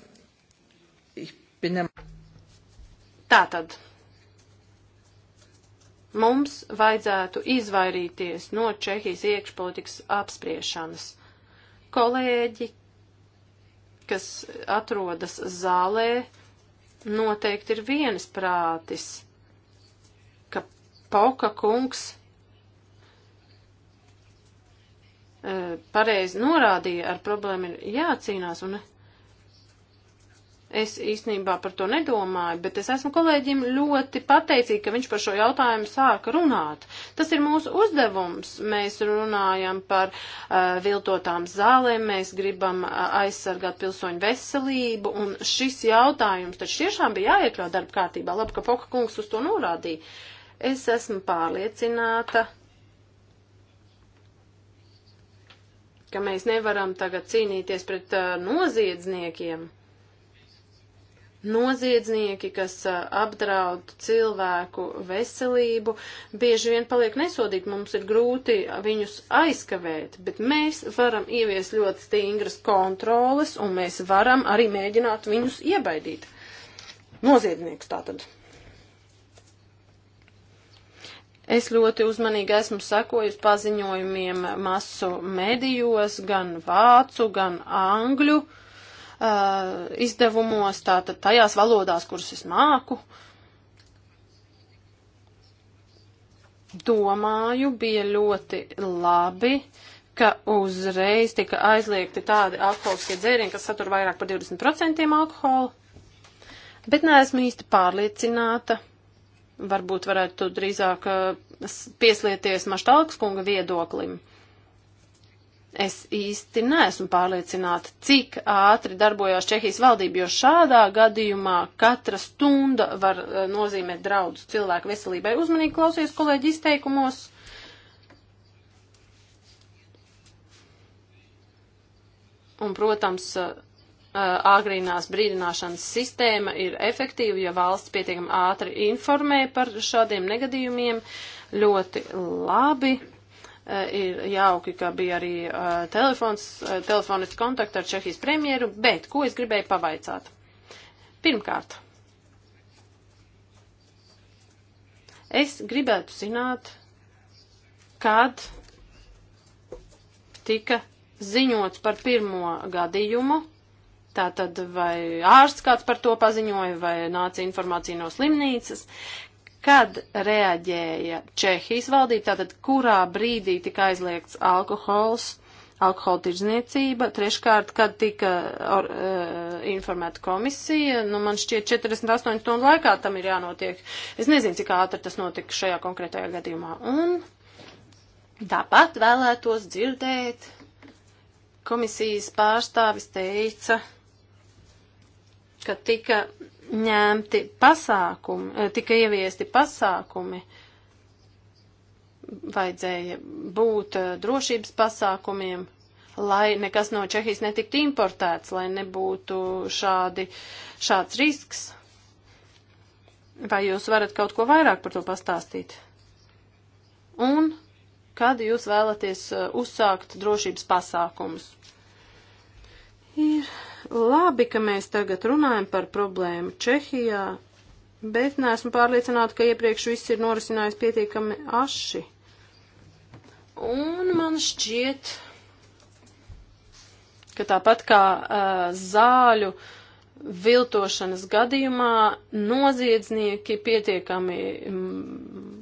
ich bin der... Tātad, Mums vajadzētu izvairīties no Čehijas iekšpolitikas apspriešanas. Kolēģi, kas atrodas zālē, noteikti ir vienas prātis, ka Pauka kungs eh, pareizi norādīja, ar problēmu ir jācīnās un Es īstenībā par to nedomāju, bet es esmu kolēģim ļoti pateicīga, ka viņš par šo jautājumu sāka runāt. Tas ir mūsu uzdevums. Mēs runājam par uh, viltotām zālēm, mēs gribam uh, aizsargāt pilsoņu veselību, un šis jautājums taču tiešām bija jāiekļaut darba kārtībā. Labi, ka Foka kungs uz to norādīja. Es esmu pārliecināta, ka mēs nevaram tagad cīnīties pret uh, noziedzniekiem noziedznieki, kas apdraud cilvēku veselību, bieži vien paliek nesodīti. Mums ir grūti viņus aizkavēt, bet mēs varam ieviest ļoti stingras kontroles un mēs varam arī mēģināt viņus iebaidīt. Noziedzniekus tātad. Es ļoti uzmanīgi esmu sekojusi paziņojumiem masu medijos, gan vācu, gan angļu. Uh, uh, izdevumos, tātad tajās valodās, kuras es māku. Domāju, bija ļoti labi, ka uzreiz tika aizliegti tādi alkoholiskie dzērieni, kas satur vairāk par 20% alkohola, bet neesmu īsti pārliecināta. Varbūt varētu drīzāk uh, pieslieties Maštalkas kunga viedoklim. Uh, Es īsti neesmu pārliecināta, cik ātri darbojās Čehijas valdība, jo šādā gadījumā katra stunda var eh, nozīmēt draudus cilvēku veselībai. Uzmanīgi klausies kolēģi izteikumos. Un, protams, āgrīnās eh, brīdināšanas sistēma ir efektīva, ja valsts pietiekami ātri informē par šādiem negadījumiem. Ļoti labi. Eh, ir jauki, ka bija arī eh, telefons, eh, telefoniski kontakti ar Čehijas premjeru, bet ko es gribēju pavaicāt? Pirmkārt, es gribētu zināt, kad tika ziņots par pirmo gadījumu. Tātad vai ārsts kāds par to paziņoja, vai nāca informācija no slimnīcas, Kad reaģēja Čehijas valdība, tātad kurā brīdī tika aizliegts alkohols, alkohola tirdzniecība, treškārt, kad tika or, uh, informēta komisija, nu man šķiet 48 stundu laikā tam ir jānotiek. Es nezinu, cik ātri tas notika šajā konkrētajā gadījumā. Un tāpat vēlētos dzirdēt, komisijas pārstāvis teica, uh, ka tika ņemti pasākumi, eh, tika ieviesti pasākumi, vajadzēja būt eh, drošības pasākumiem, lai nekas no Čehijas netiktu importēts, lai nebūtu šādi, šāds risks. Vai jūs varat kaut ko vairāk par to pastāstīt? Un kad jūs vēlaties eh, uzsākt drošības pasākumus? Ir labi, ka mēs tagad runājam par problēmu Čehijā, bet neesmu pārliecināta, ka iepriekš viss ir norisinājis pietiekami aši. Un man šķiet, ka tāpat kā uh, zāļu viltošanas gadījumā noziedznieki pietiekami mm,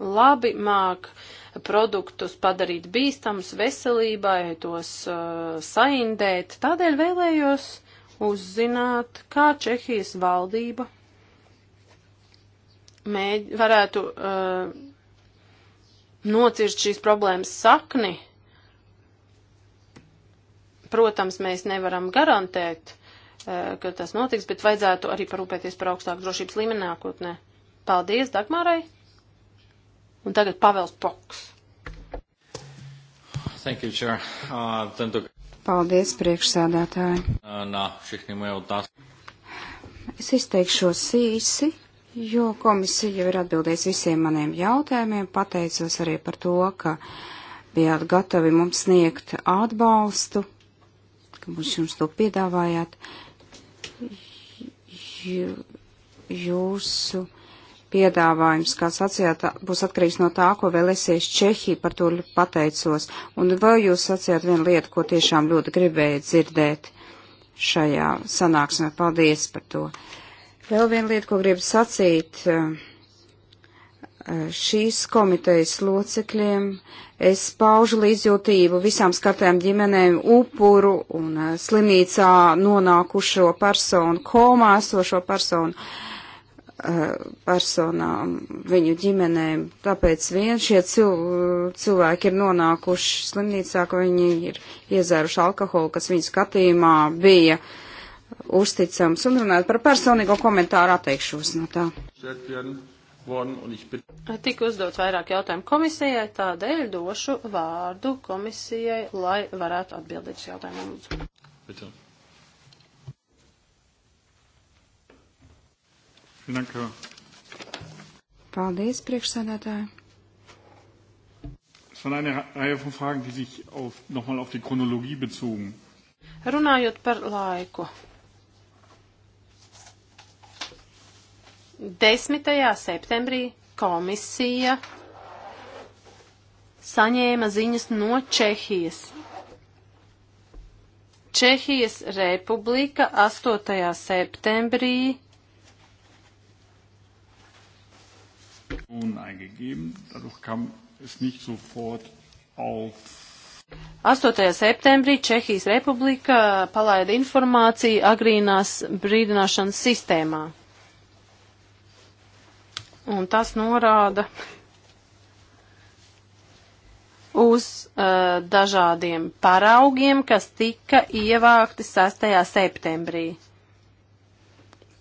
labi māk uh, produktus padarīt bīstamus veselībai, tos uh, saindēt. Tādēļ vēlējos uzzināt, kā Čehijas valdība mēģ, varētu uh, nocirst šīs problēmas sakni. Protams, mēs nevaram garantēt, uh, ka tas notiks, bet vajadzētu arī parūpēties par augstāku drošības līmeni nākotnē. Paldies Dagmārai! Un tagad Pavels Poks. Thank you, Chair. Uh, tentu... Paldies, priekšsēdētāji. Uh, nā, es izteikšos īsi, jo komisija jau ir atbildējusi visiem maniem jautājumiem. Pateicos arī par to, ka bijāt gatavi mums sniegt atbalstu, ka mums jums to piedāvājāt. Jū, jūsu piedāvājums, kā sacījāt, būs atkarīgs no tā, ko vēlēsies Čehija, par to pateicos. Un vēl jūs sacījāt vienu lietu, ko tiešām ļoti gribēju dzirdēt šajā sanāksmē. Paldies par to. Vēl viena lieta, ko gribu sacīt eh, šīs komitejas locekļiem. Es paužu līdzjūtību visām skartējām ģimenēm upuru un eh, slimnīcā nonākušo personu, komā esošo personu. Uh, Eh, personām, viņu ģimenēm. Tāpēc vien šie cil cilvēki ir nonākuši slimnīcā, ka viņi ir iezēruši alkoholu, kas viņu skatījumā bija uzticams. Un runājot par personīgo komentāru, atteikšos no tā. Tik uzdots vairāk jautājumu komisijai, tādēļ došu vārdu komisijai, lai varētu atbildēt šajā jautājumā. Lūdzu. Paldies, priekšsēdētāji. Es war eine Reihe von Fragen, die sich auf, nochmal auf die Chronologie bezogen. Runājot par laiku. 10. septembrī komisija saņēma ziņas no Čehijas. Čehijas republika 8. septembrī 8. septembrī Čehijas republika palaida informāciju agrīnās brīdināšanas sistēmā. Un tas norāda uz uh, dažādiem paraugiem, kas tika ievākti 6. septembrī.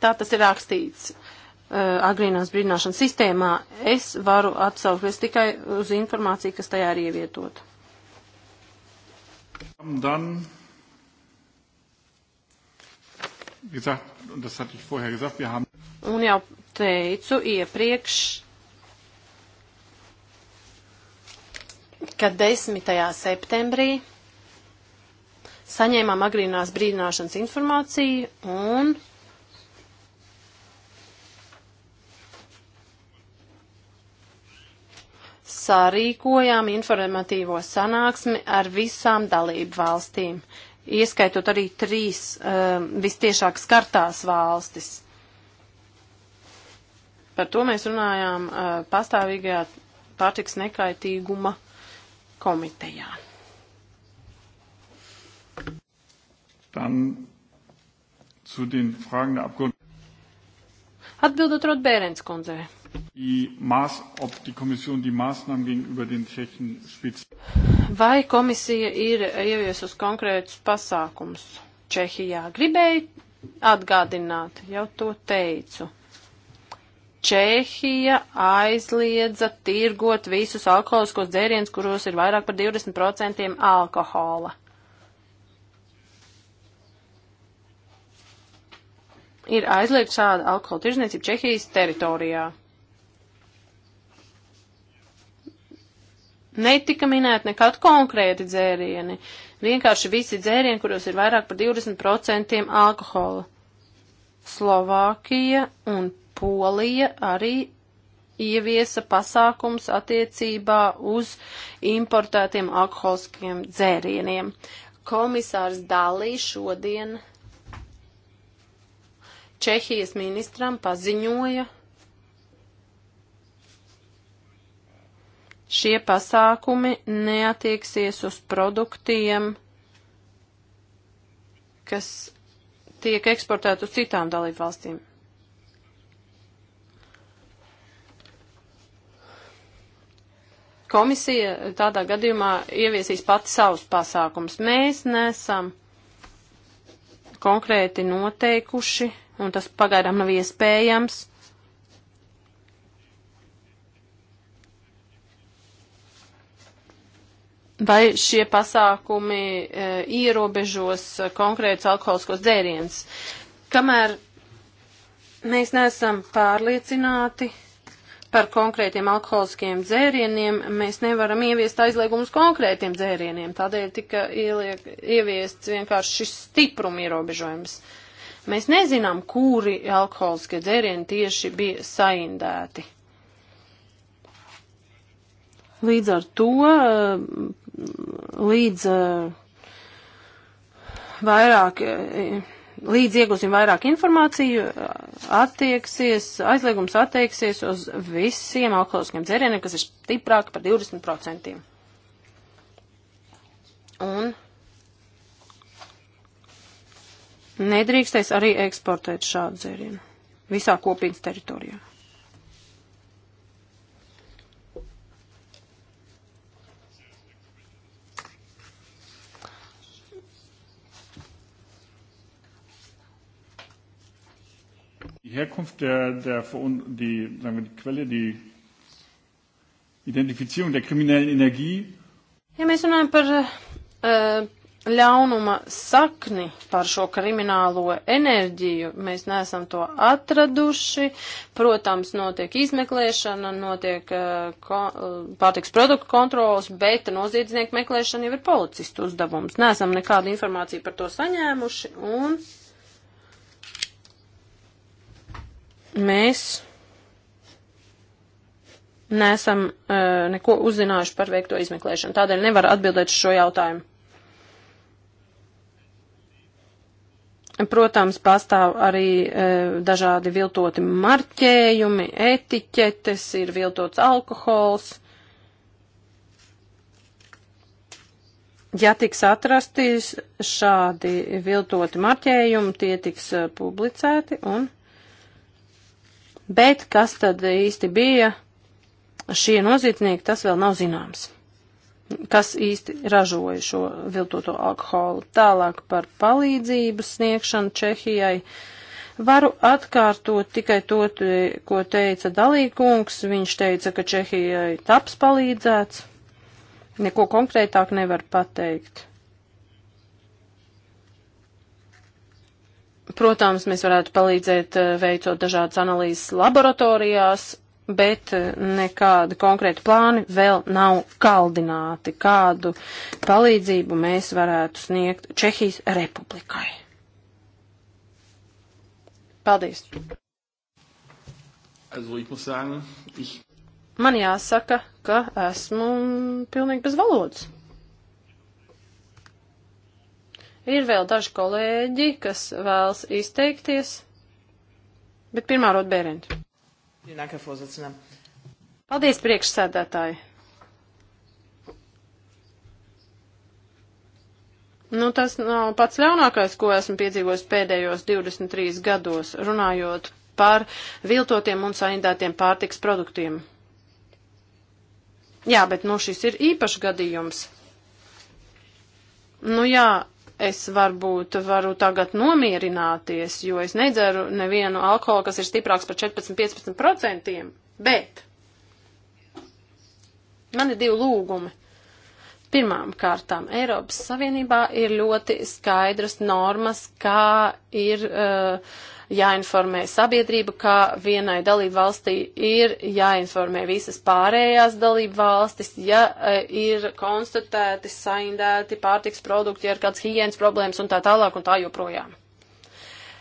Tā tas ir rakstīts. Eh, agrīnās brīdināšanas sistēmā, es varu atsaukties tikai uz informāciju, kas tajā ir ievietota. Dann, gesagt, das hatte ich vorher gesagt, wir haben un jau teicu iepriekš, ka 10. septembrī saņēmām agrīnās brīdināšanas informāciju un sarīkojām informatīvo sanāksmi ar visām dalību valstīm, ieskaitot arī trīs um, vistiešāk skartās valstis. Par to mēs runājām uh, pastāvīgajā pārtiks nekaitīguma komitejā. Dann zu den Fragen der Abgeordneten. Atbildot Rotbērens kundzei. Vai komisija ir ieviesus konkrētus pasākumus Čehijā? Gribēju atgādināt, jau to teicu. Čehija aizliedza tirgot visus alkoholiskos dzērienus, kuros ir vairāk par 20% alkohola. Ir aizliegta šāda alkohola tirzniecība Čehijas teritorijā. Netika minēt nekad konkrēti dzērieni, vienkārši visi dzērieni, kuros ir vairāk par 20% alkohola. Slovākija un Polija arī ieviesa pasākums attiecībā uz importētiem alkoholiskiem dzērieniem. Komisārs Dālī šodien Čehijas ministram paziņoja, šie pasākumi neatieksies uz produktiem, kas tiek eksportēti uz citām dalību valstīm. Komisija tādā gadījumā ieviesīs pati savus pasākumus. Mēs nesam konkrēti noteikuši, un tas pagaidām nav iespējams Vai šie pasākumi e, ierobežos e, konkrētus alkoholiskos dzērienus? Kamēr mēs neesam pārliecināti par konkrētiem alkoholiskiem dzērieniem, mēs nevaram ieviest aizliegumus konkrētiem dzērieniem. Tādēļ tika ieliek, ieviests vienkārši šis stipruma ierobežojums. Mēs nezinām, kuri alkoholiskie dzērieni tieši bija saindēti. Līdz ar to līdz eh, vairāk, eh, līdz iegūsim vairāk informāciju, attieksies, aizliegums attieksies uz visiem alkoholiskiem dzērieniem, kas ir stiprāki par 20%. Un nedrīkstēs arī eksportēt šādu dzērienu visā kopienas teritorijā. die Herkunft der, der die, sagen wir, die Quelle, die identifizierung der kriminellen Energie. Ja mēs runājam par uh, ļaunuma sakni, par šo kriminālo enerģiju, mēs neesam to atraduši. Protams, notiek izmeklēšana, notiek uh, pārtiks produktu kontrols, bet noziedznieku meklēšana jau ir policistu uzdevums. Neesam nekādu informāciju par to saņēmuši un. Uh, mēs nesam uh, neko uzzinājuši par veikto izmeklēšanu. Tādēļ nevar atbildēt uz šo jautājumu. Protams, pastāv arī e, uh, dažādi viltoti marķējumi, etiķetes, ir viltots alkohols. Ja tiks atrastīs šādi viltoti marķējumi, tie tiks uh, publicēti un bet kas tad īsti bija šie noziedznieki, tas vēl nav zināms. Kas īsti ražoja šo viltoto alkoholu. Tālāk par palīdzības sniegšanu Čehijai. Varu atkārtot tikai to, ko teica dalīkungs. Viņš teica, ka Čehijai taps palīdzēts. Neko konkrētāk nevar pateikt. Protams, mēs varētu palīdzēt eh, veicot dažādas analīzes laboratorijās, bet eh, nekādi konkrēti plāni vēl nav kaldināti, kādu palīdzību mēs varētu sniegt Čehijas republikai. Paldies! Man jāsaka, ka esmu pilnīgi bez valodas. Ir vēl daži kolēģi, kas vēlas izteikties, bet pirmā rod Bērent. Paldies, priekšsēdētāji! Nu, tas nav pats ļaunākais, ko esmu piedzīvojis pēdējos 23 gados, runājot par viltotiem un saindētiem pārtiks produktiem. Jā, bet nu šis ir īpašs gadījums. Nu jā, es varbūt varu tagad nomierināties, jo es nedzeru nevienu alkoholu, kas ir stiprāks par 14-15%, bet man ir divi lūgumi. Pirmām kārtām, Eiropas Savienībā ir ļoti skaidras normas, kā ir uh, jāinformē sabiedrība, kā vienai dalību valstī ir jāinformē visas pārējās dalību valstis, ja e, ir konstatēti saindēti pārtiks produkti, ja ir kāds higienas problēmas un tā tālāk un tā joprojām.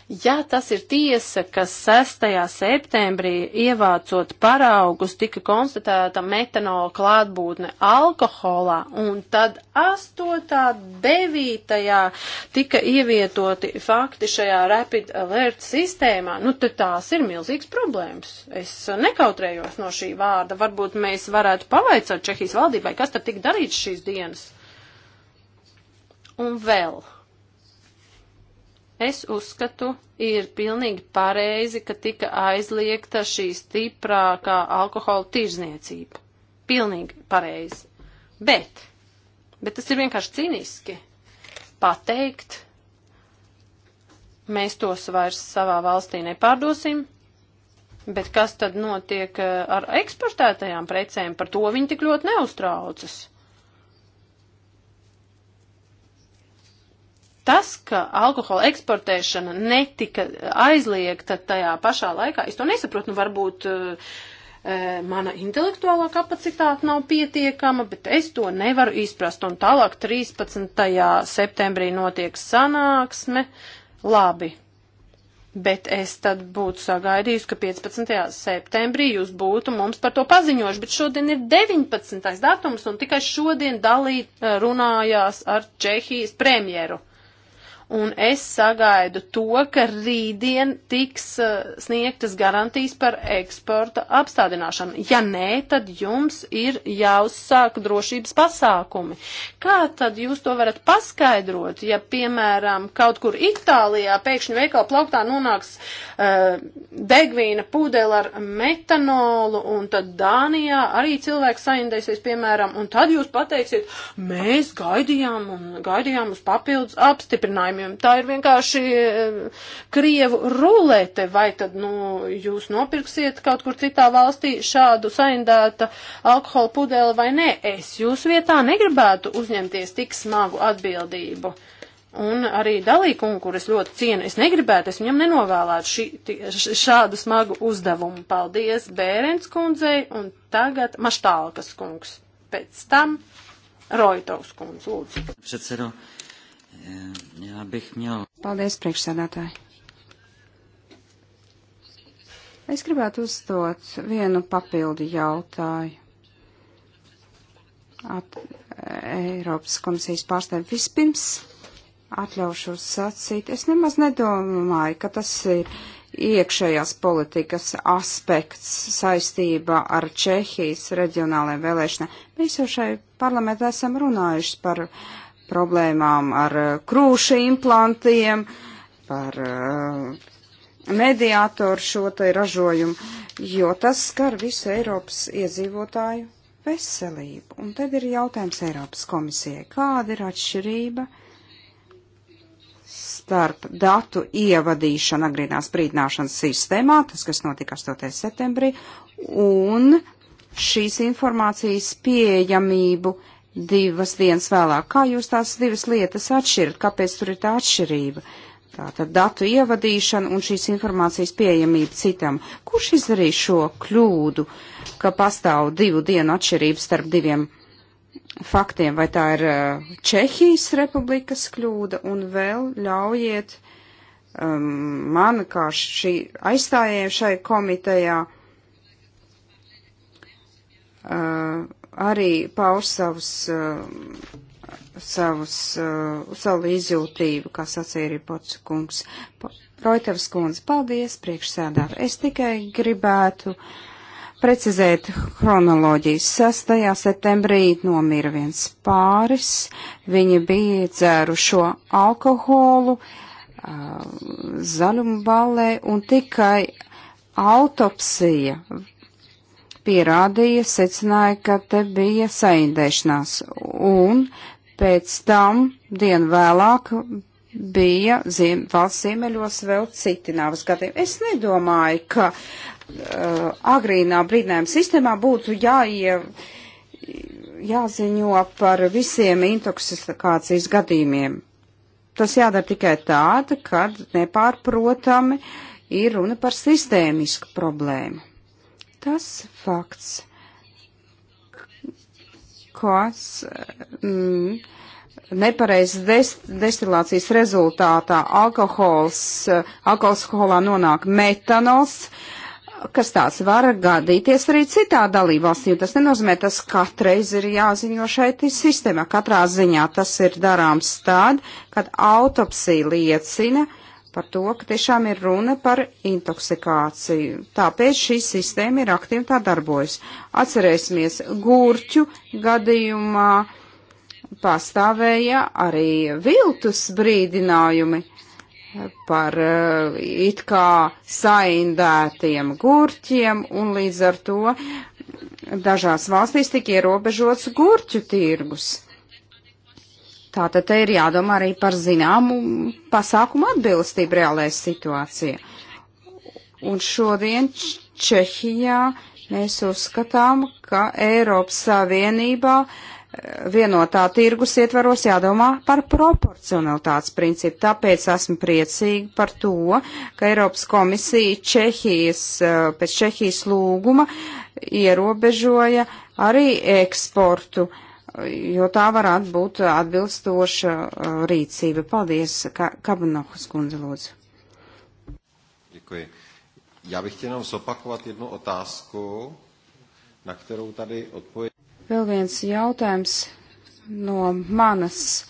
Ja tas ir tiesa, ka 6. septembrī ievācot paraugus tika konstatēta metanola klātbūtne alkoholā, un tad 8. 9. tika ievietoti fakti šajā rapid alert sistēmā, nu tad tās ir milzīgas problēmas. Es nekautrējos no šī vārda. Varbūt mēs varētu pavaicāt Čehijas valdībai, kas tad tika darīts šīs dienas. Un vēl. Es uzskatu, ir pilnīgi pareizi, ka tika aizliegta šī stiprākā alkohola tirzniecība. Pilnīgi pareizi. Bet, bet tas ir vienkārši cīniski pateikt, mēs tos vairs savā valstī nepārdosim, bet kas tad notiek eh, ar eksportētajām precēm, par to viņi tik ļoti neuztraucas. Tas, ka alkohola eksportēšana netika aizliegta tajā pašā laikā, es to nesaprotu, nu varbūt uh, mana intelektuālā kapacitāte nav pietiekama, bet es to nevaru izprast. Un tālāk 13. septembrī notiek sanāksme. Labi. Bet es tad būtu sagaidījis, ka 15. septembrī jūs būtu mums par to paziņojuši, bet šodien ir 19. datums un tikai šodien dalīt eh, runājās ar Čehijas premjeru un es sagaidu to, ka rītdien tiks uh, sniegtas garantijas par eksporta apstādināšanu. Ja nē, tad jums ir jāuzsāk drošības pasākumi. Kā tad jūs to varat paskaidrot, ja, piemēram, kaut kur Itālijā pēkšņi veikala plauktā nonāks uh, degvīna pūdēla ar metanolu, un tad Dānijā arī cilvēks saindēsies, piemēram, un tad jūs pateiksiet, mēs gaidījām un gaidījām uz papildus apstiprinājumu pakalpojumiem. Tā ir vienkārši eh, krievu rulete, vai tad, nu, jūs nopirksiet kaut kur citā valstī šādu saindēta alkohola pudeli vai nē. Es jūs vietā negribētu uzņemties tik smagu atbildību. Un arī dalīkumu, kur es ļoti cienu, es negribētu, es viņam nenovēlētu šī, šādu smagu uzdevumu. Paldies Bērens kundzei un tagad Maštālkas kungs. Pēc tam Rojtovs kungs, lūdzu. Předsedo, Eh, Jā, bych měl. Paldies, priekšsēdētāji. Es gribētu uzdot vienu papildu jautāju. At eh, Eiropas komisijas pārstāvi vispirms atļaušos sacīt. Es nemaz nedomāju, ka tas ir iekšējās politikas aspekts saistībā ar Čehijas reģionālajiem vēlēšanām. Mēs jau šai parlamentā esam runājuši par uh, problēmām ar eh, krūša implantiem, par eh, mediātoru šo te ražojumu, jo tas skar visu Eiropas iedzīvotāju veselību. Un tad ir jautājums Eiropas komisijai, kāda ir atšķirība starp datu ievadīšanu agrīnās brīdināšanas sistēmā, tas, kas notika 8. septembrī, un šīs informācijas pieejamību divas dienas vēlāk. Kā jūs tās divas lietas atšķirat? Kāpēc tur ir tā atšķirība? Tātad datu ievadīšana un šīs informācijas pieejamība citam. Kurš izdarīja šo kļūdu, ka pastāv divu dienu atšķirības starp diviem faktiem? Vai tā ir uh, Čehijas republikas kļūda un vēl ļaujiet um, man, kā šī aizstājēja šai komitejā, uh, arī pauž savus, eh, savus, eh, savu izjūtību, kā sacīja arī pats kungs. Roitavs kundze, paldies, priekšsēdāri. Es tikai gribētu precizēt chronoloģijas. 6. septembrī nomira viens pāris, viņi bija dzērušo alkoholu, eh, zaļumu ballē un tikai autopsija pierādīja, secināja, ka te bija saindēšanās. Un pēc tam dienu vēlāk bija ziem, valsts ziemeļos vēl citi nāvas gadījumi. Es nedomāju, ka uh, agrīnā brīdinājuma sistēmā būtu jāie, jāziņo par visiem intoksikācijas gadījumiem. Tas jādara tikai tāda, kad nepārprotami ir runa par sistēmisku problēmu. Tas fakts, kas mm, nepareizas dest, destilācijas rezultātā alkohols, alkoholā nonāk metanols, kas tāds var gadīties arī citā dalībvalstī. Tas nenozīmē, tas katreiz ir jāziņo šeit sistēmā. Katrā ziņā tas ir darāms tād, kad autopsija liecina, uh, par to, ka tiešām ir runa par intoksikāciju. Tāpēc šī sistēma ir aktīvi tā darbojas. Atcerēsimies, gurķu gadījumā pastāvēja arī viltus brīdinājumi par eh, it kā saindētiem gurķiem un līdz ar to dažās valstīs tika ierobežots gurķu tirgus. Tātad te ir jādomā arī par zināmu pasākumu atbilstību reālajai situācijai. Un šodien Čehijā mēs uzskatām, ka Eiropas Savienībā eh, vienotā tirgus ietvaros jādomā par proporcionalitātes principu. Tāpēc esmu priecīgi par to, ka Eiropas komisija Čehijas, eh, pēc Čehijas lūguma ierobežoja arī eksportu uh, jo tā varētu būt atbilstoša uh, rīcība. Paldies, ka, Kabanohas kundze, lūdzu. Děkuji. Já bych chtěl jenom zopakovat jednu otázku, na kterou tady odpověď. Vēl viens jautājums no manas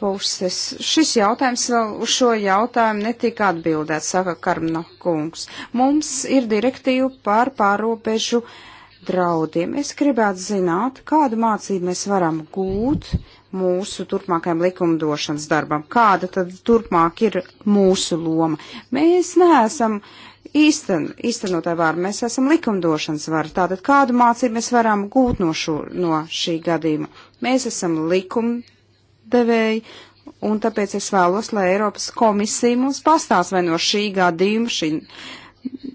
puses. Šis jautājums vēl uz šo jautājumu netika atbildēts, saka Karmna kungs. Mums ir direktīva par pārobežu uh, draudiem. Es gribētu zināt, kādu mācību mēs varam gūt mūsu turpmākajam likumdošanas darbam. Kāda tad turpmāk ir mūsu loma? Mēs neesam īsten, īstenotāji vārdi, mēs esam likumdošanas vārdi. Tātad kādu mācību mēs varam gūt no, šo, no šī gadījuma? Mēs esam likumdevēji. Un tāpēc es vēlos, lai Eiropas komisija mums pastāst, vai no šī gadījuma, šī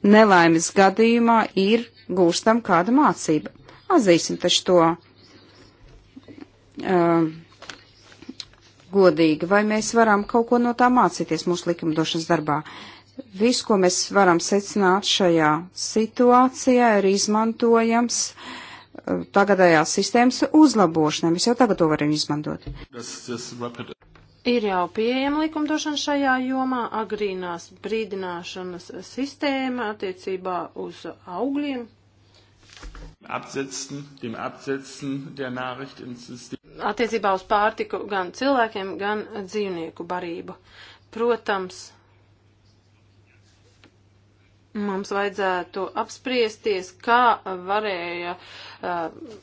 nelaimes gadījumā ir gūstam kādu mācību. Atzīsim taču to uh, godīgi, vai mēs varam kaut ko no tā mācīties mūsu likumdošanas darbā. Viss, ko mēs varam secināt šajā situācijā, ir izmantojams uh, tagadējās sistēmas uzlabošanai. Mēs jau tagad to varam izmantot. Tas, tas rapid... Ir jau pieejama likumdošana šajā jomā, agrīnās brīdināšanas sistēma attiecībā uz augļiem. Apsetzen, dem Apsetzen der Nachricht ins System. Attiecībā uz pārtiku gan cilvēkiem, gan dzīvnieku barību. Protams, mums vajadzētu apspriesties, kā varēja uh,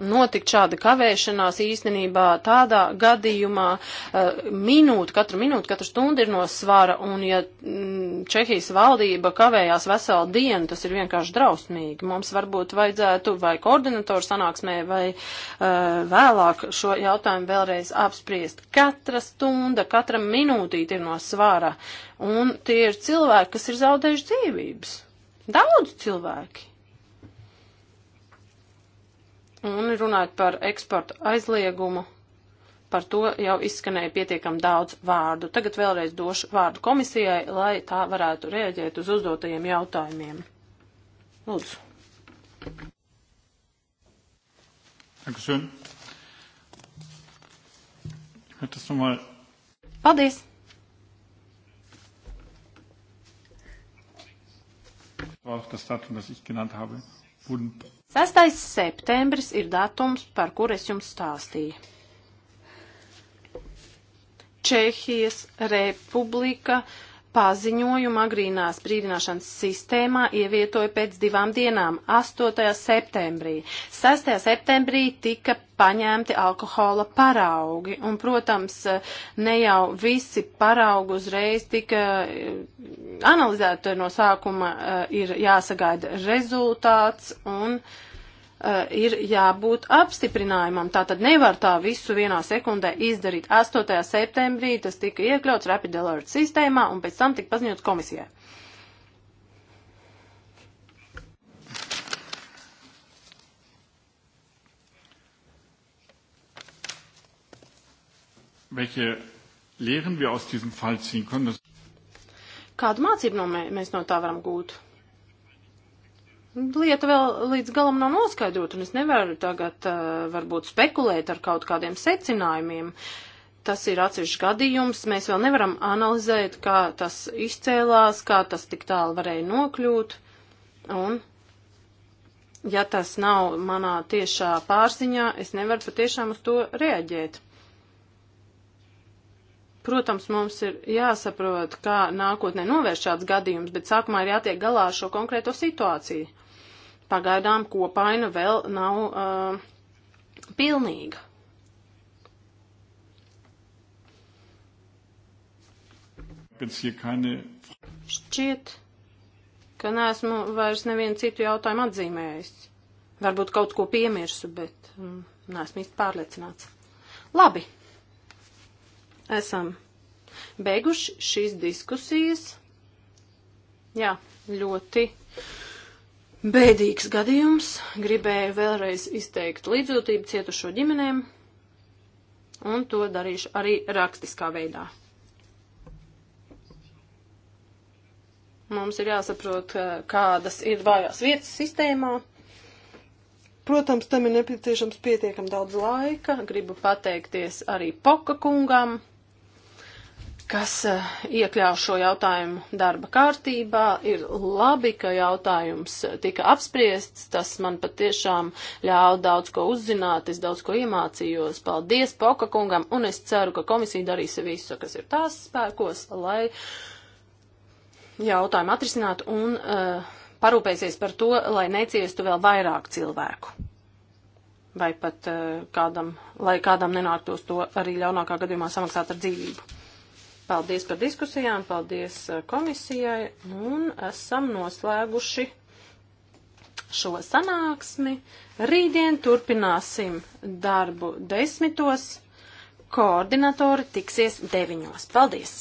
notikt šāda kavēšanās īstenībā tādā gadījumā eh, minūte, katru minūtu, katru stundu ir no svara, un ja mm, Čehijas valdība kavējās veselu dienu, tas ir vienkārši drausmīgi. Mums varbūt vajadzētu vai koordinatoru sanāksmē, vai eh, vēlāk šo jautājumu vēlreiz apspriest. Katra stunda, katra minūtīte ir no svara, un tie ir cilvēki, kas ir zaudējuši dzīvības. Daudz cilvēki. Un runājot par eksporta aizliegumu, par to jau izskanēja pietiekam daudz vārdu. Tagad vēlreiz došu vārdu komisijai, lai tā varētu rēģēt uz uzdotajiem jautājumiem. Lūdzu. Dankeschön. Ich möchte das nochmal. Paldies! War auch das Datum, das ich genannt habe, wurden 6. septembris ir datums, par kur es jums stāstīju. Čehijas republika uh, paziņojumu agrīnās brīdināšanas sistēmā ievietoja pēc divām dienām, 8. septembrī. 6. septembrī tika paņemti alkohola paraugi, un, protams, ne jau visi paraugi uzreiz tika eh, analizēti no sākuma, eh, ir jāsagaida rezultāts, un uh, Eh, ir jābūt apstiprinājumam. Tā tad nevar tā visu vienā sekundē izdarīt. 8. septembrī tas tika iekļauts Rapid Alert sistēmā un pēc tam tika paziņots komisijai. Welche Lehren wir aus diesem Fall ziehen können? Kādu mācību no mē, mēs no tā varam gūt? lieta vēl līdz galam nav noskaidrota, un es nevaru tagad uh, varbūt spekulēt ar kaut kādiem secinājumiem. Tas ir atsevišķs gadījums, mēs vēl nevaram analizēt, kā tas izcēlās, kā tas tik tālu varēja nokļūt, un ja tas nav manā tiešā pārziņā, es nevaru patiešām uz to reaģēt. Protams, mums ir jāsaprot, kā nākotnē novērst šāds gadījums, bet sākumā ir jātiek galā ar šo konkrēto situāciju pagaidām kopaina vēl nav uh, pilnīga. Šķiet, ka neesmu vairs nevienu citu jautājumu atzīmējis. Varbūt kaut ko piemirsu, bet mm, neesmu īsti pārliecināts. Labi, esam beiguši šīs diskusijas. Jā, ļoti Bēdīgs gadījums. Gribēju vēlreiz izteikt līdzjūtību cietušo ģimenēm, un to darīšu arī rakstiskā veidā. Mums ir jāsaprot, eh, kādas ir vājās vietas sistēmā. Protams, tam ir nepieciešams pietiekam daudz laika. Gribu pateikties arī Poka kungam kas eh, iekļāv šo jautājumu darba kārtībā. Ir labi, ka jautājums tika apspriests, tas man patiešām ļāva daudz ko uzzināt, es daudz ko iemācījos. Paldies Poka kungam, un es ceru, ka komisija darīs visu, kas ir tās spēkos, lai jautājumu atrisinātu un uh, parūpēsies par to, lai neciestu vēl vairāk cilvēku. Vai pat uh, kādam, lai kādam nenāktos to arī ļaunākā gadījumā samaksāt ar dzīvību. Paldies par diskusijām, paldies eh, komisijai un esam noslēguši šo sanāksmi. Rītdien turpināsim darbu desmitos, koordinatori tiksies deviņos. Paldies!